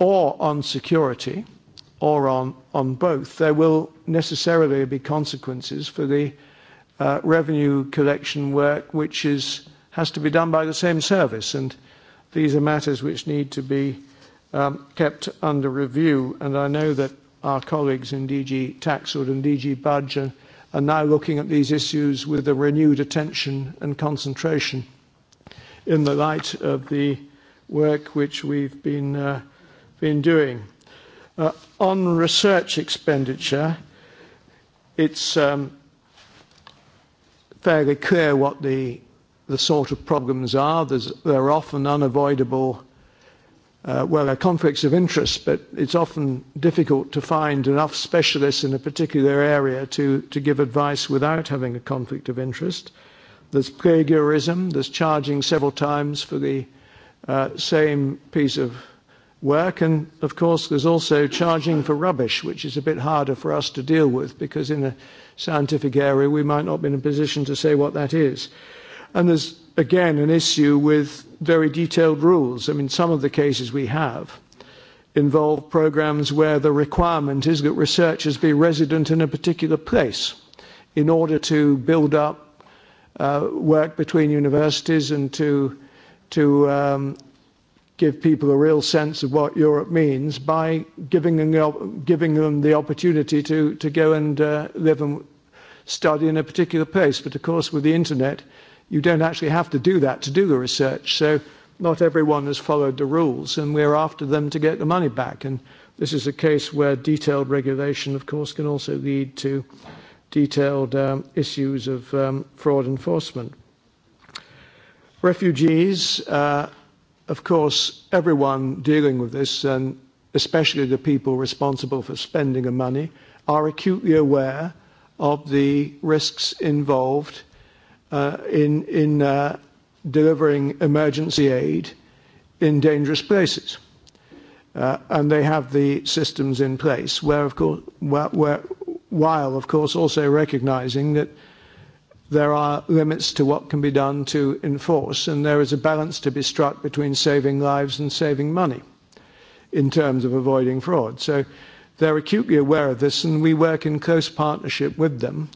or on security or on, on both, there will necessarily be consequences for the uh, revenue collection work which is, has to be done by the same service. And these are matters which need to be um, kept under review. And I know that our colleagues in DG Taxud and DG Budge are, are now looking at these issues with a renewed attention and concentration in the light of the work which we've been, uh, been doing. Uh, on research expenditure, it's um, fairly clear what the, the sort of problems are. There's, there are often unavoidable uh, well, there are conflicts of interest, but it's often difficult to find enough specialists in a particular area to, to give advice without having a conflict of interest. Uh, There's plagiarism, there's charging several times for the uh, same piece of work. And of course, there's also charging for rubbish, which is a bit harder for us to deal with because in a scientific area, we might not be in a position to say what that is. And there's again an issue with very detailed rules. I mean, some of the cases we have involve programs where the requirement is that researchers be resident in a particular place in order to build up uh, work between universities and to, to um, give people a real sense of what Europe means by giving them the, giving them the opportunity to, to go and uh, live and study in a particular place. But of course, with the internet, you don't actually have to do that to do the research. So not everyone has followed the rules, and we're after them to get the money back. And this is a case where detailed regulation, of course, can also lead to uh, detailed um, issues of um, fraud enforcement. Refugees, uh, of course, everyone dealing with this, and especially the people responsible for spending the money, are acutely aware of the risks involved uh, in, in uh, delivering emergency aid in dangerous places. Uh, and they have the systems in place where, of course, where, where, while, of course, also recognizing that there are limits to what can be done to enforce, and there is a balance to be struck between saving lives and saving money in terms of avoiding fraud. So they're acutely aware of this, and we work in close partnership with them.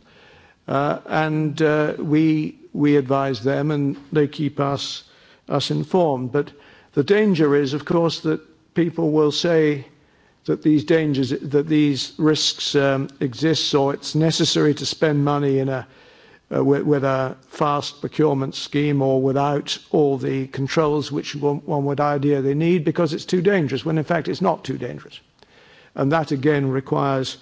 Uh, and uh, we, we advise them, and they keep us, us informed. But the danger is, of course, that people will say, that these dangers, that these risks um, exist, so it's necessary to spend money in a, uh, with, with a fast procurement scheme or without all the controls which one, one would idea they need because it's too dangerous, when in fact it's not too dangerous. And that again requires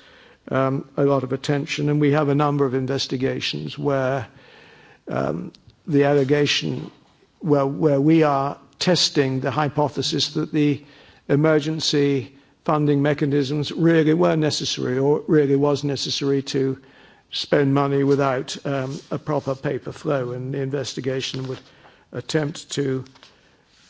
um, a lot of attention, and we have a number of investigations where um, the allegation, where, where we are testing the hypothesis that the emergency funding mechanisms really were necessary or it really was necessary to spend money without um, a proper paper flow. And the investigation would attempt to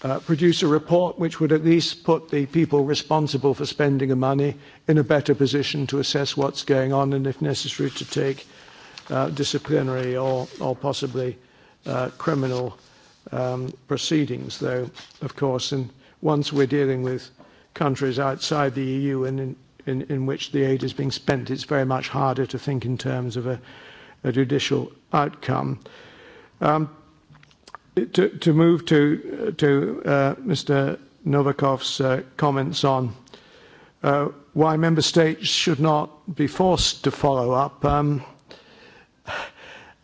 uh, produce a report which would at least put the people responsible for spending the money in a better position to assess what's going on and, if necessary, to take uh, disciplinary or, or possibly uh, criminal um, proceedings, though, of course, and once we're dealing with uh, countries outside the EU and in, in, in which the aid is being spent, it's very much harder to think in terms of a, a judicial outcome. Um, to, to move to, to uh, Mr. Novakov's uh, comments on uh, why member states should not be forced to follow up, um,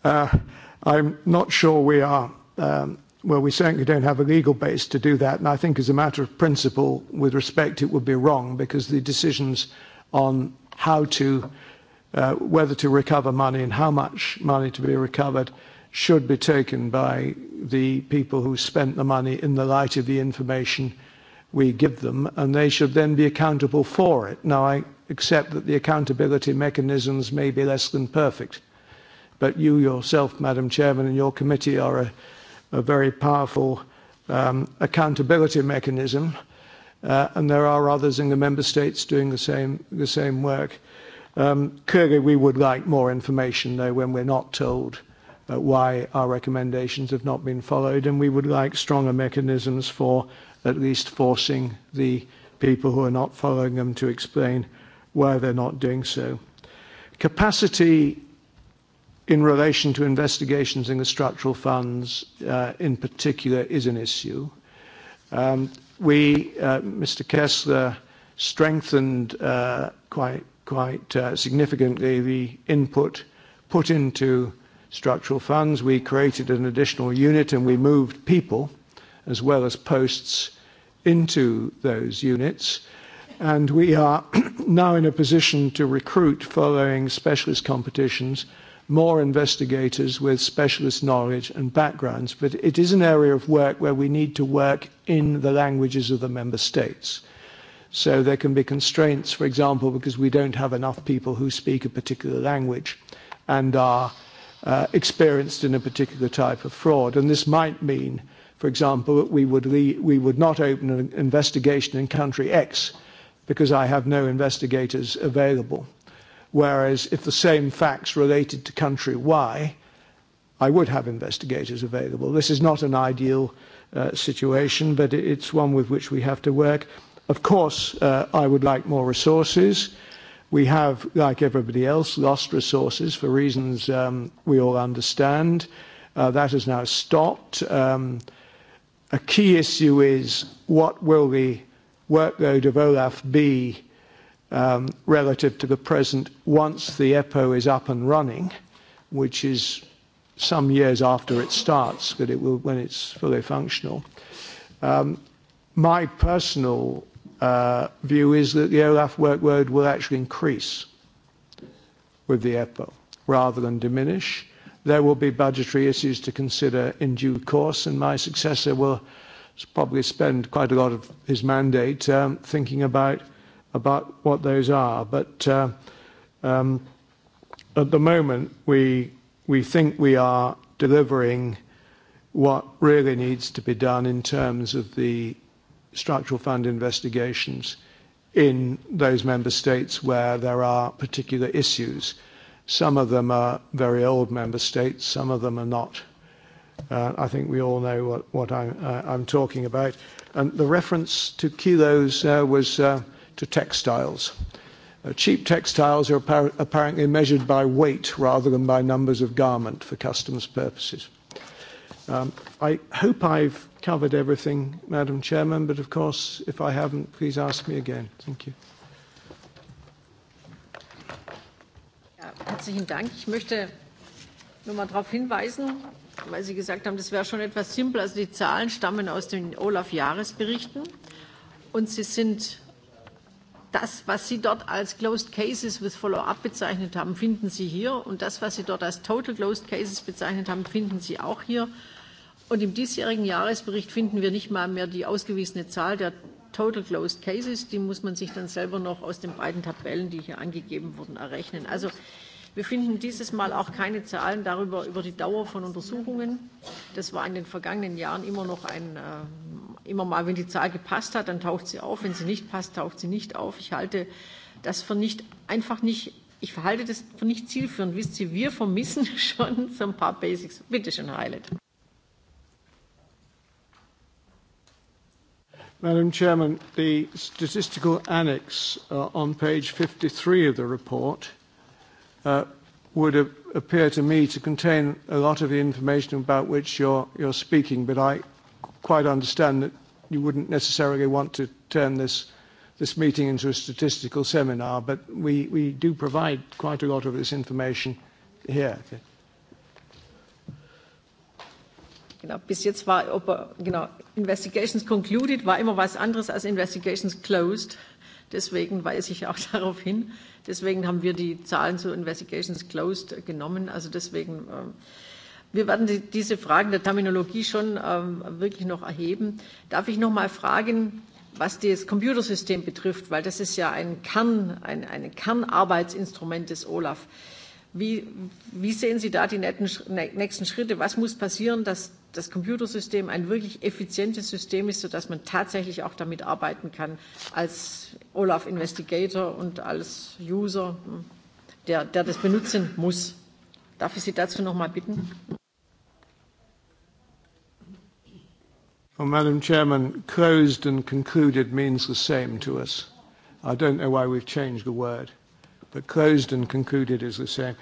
uh, I'm not sure we are um, Well, we certainly don't have a legal base to do that. And I think as a matter of principle, with respect, it would be wrong because the decisions on how to, uh, whether to recover money and how much money to be recovered should be taken by the people who spent the money in the light of the information we give them, and they should then be accountable for it. Now, I accept that the accountability mechanisms may be less than perfect, but you yourself, Madam Chairman, and your committee are a a very powerful um, accountability mechanism, uh, and there are others in the member states doing the same, the same work. Um, clearly, we would like more information, though, when we're not told uh, why our recommendations have not been followed, and we would like stronger mechanisms for at least forcing the people who are not following them to explain why they're not doing so. Capacity in relation to investigations in the structural funds uh, in particular is an issue. Um, we, uh, Mr. Kessler, strengthened uh, quite, quite uh, significantly the input put into structural funds. We created an additional unit and we moved people as well as posts into those units. And we are now in a position to recruit following specialist competitions uh, more investigators with specialist knowledge and backgrounds, but it is an area of work where we need to work in the languages of the member states. So there can be constraints, for example, because we don't have enough people who speak a particular language and are uh, experienced in a particular type of fraud. And this might mean, for example, that we would, le- we would not open an investigation in country X because I have no investigators available Whereas if the same facts related to country Y, I would have investigators available. This is not an ideal uh, situation, but it's one with which we have to work. Of course, uh, I would like more resources. We have, like everybody else, lost resources for reasons um, we all understand. Uh, that has now stopped. Um, a key issue is what will the workload of OLAF be Um, relative to the present once the EPO is up and running, which is some years after it starts, but it will when it's fully functional. Um, my personal uh, view is that the OLAF workload will actually increase with the EPO rather than diminish. There will be budgetary issues to consider in due course, and my successor will probably spend quite a lot of his mandate um, thinking about about what those are. But uh, um, at the moment, we we think we are delivering what really needs to be done in terms of the structural fund investigations in those member states where there are particular issues. Some of them are very old member states, some of them are not. Uh, I think we all know what, what I'm, uh, I'm talking about. And the reference to kilos uh, was uh, to textiles. Uh, cheap textiles are appar- apparently measured by weight rather than by numbers of garment for customs purposes. Um, I hope I've covered everything, Madam Chairman, but of course, if I haven't, please ask me again. Thank you. Ja, herzlichen Dank. Ich möchte nur mal darauf hinweisen, weil Sie gesagt haben, das wäre schon etwas simpel. Also die Zahlen stammen aus den Olaf-Jahresberichten und sie sind das, was Sie dort als Closed Cases with Follow-up bezeichnet haben, finden Sie hier. Und das, was Sie dort als Total Closed Cases bezeichnet haben, finden Sie auch hier. Und im diesjährigen Jahresbericht finden wir nicht mal mehr die ausgewiesene Zahl der Total Closed Cases. Die muss man sich dann selber noch aus den beiden Tabellen, die hier angegeben wurden, errechnen. Also Wir finden dieses Mal auch keine Zahlen darüber, über die Dauer von Untersuchungen. Das war in den vergangenen Jahren immer noch ein, äh, immer mal, wenn die Zahl gepasst hat, dann taucht sie auf. Wenn sie nicht passt, taucht sie nicht auf. Ich halte das für nicht, einfach nicht, ich verhalte das für nicht zielführend. Wisst ihr, wir vermissen schon so ein paar Basics. Bitte schön, Heilet. Madam Chairman, the statistical annex uh, on page 53 of the report uh, would a- appear to me to contain a lot of the information about which you're, you're speaking, but I quite understand that you wouldn't necessarily want to turn this, this meeting into a statistical seminar, but we, we do provide quite a lot of this information here. Okay. Genau, bis jetzt war, ob er, genau, Investigations concluded war immer was anderes als Investigations closed. Deswegen weise ich auch darauf hin. Äh, Deswegen haben wir die Zahlen zu Investigations Closed genommen. Also deswegen, ähm, wir werden die, diese Fragen der Terminologie schon ähm, wirklich noch erheben. Darf ich noch mal fragen, was das Computersystem betrifft, weil das ist ja ein, Kern, ein, ein Kernarbeitsinstrument des OLAF. Äh, Wie, wie sehen Sie da die netten, nächsten Schritte? Was muss passieren, dass das Computersystem ein wirklich effizientes System ist, sodass man tatsächlich auch damit arbeiten kann als Olaf Investigator und als User, hm, der, der das benutzen muss? Darf ich Sie dazu noch mal bitten? Well, Madam Chairman, closed and concluded means the same to us. I don't know why we've changed the word but closed and concluded is the same.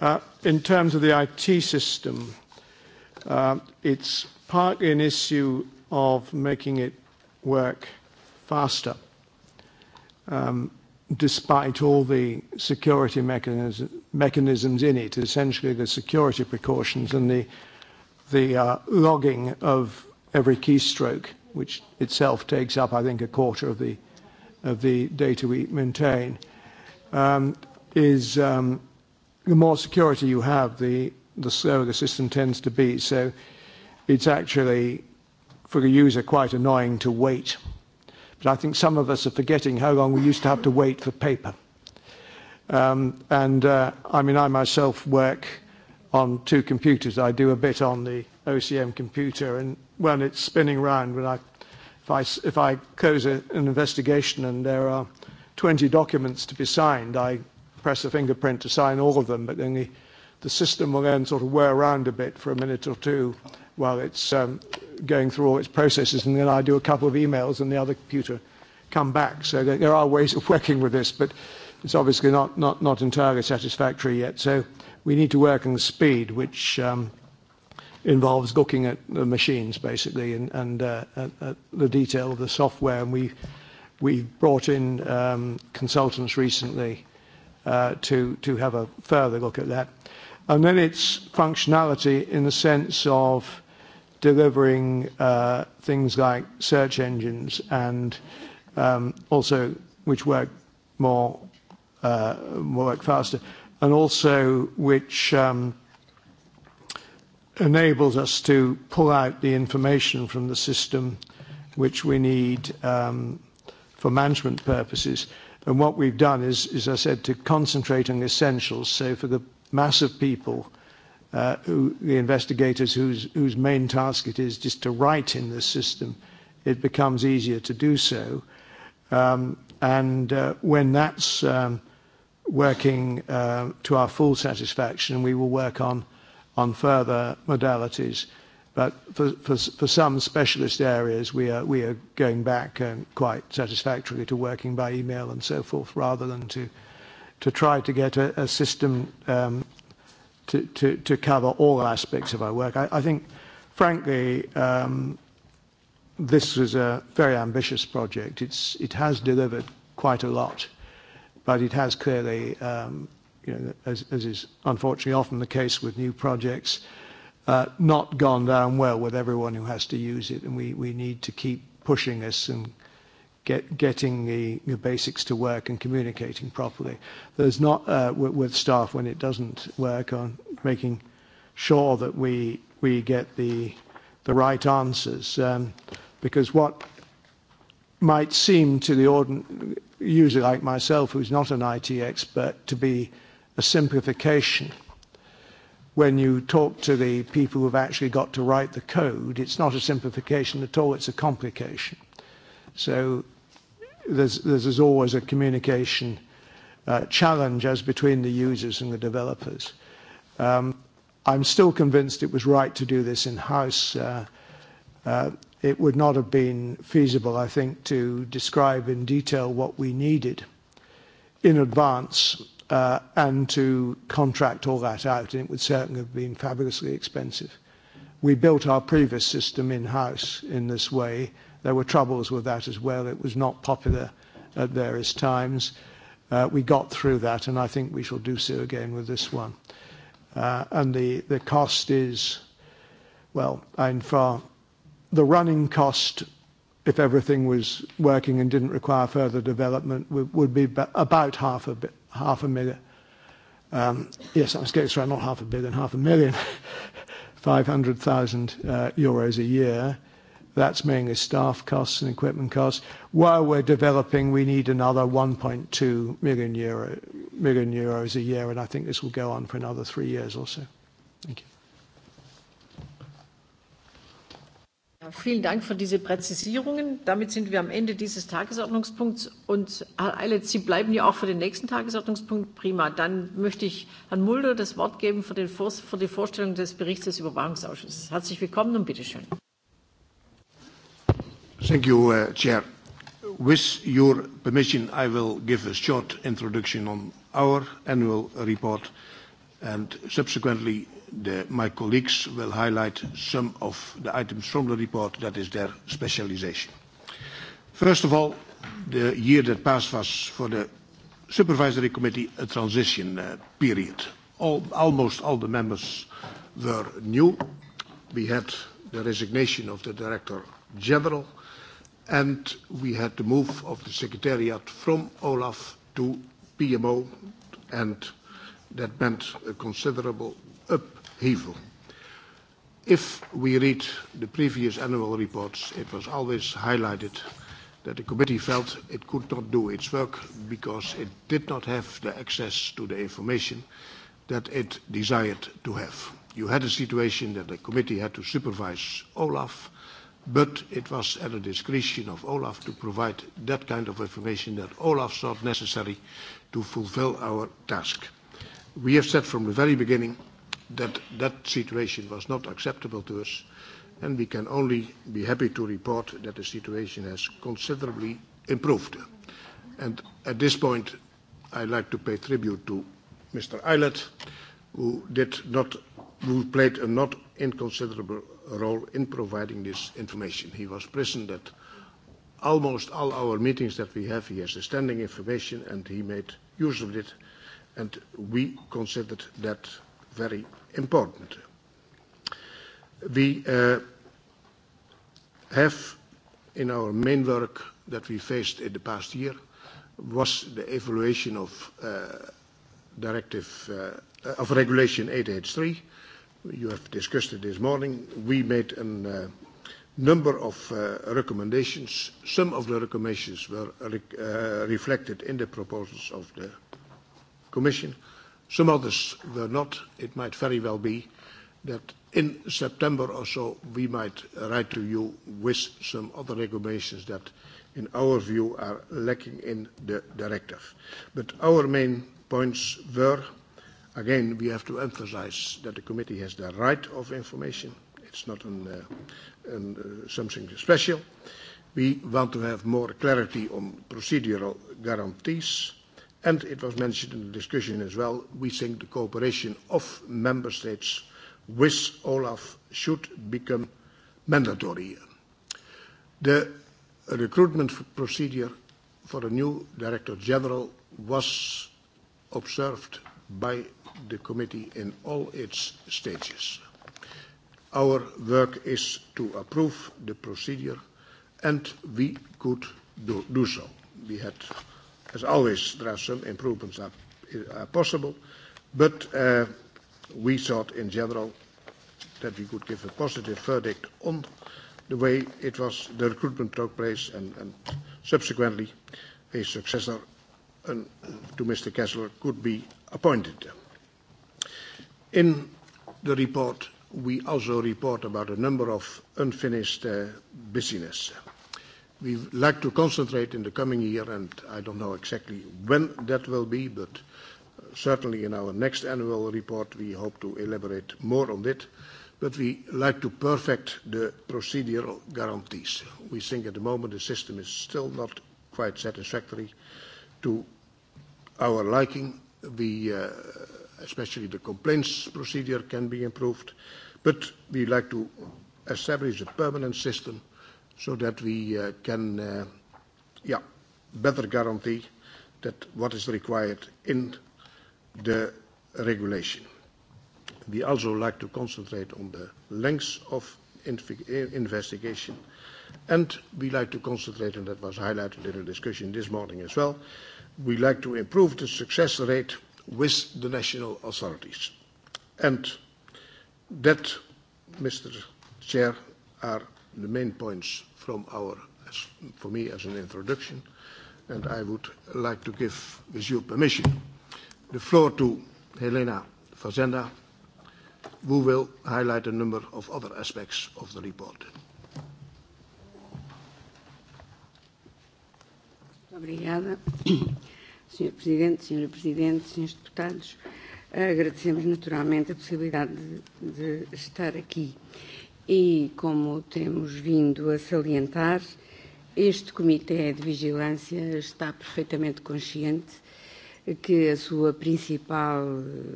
Uh, in terms of the IT system, uh, it's partly an issue of making it work faster, um, despite all the security mechanism, mechanisms in it, essentially the security precautions and the, the uh, logging of every keystroke, which itself takes up, I think, a quarter of the, of the data we maintain. Uh, um, is um, the more security you have, the, the slower the system tends to be. So it's actually, for a user, quite annoying to wait. But I think some of us are forgetting how long we used to have to wait for paper. Um, and uh, I mean, I myself work on two computers. I do a bit on the OCM computer, and when it's spinning around, when I, if I, if I close a, an investigation and there are 20 documents to be signed. I press a fingerprint to sign all of them, but then the, the system will then sort of wear around a bit for a minute or two while it's um, going through all its processes, and then I do a couple of emails and the other computer come back. So there, there are ways of working with this, but it's obviously not, not, not entirely satisfactory yet. So we need to work on the speed, which um, involves looking at the machines basically and, and uh, at, at the detail of the software. And we We've brought in um, consultants recently uh, to, to have a further look at that. And then it's functionality in the sense of delivering uh, things like search engines and um, also which work more, uh, work faster, and also which um, enables us to pull out the information from the system which we need um, for management purposes. And what we've done is, as I said, to concentrate on essentials. So for the mass of people, uh, who, the investigators whose, whose main task it is just to write in this system, it becomes easier to do so. Um, and uh, when that's um, working uh, to our full satisfaction, we will work on, on further modalities. Uh, But for, for, for some specialist areas, we are, we are going back um, quite satisfactorily to working by email and so forth, rather than to, to try to get a, a system um, to, to, to cover all aspects of our work. I, I think, frankly, um, this was a very ambitious project. It's, it has delivered quite a lot, but it has clearly, um, you know, as, as is unfortunately often the case with new projects, uh, not gone down well with everyone who has to use it, and we, we need to keep pushing this and get, getting the, the basics to work and communicating properly. There's not uh, with, with staff when it doesn't work on making sure that we we get the the right answers um, because what might seem to the ordinary user like myself who's not an IT expert to be a simplification when you talk to the people who've actually got to write the code, it's not a simplification at all, it's a complication. So there's, there's always a communication uh, challenge as between the users and the developers. Um, I'm still convinced it was right to do this in-house. Uh, uh, it would not have been feasible, I think, to describe in detail what we needed in advance uh, and to contract all that out, and it would certainly have been fabulously expensive. We built our previous system in-house in this way. There were troubles with that as well. It was not popular at various times. Uh, we got through that, and I think we shall do so again with this one. Uh, and the, the cost is, well, and for the running cost, if everything was working and didn't require further development, would, would be about half a bit, half a million. Um, yes, I'm scared, sorry, not half a billion, half a million, 500,000 uh, euros a year. That's mainly staff costs and equipment costs. While we're developing, we need another 1.2 million, euro, million euros a year, and I think this will go on for another three years or so. Thank you. Vielen Dank für diese Präzisierungen. Damit sind wir am Ende dieses Tagesordnungspunkts. Und Herr Eilitz, Sie bleiben ja auch für den nächsten Tagesordnungspunkt. Prima. Dann möchte ich Herrn Mulder das Wort geben für, den Vor für die Vorstellung des Berichts des Überwachungsausschusses. Herzlich willkommen und bitteschön. Thank you, uh, Chair. With your permission, I will give a short introduction on our annual report and subsequently the, my colleagues will highlight some of the items from the report that is their specialization. First of all, the year that passed was for the Supervisory Committee a transition uh, period. All, almost all the members were new. We had the resignation of the Director General and we had the move of the Secretariat from Olaf to PMO and that meant a considerable up evil. If we read the previous annual reports, it was always highlighted that the committee felt it could not do its work because it did not have the access to the information that it desired to have. You had a situation that the committee had to supervise Olaf, but it was at the discretion of Olaf to provide that kind of information that Olaf thought necessary to fulfill our task. We have said from the very beginning That, that situation was not acceptable to us, and we can only be happy to report that the situation has considerably improved. And at this point, I'd like to pay tribute to Mr. Eilert, who did not, who played a not inconsiderable role in providing this information. He was present at almost all our meetings that we have. He has the standing information, and he made use of it, and we considered that very important. We uh, have in our main work that we faced in the past year was the evaluation of uh, Directive uh, of Regulation 883. You have discussed it this morning. We made a uh, number of uh, recommendations. Some of the recommendations were uh, rec reflected in the proposals of the Commission. Some others were not. It might very well be that in September or so, we might write to you with some other recommendations that, in our view, are lacking in the directive. But our main points were, again, we have to emphasize that the committee has the right of information. It's not an, uh, an, uh, something special. We want to have more clarity on procedural guarantees. Uh, And it was mentioned in the discussion as well, we think the cooperation of member states with Olaf should become mandatory. The recruitment procedure for a new Director General was observed by the committee in all its stages. Our work is to approve the procedure, and we could do, do so. We had As always, there are some improvements are, are possible, but uh, we thought in general that we could give a positive verdict on the way it was, the recruitment took place, and, and subsequently, a successor and, um, to Mr. Kessler could be appointed. In the report, we also report about a number of unfinished uh, business. Uh, we like to concentrate in the coming year, and I don't know exactly when that will be, but uh, certainly in our next annual report, we hope to elaborate more on it. But we like to perfect the procedural guarantees. We think at the moment the system is still not quite satisfactory to our liking. We, uh, especially the complaints procedure can be improved, but we like to establish a permanent system so that we uh, eh, can uh, eh, yeah, better guarantee that what is required in the regulation. We also like to concentrate on the lengths of investigation, and we like to concentrate, and that was highlighted in the discussion this morning as well, we like to improve the success rate with the national authorities. And that, Mr. Chair, are the main points from our, as, for me as an introduction, and I would like to give, with your permission, the floor to Helena Fazenda, who will highlight a number of other aspects of the report. Obrigada, Sr. Presidente, Sra. Presidente, Srs. Deputados. Agradecemos naturalmente a possibilidade de, de estar aqui. Uh, E, como temos vindo a salientar, este Comitê de Vigilância está perfeitamente consciente que a sua principal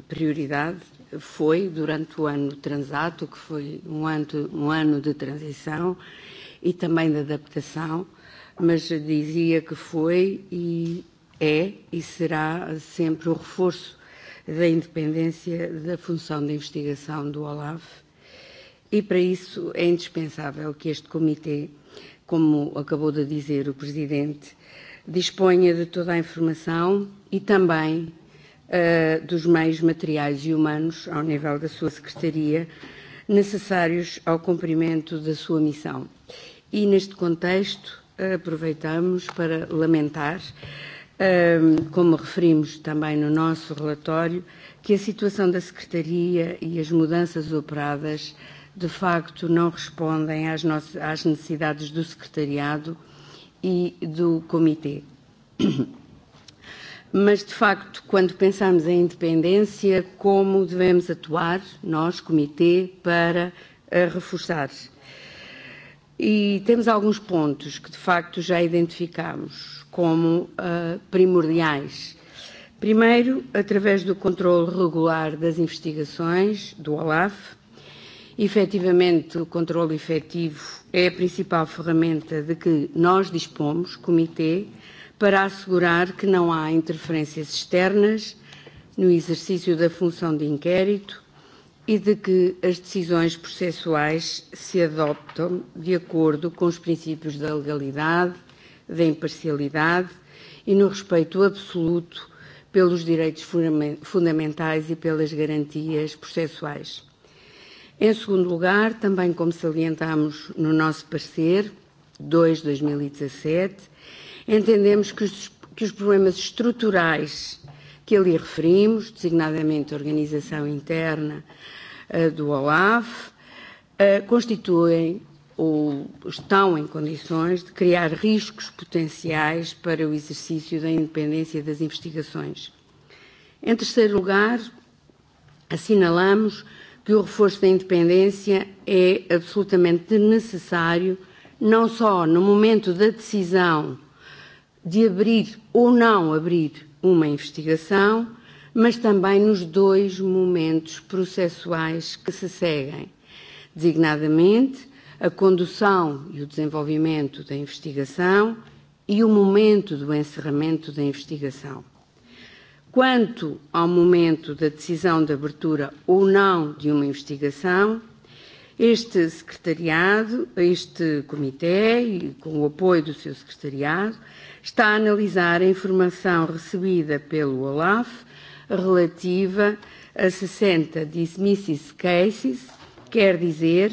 prioridade foi, durante o ano transato, que foi um ano, um ano de transição e também de adaptação, mas dizia que foi e é e será sempre o reforço da independência da função de investigação do OLAF e para isso é indispensável que este Comitê, como acabou de dizer o Presidente, disponha de toda a informação e também uh, dos meios materiais e humanos, ao nível da sua Secretaria, necessários ao cumprimento da sua missão. E neste contexto, eh, aproveitamos para lamentar, eh, como referimos também no nosso relatório, que a situação da Secretaria e as mudanças operadas uh, de facto não respondem às, nossas, às necessidades do secretariado e do comitê. Mas, de facto, quando pensamos em independência, como devemos atuar, nós, comitê, para a eh, reforçar? E temos alguns pontos que, de facto, já identificamos como uh, primordiais. Primeiro, através do controle regular das investigações do OLAF, Efetivamente, o controle efetivo é a principal ferramenta de que nós dispomos, Comitê, para assegurar que não há interferências externas no exercício da função de inquérito e de que as decisões processuais se adoptam de acordo com os princípios da legalidade, da imparcialidade e no respeito absoluto pelos direitos fundamentais e pelas garantias processuais. Em segundo lugar, também como salientamos no nosso parecer 2 de 2017, entendemos que os, que os problemas estruturais que ali referimos, designadamente a organização interna uh, do OLAF, uh, eh, constituem ou estão em condições de criar riscos potenciais para o exercício da independência das investigações. Em terceiro lugar, assinalamos que o reforço da independência é absolutamente necessário, não só no momento da decisão de abrir ou não abrir uma investigação, mas também nos dois momentos processuais que se seguem, designadamente a condução e o desenvolvimento da investigação e o momento do encerramento da investigação quanto ao momento da decisão de abertura ou não de uma investigação, este secretariado, este comitê, e com o apoio do seu secretariado, está a analisar a informação recebida pelo OLAF relativa a 60 dismisses cases, quer dizer,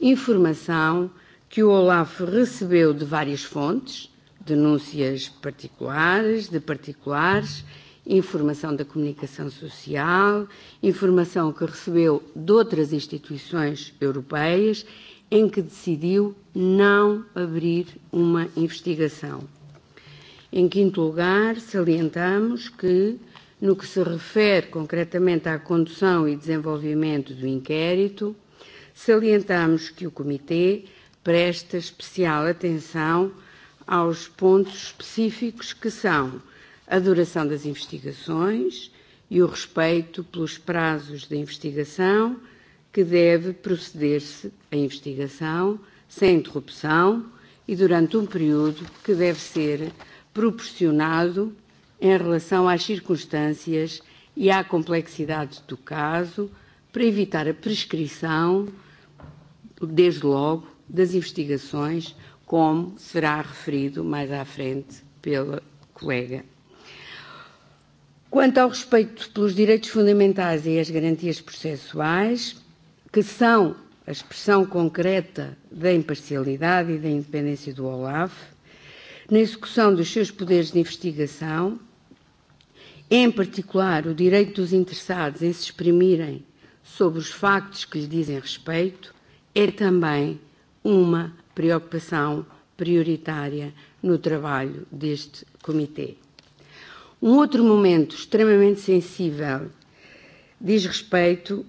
informação que o OLAF recebeu de várias fontes, denúncias particulares, de particulares, informação da comunicação social, informação que recebeu de outras instituições europeias, em que decidiu não abrir uma investigação. Em quinto lugar, salientamos que, no que se refere concretamente à condução e desenvolvimento do inquérito, salientamos que o Comitê presta especial atenção aos pontos específicos que são a duração das investigações e o respeito pelos prazos de investigação, que deve proceder-se à investigação sem interrupção e durante um período que deve ser proporcionado em relação às circunstâncias e à complexidade do caso, para evitar a prescrição, desde logo, das investigações, como será referido mais à frente pela colega Quanto ao respeito pelos direitos fundamentais e as garantias processuais, que são a expressão concreta da imparcialidade e da independência do OLAF, na execução dos seus poderes de investigação, em particular o direito dos interessados em se exprimirem sobre os factos que lhe dizem respeito, é também uma preocupação prioritária no trabalho deste Comitê. Um outro momento extremamente sensível diz respeito,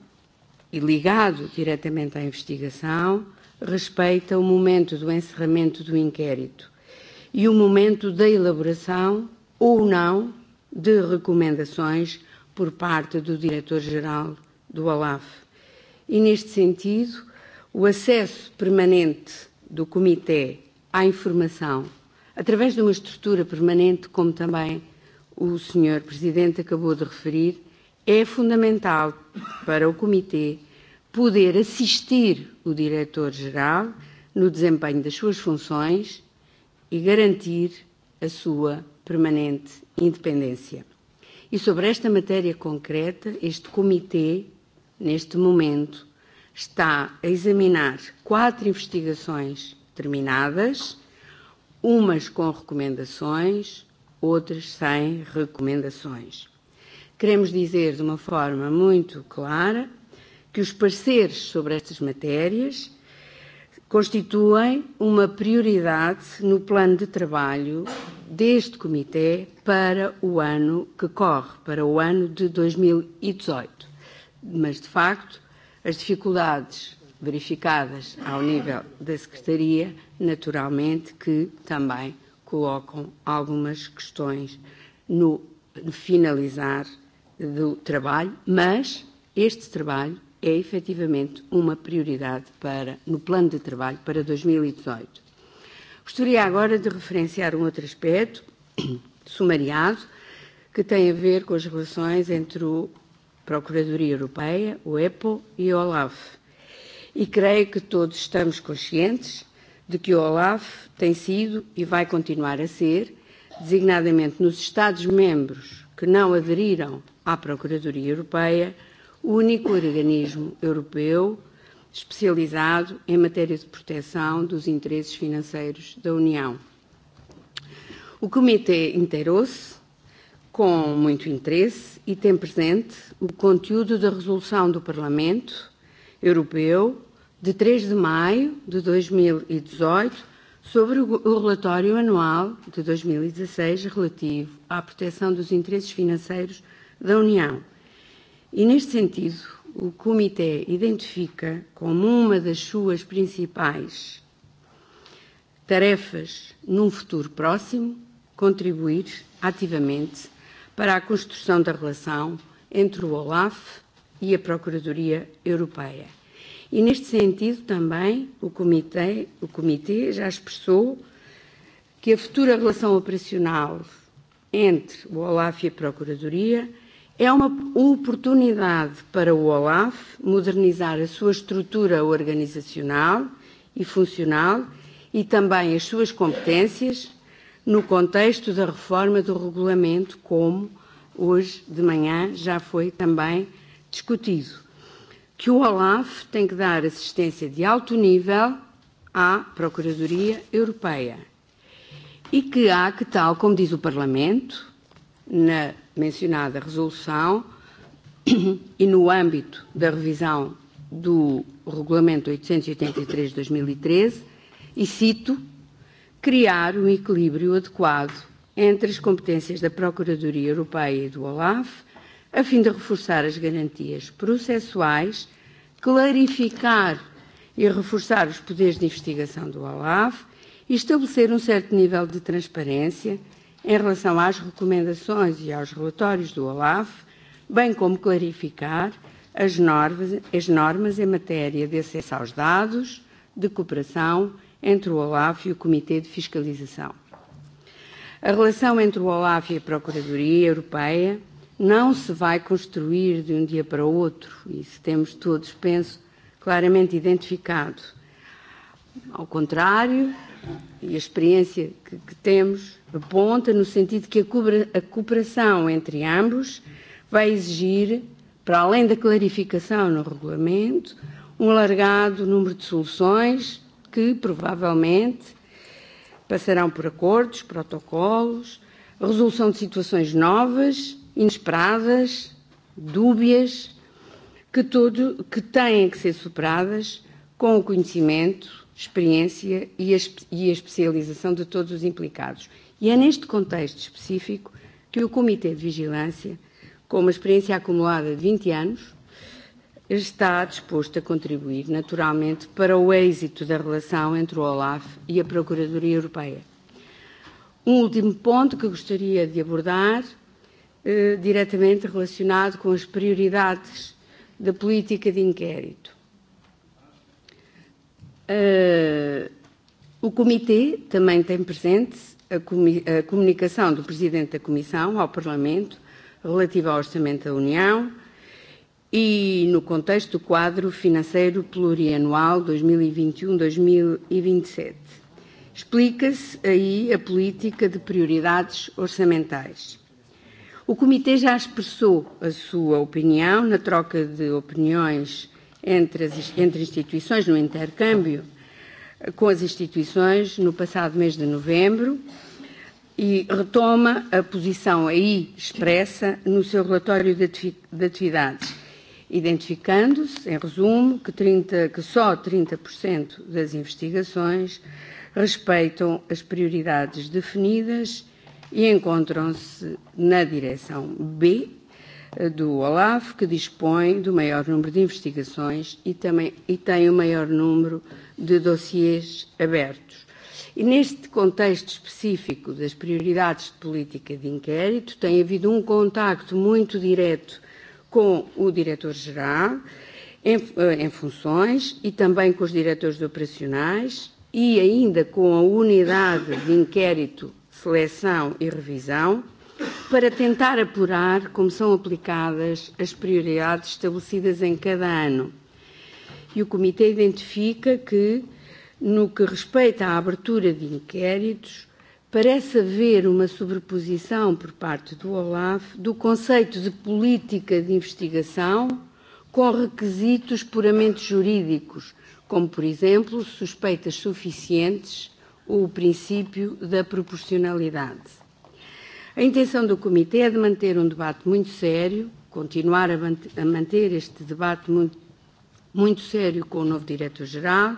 e ligado diretamente à investigação, respeita o momento do encerramento do inquérito e o momento da elaboração ou não de recomendações por parte do Diretor-Geral do OLAF. E, neste sentido, o acesso permanente do Comitê à informação, através de uma estrutura permanente, como também o Sr. Presidente acabou de referir, é fundamental para o Comitê poder assistir o Diretor-Geral no desempenho das suas funções e garantir a sua permanente independência. E sobre esta matéria concreta, este Comitê, neste momento, está a examinar quatro investigações terminadas, umas com recomendações, outras sem recomendações. Queremos dizer de uma forma muito clara que os pareceres sobre estas matérias constituem uma prioridade no plano de trabalho deste Comitê para o ano que corre, para o ano de 2018. E Mas, de facto, as dificuldades verificadas ao nível da Secretaria, naturalmente que também colocam algumas questões no finalizar do trabalho, mas este trabalho é efetivamente uma prioridade para, no plano de trabalho para 2018. E Gostaria agora de referenciar um outro aspecto, sumariado, que tem a ver com as relações entre o Procuradoria Europeia, o EPO e o OLAF. E creio que todos estamos conscientes de que o OLAF tem sido e vai continuar a ser, designadamente nos Estados-membros que não aderiram à Procuradoria Europeia, o único organismo europeu especializado em matéria de proteção dos interesses financeiros da União. O Comitê inteirou-se com muito interesse e tem presente o conteúdo da resolução do Parlamento Europeu de 3 de maio de 2018 e sobre o relatório anual de 2016 e relativo à proteção dos interesses financeiros da União. E, neste sentido, o Comitê identifica como uma das suas principais tarefas num futuro próximo contribuir ativamente para a construção da relação entre o OLAF e a Procuradoria Europeia E, neste sentido, também o Comitê, o comitê já expressou que a futura relação operacional entre o OLAF e a Procuradoria é uma oportunidade para o OLAF modernizar a sua estrutura organizacional e funcional e também as suas competências no contexto da reforma do regulamento, como hoje de manhã já foi também discutido que o OLAF tem que dar assistência de alto nível à Procuradoria Europeia e que há que, tal como diz o Parlamento, na mencionada resolução e no âmbito da revisão do Regulamento 883 e e de 2013, e, e cito, criar um equilíbrio adequado entre as competências da Procuradoria Europeia e do OLAF a fim de reforçar as garantias processuais, clarificar e reforçar os poderes de investigação do OLAF e estabelecer um certo nível de transparência em relação às recomendações e aos relatórios do OLAF, bem como clarificar as normas, as normas em matéria de acesso aos dados, de cooperação entre o OLAF e o Comitê de Fiscalização. A relação entre o OLAF e a Procuradoria Europeia não se vai construir de um dia para o outro. Isso temos todos, penso, claramente identificado. Ao contrário, e a experiência que, que temos aponta no sentido que a, a cooperação entre ambos vai exigir, para além da clarificação no regulamento, um alargado número de soluções que provavelmente passarão por acordos, protocolos, resolução de situações novas inesperadas, dúbias, que, todo, que têm que ser superadas com o conhecimento, experiência e a, e a especialização de todos os implicados. E é neste contexto específico que o Comitê de Vigilância, com uma experiência acumulada de 20 anos, está disposto a contribuir naturalmente para o êxito da relação entre o OLAF e a Procuradoria Europeia. Um último ponto que gostaria de abordar eh, diretamente relacionado com as prioridades da política de inquérito. Uh, o Comitê também tem presente a, comi a comunicação do Presidente da Comissão ao Parlamento relativa ao Orçamento da União e no contexto do quadro financeiro plurianual 2021-2027. E e um e Explica-se aí a política de prioridades orçamentais. O Comitê já expressou a sua opinião na troca de opiniões entre, as, entre instituições, no intercâmbio com as instituições, no passado mês de novembro, e retoma a posição aí expressa no seu relatório de atividades, identificando-se, em resumo, que, 30, que só 30% das investigações respeitam as prioridades definidas e encontram-se na direção B eh, do OLAF, que dispõe do maior número de investigações e, também, e tem o maior número de dossiês abertos. E neste contexto específico das prioridades de política de inquérito, tem havido um contacto muito direto com o diretor-geral em, eh, em funções e também com os diretores operacionais e ainda com a unidade de inquérito seleção e revisão, para tentar apurar como são aplicadas as prioridades estabelecidas em cada ano. E o Comitê identifica que, no que respeita à abertura de inquéritos, parece haver uma sobreposição por parte do OLAF do conceito de política de investigação com requisitos puramente jurídicos, como, por exemplo, suspeitas suficientes o princípio da proporcionalidade. A intenção do Comitê é de manter um debate muito sério, continuar a manter este debate muito, muito sério com o novo Diretor-Geral,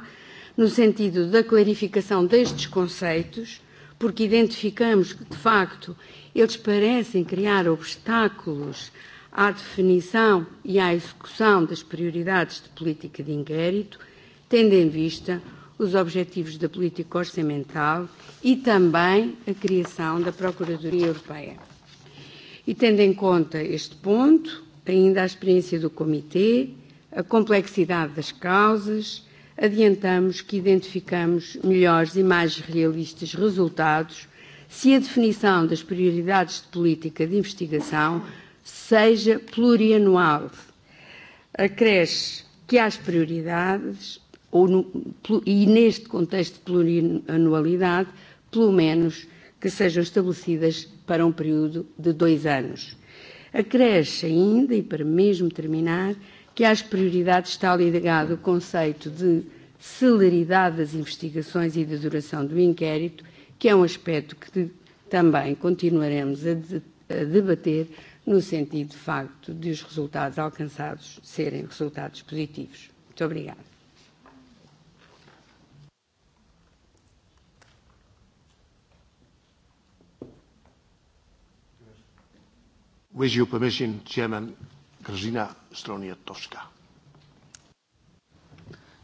no sentido da clarificação destes conceitos, porque identificamos que, de facto, eles parecem criar obstáculos à definição e à execução das prioridades de política de inquérito, tendo em vista os objetivos da política orçamental e também a criação da Procuradoria Europeia. E tendo em conta este ponto, ainda a experiência do Comitê, a complexidade das causas, adiantamos que identificamos melhores e mais realistas resultados se a definição das prioridades de política de investigação seja plurianual. Acresce que às prioridades ou no, e neste contexto de plurianualidade, pelo menos que sejam estabelecidas para um período de dois anos. Acresce ainda, e para mesmo terminar, que às prioridades está ligado o conceito de celeridade das investigações e da duração do inquérito, que é um aspecto que também continuaremos a, de, a debater no sentido, de facto, de os resultados alcançados serem resultados positivos. Muito obrigada. With your permission, Chairman, Grażyna Stroniatowska.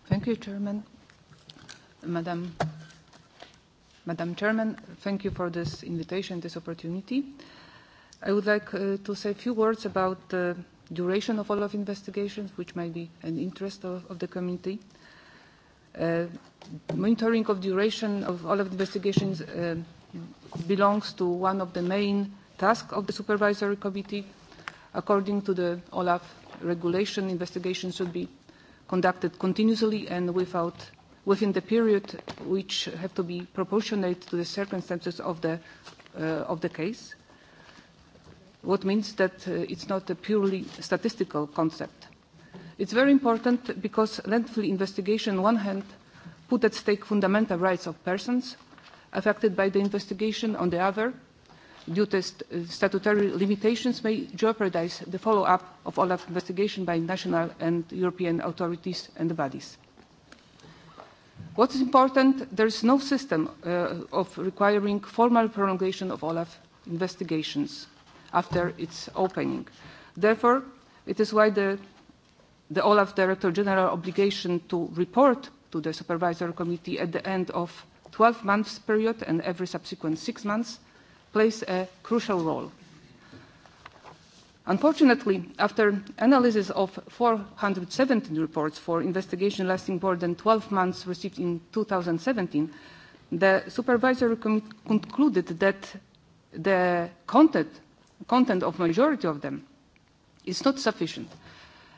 Thank you, Chairman. Madam, Madam Chairman, thank you for this invitation, this opportunity. I would like uh, to say a few words about the duration of all of investigations, which might be an interest of, of the community. Uh, monitoring of duration of all of investigations uh, belongs to one of the main task of the supervisory committee. According to the OLAF regulation, investigation should be conducted continuously and without, within the period which have to be proportionate to the circumstances of the, uh, of the case, what means that uh, it's not a purely statistical concept. It's very important because lengthy investigation, on one hand, put at stake fundamental rights of persons affected by the investigation, on the other, due to st statutory limitations may jeopardize the follow-up of Olaf investigation by national and European authorities and bodies. What is important, there is no system uh, of requiring formal prolongation of Olaf investigations after its opening. Therefore, it is why the, the Olaf Director General obligation to report to the Supervisory Committee at the end of 12 months period and every subsequent six months plays a crucial role. Unfortunately, after analysis of 417 reports for investigation lasting more than 12 months received in 2017, the supervisory committee concluded that the content, content of majority of them is not sufficient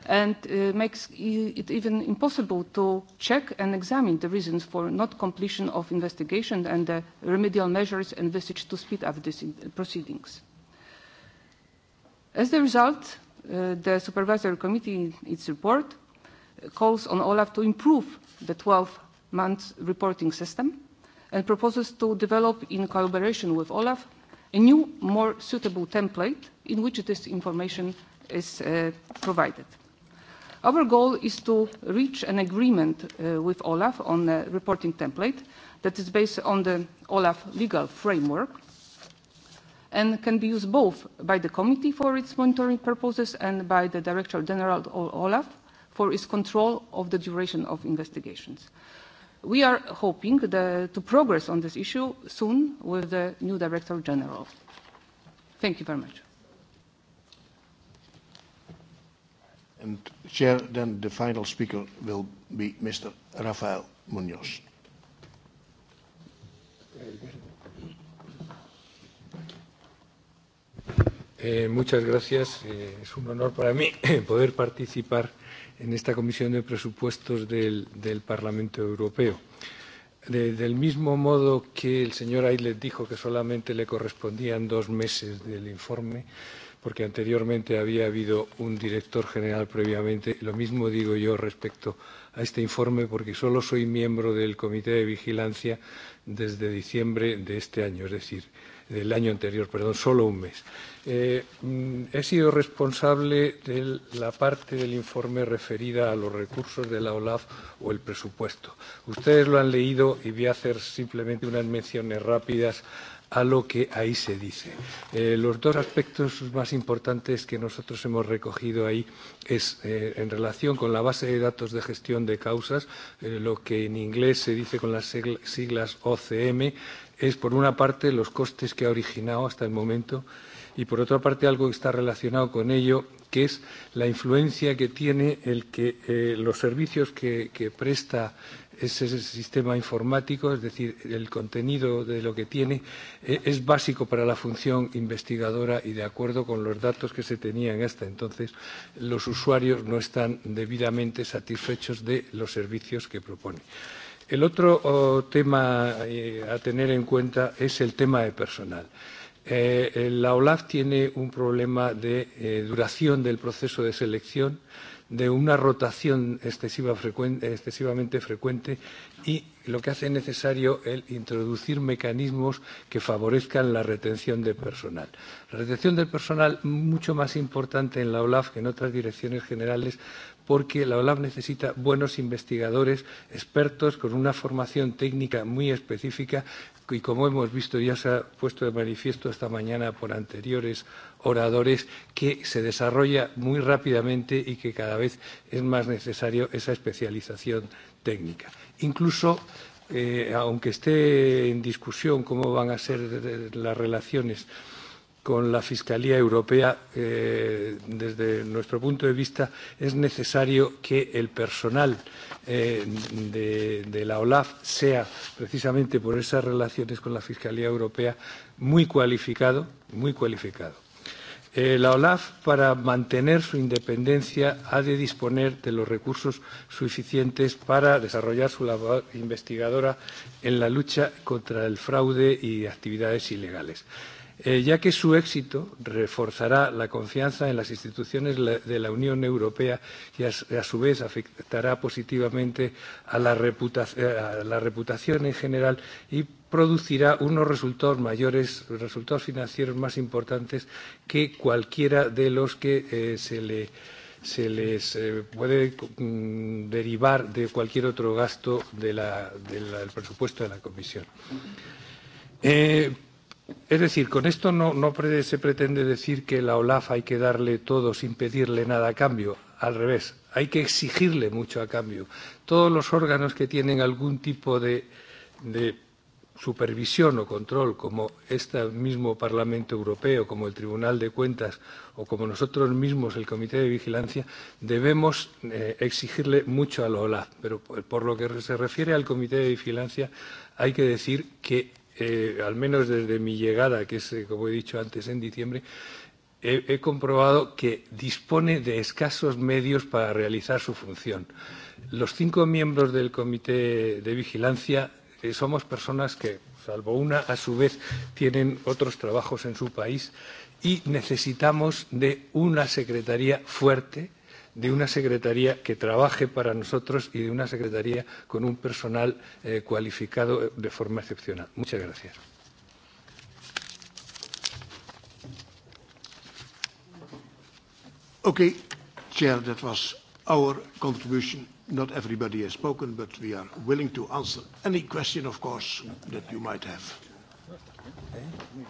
and uh, makes it even impossible to check and examine the reasons for not completion of investigation and the remedial measures envisaged to speed up these uh, proceedings. As a result, uh, the Supervisory Committee in its report uh, calls on Olaf to improve the 12-month reporting system and proposes to develop in collaboration with Olaf a new, more suitable template in which this information is uh, provided. Our goal is to reach an agreement uh, with Olaf on a reporting template that is based on the Olaf legal framework and can be used both by the committee for its monitoring purposes and by the Director General of Olaf for its control of the duration of investigations. We are hoping the, to progress on this issue soon with the new Director General. Thank you very much. And Chair, then the final speaker will be Mr. Rafael Munoz. Eh, muchas gracias. Eh, es un honor para mí poder participar en esta Comisión de Presupuestos del, del Parlamento Europeo. De, del mismo modo que el señor Ailes dijo que solamente le correspondían dos meses del informe, eh, porque anteriormente había habido un director general previamente. Lo mismo digo yo respecto a este informe, porque solo soy miembro del Comité de Vigilancia desde diciembre de este año, es decir, del año anterior, perdón, solo un mes. Eh, mm, he sido responsable de la parte del informe referida a los recursos de la OLAF o el presupuesto. Ustedes lo han leído y voy a hacer simplemente unas menciones rápidas a lo que ahí se dice. Eh, los dos aspectos más importantes que nosotros hemos recogido ahí es eh, en relación con la base de datos de gestión de causas, eh, lo que en inglés se dice con las siglas OCM, es por una parte los costes que ha originado hasta el momento y por otra parte algo que está relacionado con ello que es la influencia que tiene el que eh, los servicios que, que presta ese sistema informático, es decir, el contenido de lo que tiene, eh, es básico para la función investigadora y de acuerdo con los datos que se tenían hasta entonces, los usuarios no están debidamente satisfechos de los servicios que propone. El otro oh, tema eh, a tener en cuenta es el tema de personal. Eh, eh la OLAF tiene un problema de eh, duración del proceso de selección. Eh, de una rotación excesiva frecuente, excesivamente frecuente y lo que hace necesario el introducir mecanismos que favorezcan la retención de personal. La retención del personal mucho más importante en la OLAF que en otras direcciones generales porque la OLAF necesita buenos investigadores, expertos con una formación técnica muy específica y como hemos visto ya se ha puesto de manifiesto esta mañana por anteriores oradores, que se desarrolla muy rápidamente y que cada vez es más necesario esa especialización técnica. Incluso eh, aunque esté en discusión cómo van a ser las relaciones eh, con la Fiscalía Europea, eh, desde nuestro punto de vista, es necesario que el personal eh, de, de la OLAF sea, precisamente por esas relaciones con la Fiscalía Europea, muy cualificado, muy cualificado. Eh, la OLAF, para mantener su independencia, ha de disponer de los recursos suficientes para desarrollar su labor investigadora en la lucha contra el fraude y actividades ilegales. Eh, eh, ya que su éxito reforzará la confianza en las instituciones de la Unión Europea y, a, a su vez, afectará positivamente a la, eh, a la reputación en general y producirá unos resultados mayores, resultados financieros más importantes que cualquiera de los que eh, se le se les eh, puede mm, derivar de cualquier otro gasto de la, de la, del presupuesto de la Comisión. Eh, Es decir, con esto no, no pre se pretende decir que la OLAF hay que darle todo sin pedirle nada a cambio. Al revés, hay que exigirle mucho a cambio. Todos los órganos que tienen algún tipo de, de supervisión o control, como este mismo Parlamento Europeo, como el Tribunal de Cuentas o como nosotros mismos, el Comité de Vigilancia, debemos eh, exigirle mucho a la OLAF. Pero por, por lo que se refiere al Comité de Vigilancia, hay que decir que eh, al menos desde mi llegada, que es, eh, como he dicho antes, en diciembre, he, he comprobado que dispone de escasos medios para realizar su función. Los cinco miembros del Comité de Vigilancia eh, somos personas que, salvo una, a su vez tienen otros trabajos en su país y necesitamos de una secretaría fuerte, eh, de una secretaría que trabaje para nosotros y de una secretaría con un personal eh, cualificado eh, de forma excepcional. Muchas gracias. Okay, Chair, that was our contribution. Not everybody has spoken, but we are willing to answer any question, of course, that you might have. Okay. Eh,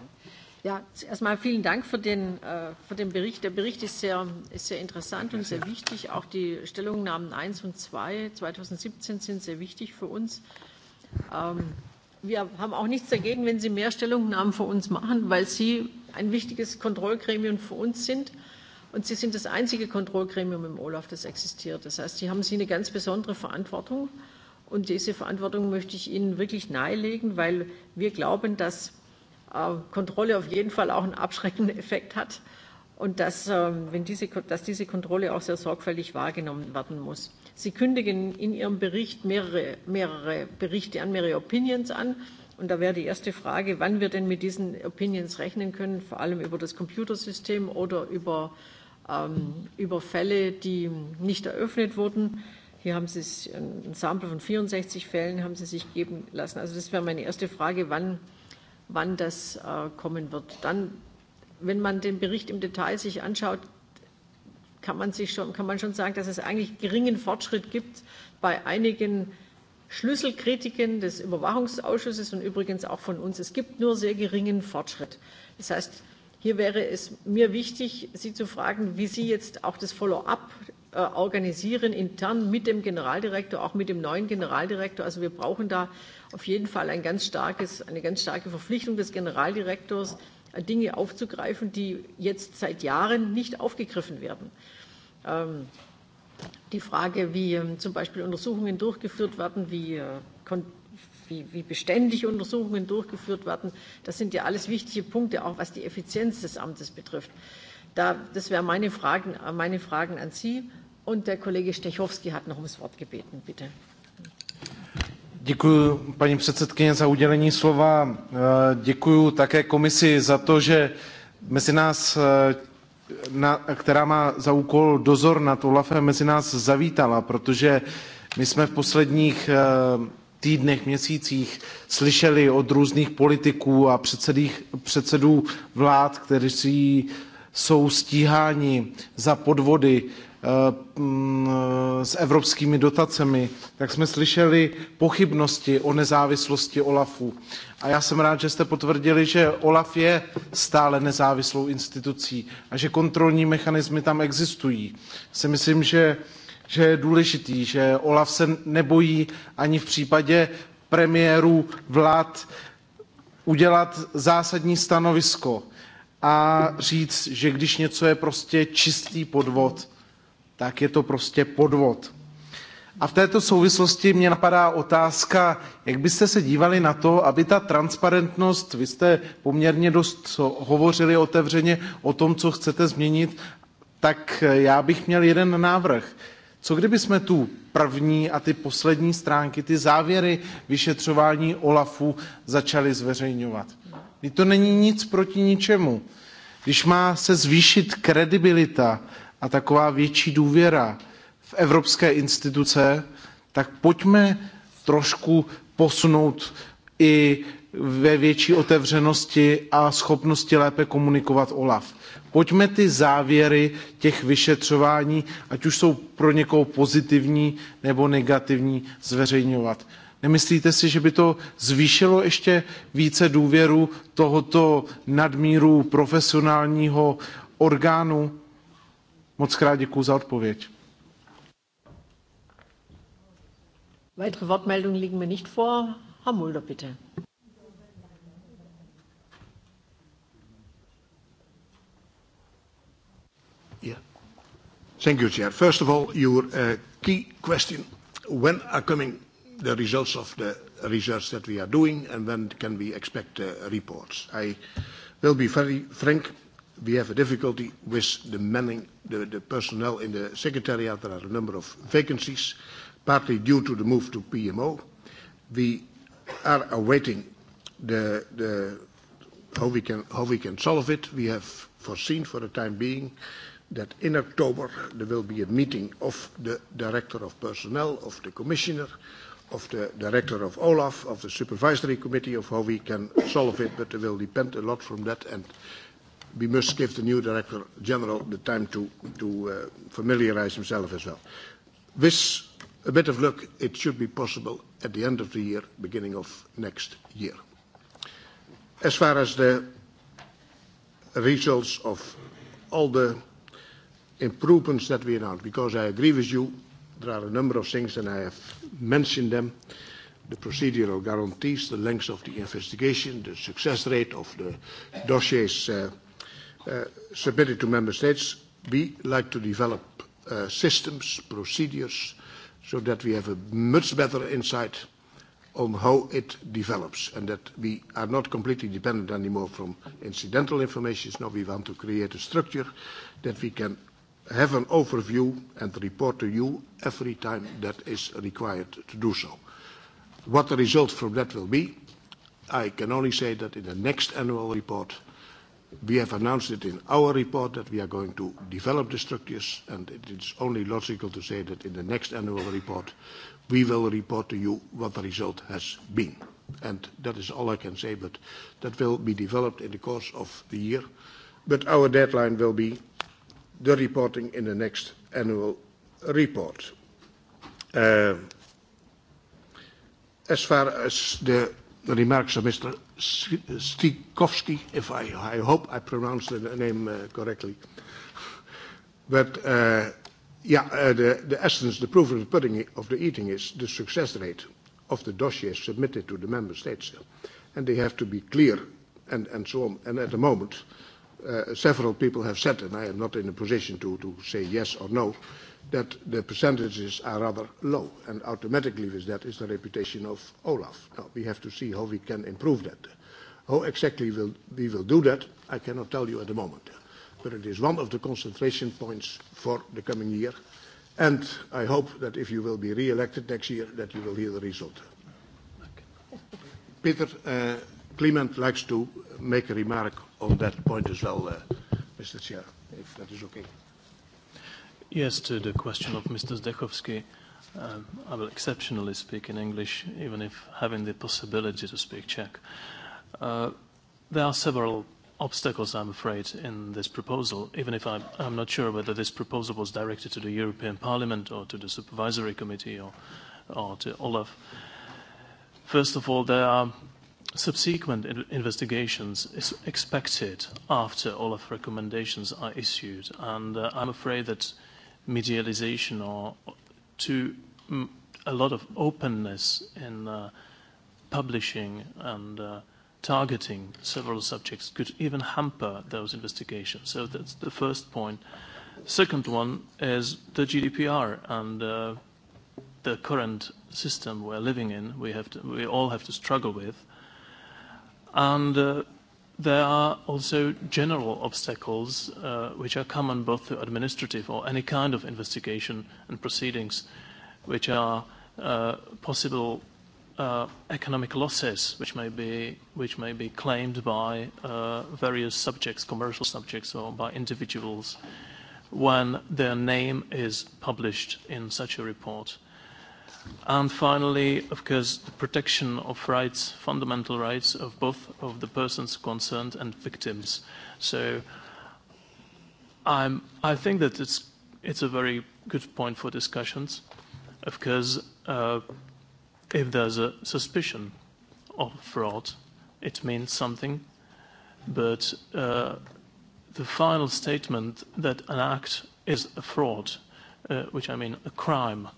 Ja, erstmal vielen Dank für den, äh, für den Bericht. Der Bericht ist sehr, ist sehr interessant und sehr wichtig. Auch die Stellungnahmen 1 und 2 2017 sind sehr wichtig für uns. Ähm, wir haben auch nichts dagegen, wenn Sie mehr Stellungnahmen für uns machen, weil Sie ein wichtiges Kontrollgremium für uns sind. Und Sie sind das einzige Kontrollgremium im Olaf, das existiert. Das heißt, Sie haben Sie eine ganz besondere Verantwortung. Und diese Verantwortung möchte ich Ihnen wirklich nahelegen, weil wir glauben, dass Äh, Kontrolle auf jeden Fall auch einen abschreckenden Effekt hat und dass, ähm, wenn diese, dass diese Kontrolle auch sehr sorgfältig wahrgenommen werden muss. Sie kündigen in Ihrem Bericht mehrere, mehrere Berichte an, mehrere Opinions an. Und da wäre die erste Frage, wann wir denn mit diesen Opinions rechnen können, vor allem über das Computersystem oder über, ähm, über Fälle, die nicht eröffnet wurden. Hier haben Sie es, ein Sample von 64 Fällen haben Sie sich geben lassen. Also das wäre meine erste Frage, wann äh, wann das äh, kommen wird. Dann, wenn man den Bericht im Detail sich anschaut, kann man, sich schon, kann man schon sagen, dass es eigentlich geringen Fortschritt gibt bei einigen Schlüsselkritiken des Überwachungsausschusses und übrigens auch von uns. Es gibt nur sehr geringen Fortschritt. Das heißt, hier wäre es mir wichtig, Sie zu fragen, wie Sie jetzt auch das Follow-up äh, organisieren, intern mit dem Generaldirektor, auch mit dem neuen Generaldirektor. Also wir brauchen da auf jeden Fall ein ganz starkes, eine ganz starke Verpflichtung des Generaldirektors, äh, Dinge aufzugreifen, die jetzt seit Jahren nicht aufgegriffen werden. Ähm, die Frage, wie ähm, zum Beispiel Untersuchungen durchgeführt werden, wie, äh, wie, wie beständig Untersuchungen durchgeführt werden, das sind ja alles wichtige Punkte, auch was die Effizienz des Amtes betrifft. Da, das wären meine Fragen, äh, meine Fragen an Sie. Und der Kollege Stechowski hat noch ums Wort gebeten, bitte. Děkuji paní předsedkyně za udělení slova. Eh, děkuji také komisi za to, že mezi nás, eh, na, která má za úkol dozor nad OLAFem, mezi nás zavítala, protože my jsme v posledních eh, týdnech, měsících slyšeli od různých politiků a předsedů vlád, kteří jsou stíháni za podvody Eh, mm, s evropskými dotacemi, tak jsme slyšeli pochybnosti o nezávislosti OLAFu. A já jsem rád, že jste potvrdili, že OLAF je stále nezávislou institucí a že kontrolní mechanismy tam existují. Si myslím, že, že je důležitý, že OLAF se nebojí ani v případě premiérů vlád udělat zásadní stanovisko a říct, že když něco je prostě čistý podvod, tak je to prostě podvod. A v této souvislosti mě napadá otázka, jak byste se dívali na to, aby ta transparentnost, vy jste poměrně dost hovořili otevřeně o tom, co chcete změnit, tak já bych měl jeden návrh. Co kdyby jsme tu první a ty poslední stránky, ty závěry vyšetřování OLAFu začali zveřejňovat? Kdy to není nic proti ničemu. Když má se zvýšit kredibilita a taková větší důvěra v evropské instituce, tak pojďme trošku posunout i ve větší otevřenosti a schopnosti lépe komunikovat OLAF. Pojďme ty závěry těch vyšetřování, ať už jsou pro někoho pozitivní nebo negativní, zveřejňovat. Nemyslíte si, že by to zvýšilo ještě více důvěru tohoto nadmíru profesionálního orgánu? Moc krát děkuji za odpověď. Weitere Wortmeldungen liegen mir nicht vor. Herr Mulder, bitte. Yeah. Thank you, Chair. First of all, your uh, key question, when are coming the results of the research that we are doing, and when can we expect uh, reports? I will be very frank we have a difficulty with the manning, the, the personnel in the secretariat. There are a number of vacancies, partly due to the move to PMO. We are awaiting the, the, how, we can, how we can solve it. We have foreseen for the time being that in October there will be a meeting of the Director of Personnel, of the Commissioner, of the director of Olaf, of the supervisory committee, of how we can solve it, but it will depend a lot from that. And we must give the new Director General the time to, to uh, familiarize himself as well. With a bit of luck, it should be possible at the end of the year, beginning of next year. As far as the results of all the improvements that we announced, because I agree with you, there are a number of things, and I have mentioned them, the procedural guarantees, the length of the investigation, the success rate of the dossiers uh, uh, submitted to member states, we like to develop uh, systems, procedures, so that we have a much better insight on how it develops and that we are not completely dependent anymore from incidental information. No, we want to create a structure that we can have an overview and report to you every time that is required to do so. What the result from that will be, I can only say that in the next annual report, uh, We have announced it in our report that we are going to develop the structures, and it is only logical to say that in the next annual report, we will report to you what the result has been. And that is all I can say, but that will be developed in the course of the year. But our deadline will be the reporting in the next annual report. Uh, as far as the the remarks of Mr. Stikovsky, if I, I hope I pronounced the name uh, correctly. But uh, yeah, uh, the, the essence, the proof of the pudding of the eating is the success rate of the dossiers submitted to the member states, and they have to be clear and, and so on. And at the moment, uh, several people have said, and I am not in a position to, to say yes or no, uh, that the percentages are rather low, and automatically with that is the reputation of Olaf. Now, we have to see how we can improve that. How exactly will, we will do that, I cannot tell you at the moment, but it is one of the concentration points for the coming year, and I hope that if you will be re-elected next year, that you will hear the result. Peter, uh, Clement likes to make a remark on that point as well, uh, Mr. Chair, if that is okay. Yes, to the question of Mr. Zdechovsky, um, I will exceptionally speak in English, even if having the possibility to speak Czech. Uh, there are several obstacles, I'm afraid, in this proposal, even if I'm, I'm not sure whether this proposal was directed to the European Parliament or to the Supervisory Committee or, or to Olaf. First of all, there are subsequent in investigations is expected after Olaf recommendations are issued, and uh, I'm afraid that medialization or to mm, a lot of openness in uh, publishing and uh, targeting several subjects could even hamper those investigations. So that's the first point. Second one is the GDPR and uh, the current system we're living in. We have to, we all have to struggle with. And uh, There are also general obstacles uh, which are common both to administrative or any kind of investigation and proceedings, which are uh, possible uh, economic losses which may be which may be claimed by uh, various subjects, commercial subjects, or by individuals when their name is published in such a report. And finally, of course, the protection of rights, fundamental rights of both of the persons concerned and victims. So I'm, I think that it's, it's a very good point for discussions. Of course, uh, if there's a suspicion of fraud, it means something. But uh, the final statement that an act is a fraud, uh, which I mean a crime, uh,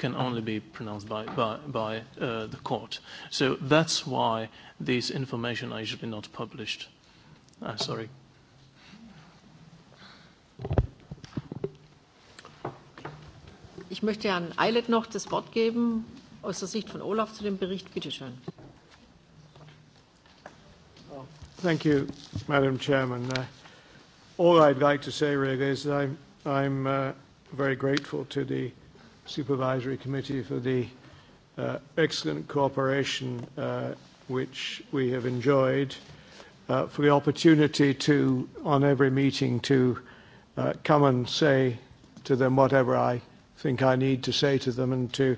can only be pronounced by, by, by uh, the court. So that's why this information are usually not published. I'm uh, sorry. Ich möchte Herrn Eilert noch das Wort geben aus der Sicht von Olaf zu dem Bericht. Bitte schön. Thank you, Madam Chairman. Uh, all I'd like to say really is that I'm, I'm uh, very grateful to the Supervisory Committee for the uh, excellent cooperation uh, which we have enjoyed, uh, for the opportunity to, on every meeting, to uh, come and say to them whatever I think I need to say to them and to,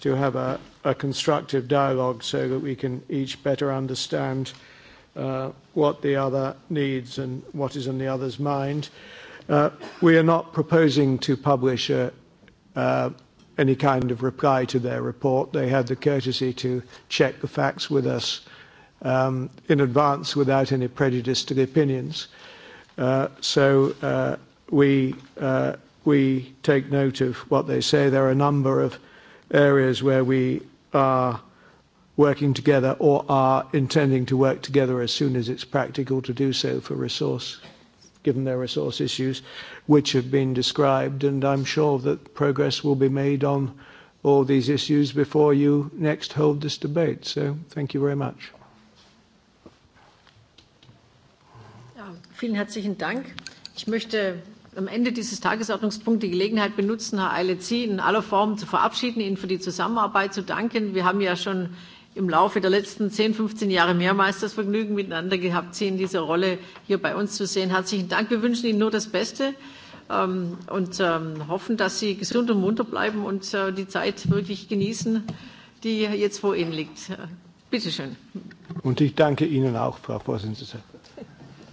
to have a, a constructive dialogue so that we can each better understand uh, what the other needs and what is in the other's mind. Uh, we are not proposing to publish a, uh, any kind of reply to their report. They had the courtesy to check the facts with us um, in advance without any prejudice to the opinions. Uh, so uh, we, uh, we take note of what they say. There are a number of areas where we are working together or are intending to work together as soon as it's practical to do so for resource, given their resource issues which have been described, and I'm sure that progress will be made on all these issues before you next hold this debate. So thank you very much. Ja, vielen herzlichen Dank. Ich möchte am Ende dieses Tagesordnungspunkts die Gelegenheit benutzen, Herr Eilert, Sie in aller Form zu verabschieden, Ihnen für die Zusammenarbeit zu danken. Wir haben ja schon im Laufe der letzten 10, 15 Jahre mehrmals das Vergnügen miteinander gehabt, Sie in dieser Rolle hier bei uns zu sehen. Herzlichen Dank. Wir wünschen Ihnen nur das Beste ähm, und ähm, hoffen, dass Sie gesund und munter bleiben und äh, die Zeit wirklich genießen, die jetzt vor Ihnen liegt. Bitte schön. Und ich danke Ihnen auch, Frau Vorsitzende.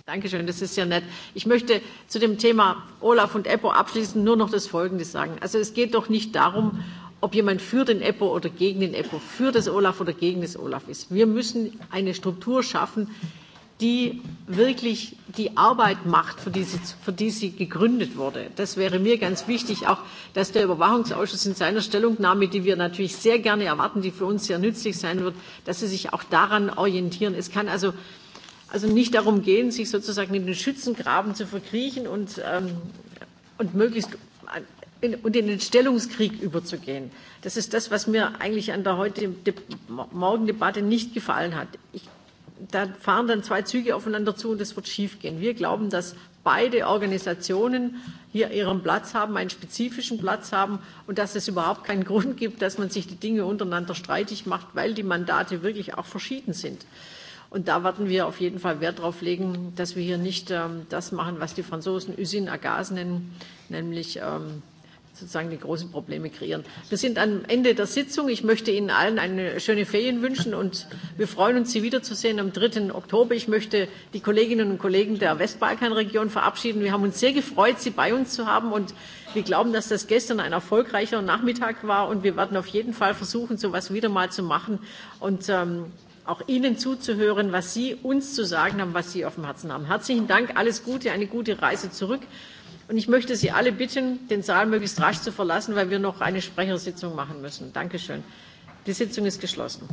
Dankeschön, das ist sehr nett. Ich möchte zu dem Thema Olaf und EPO abschließend nur noch das Folgende sagen. Also es geht doch nicht darum, ob jemand für den EPO oder gegen den EPO, für das Olaf oder gegen das Olaf ist. Wir müssen eine Struktur schaffen, die wirklich die Arbeit macht, für die, sie, für die sie gegründet wurde. Das wäre mir ganz wichtig, auch dass der Überwachungsausschuss in seiner Stellungnahme, die wir natürlich sehr gerne erwarten, die für uns sehr nützlich sein wird, dass sie sich auch daran orientieren. Es kann also, also nicht darum gehen, sich sozusagen in den Schützengraben zu verkriechen und, ähm, und möglichst in, und in den Stellungskrieg überzugehen. Das ist das, was mir eigentlich an der heute De Morgendebatte nicht gefallen hat. Ich da fahren dann zwei Züge aufeinander zu und das wird schiefgehen. Wir glauben, dass beide Organisationen hier ihren Platz haben, einen spezifischen Platz haben und dass es überhaupt keinen Grund gibt, dass man sich die Dinge untereinander streitig macht, weil die Mandate wirklich auch verschieden sind. Und da werden wir auf jeden Fall Wert darauf legen, dass wir hier nicht ähm, das machen, was die Franzosen Usine à gaz nennen, nämlich ähm, sozusagen die großen Probleme kreieren. Wir sind am Ende der Sitzung. Ich möchte Ihnen allen eine schöne Ferien wünschen und wir freuen uns, Sie wiederzusehen am 3. Oktober. Ich möchte die Kolleginnen und Kollegen der Westbalkanregion verabschieden. Wir haben uns sehr gefreut, Sie bei uns zu haben und wir glauben, dass das gestern ein erfolgreicher Nachmittag war und wir werden auf jeden Fall versuchen, so etwas wieder mal zu machen und ähm, auch Ihnen zuzuhören, was Sie uns zu sagen haben, was Sie auf dem Herzen haben. Herzlichen Dank, alles Gute, eine gute Reise zurück. Und ich möchte Sie alle bitten, den Saal möglichst rasch zu verlassen, weil wir noch eine Sprechersitzung machen müssen. Dankeschön. Die Sitzung ist geschlossen.